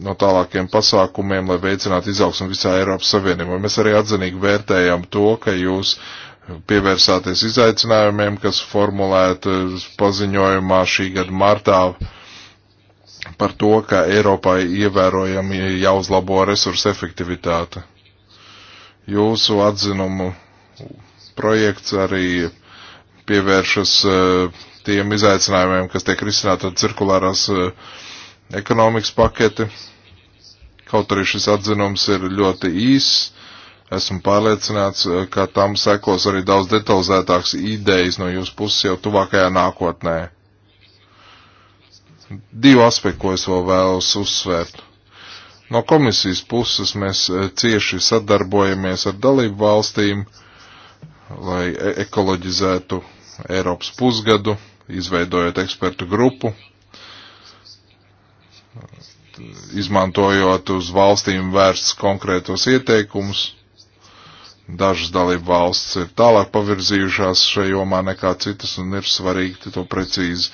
no tālākiem pasākumiem, lai veicinātu izaugsmu visā Eiropas Savienībā. Mēs arī atzinīgi vērtējam to, ka jūs pievērsāties izaicinājumiem, kas formulēta paziņojumā šī gada martā par to, ka Eiropai ievērojami jāuzlabo resursu efektivitāte. Jūsu atzinumu projekts arī pievēršas eh, tiem izaicinājumiem, kas tiek risināti ar cirkulārās uh, ekonomikas paketi. Kaut arī šis atzinums ir ļoti īss, esmu pārliecināts, eh, ka tam sekos arī daudz detalizētāks idejas no jūsu puses jau tuvākajā nākotnē. Divi aspekti, ko es vēl vēlos uzsvērt. No komisijas puses mēs eh, cieši sadarbojamies ar dalību valstīm, lai ekoloģizētu Eiropas pusgadu, izveidojot ekspertu grupu, izmantojot uz valstīm vērsts konkrētos ieteikumus. Dažas dalību valsts ir tālāk pavirzījušās šajā jomā nekā citas, un ir svarīgi to precīzi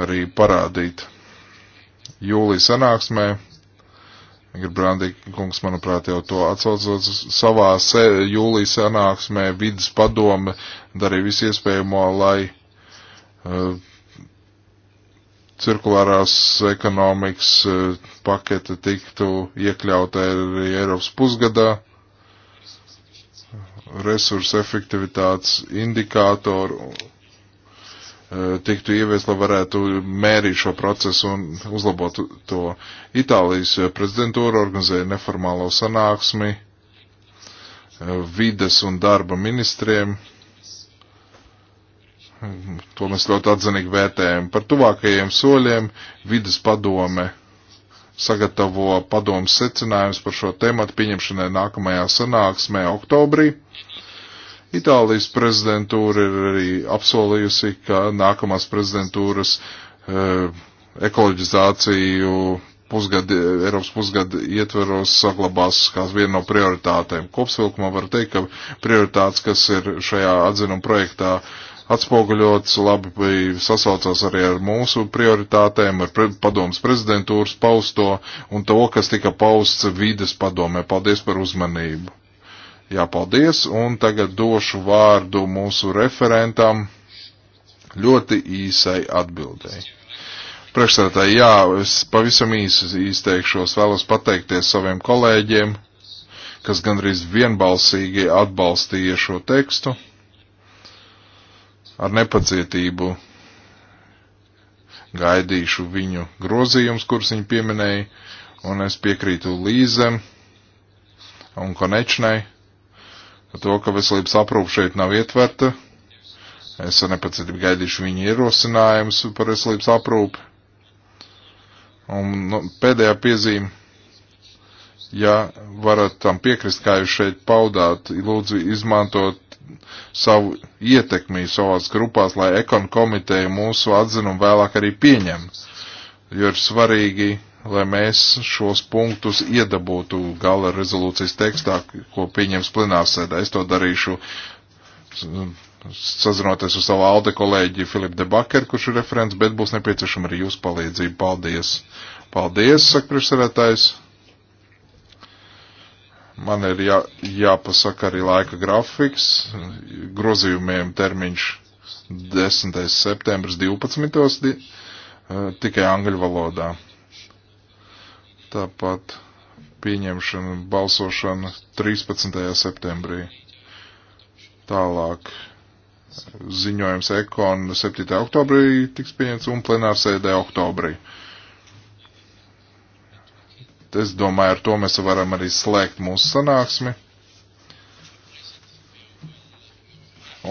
arī parādīt. Jūlijas sanāksmē Gerbrandī kungs, manuprāt, jau to atsaucot savā se, jūlijas sanāksmē, vidas padome darīja visu iespējamo, lai uh, cirkulārās ekonomikas e, pakete tiktu iekļauta arī Eiropas pusgadā, resursu efektivitātes indikātoru e, tiktu ievies, lai varētu mērīt šo procesu un uzlabot to. Itālijas prezidentūra organizēja neformālo sanāksmi e, vides un darba ministriem To mēs ļoti atzinīgi vērtējam. Par tuvākajiem soļiem vidas padome sagatavo padomus secinājumus par šo tematu pieņemšanai nākamajā sanāksmē oktobrī. Itālijas prezidentūra ir arī apsolījusi, ka nākamās prezidentūras e, ekoloģizāciju pusgadi, Eiropas pusgada ietveros saglabās kā viena no prioritātēm. Kopsvilkumā var teikt, ka prioritātes, kas ir šajā atzinuma projektā, e, atspoguļots, labi sasaucās arī ar mūsu prioritātēm, ar pre padomas prezidentūras pausto un to, kas tika pausts vides padomē. Paldies par uzmanību. Jā, paldies, un tagad došu vārdu mūsu referentam ļoti īsai atbildēji. Priekšsēdētāji, jā, es pavisam īsi izteikšos, vēlos pateikties saviem kolēģiem, kas gandrīz vienbalsīgi atbalstīja šo tekstu ar nepacietību gaidīšu viņu grozījums, kurus viņi pieminēja, un es piekrītu Līzem un Konečnai par to, ka veselības aprūp šeit nav ietverta. Es ar nepacietību gaidīšu viņu ierosinājumus par veselības aprūpi. Un nu, pēdējā piezīme, ja varat tam piekrist, kā jūs šeit paudāt, lūdzu izmantot savu ietekmi savās grupās, lai ekon komiteja mūsu atzinumu vēlāk arī pieņem. Jo ir svarīgi, lai mēs šos punktus iedabūtu gala rezolūcijas tekstā, ko pieņems plenārsēdē. Es to darīšu sazinoties ar savu alde kolēģi Filipu Debakeru, kurš ir referents, bet būs nepieciešama arī jūsu palīdzība. Paldies! Paldies, saka priekšsēdētājs! Man ir jā, jāpasaka arī laika grafiks. Grozījumiem termiņš 10. septembris 12. Di, eh, tikai angļu valodā. Tāpat pieņemšana, balsošana 13. septembrī. Tālāk ziņojums ekon 7. oktobrī tiks pieņemts un plenārsēdē oktobrī. Uh, Es domāju, ar to mēs varam arī slēgt mūsu sanāksmi.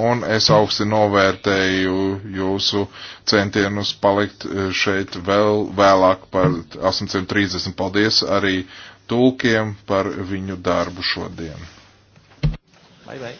Un es augsti novērtēju jūsu centienus palikt e, šeit vēl vēlāk par 830. Paldies arī tulkiem par viņu darbu šodien. Bye bye.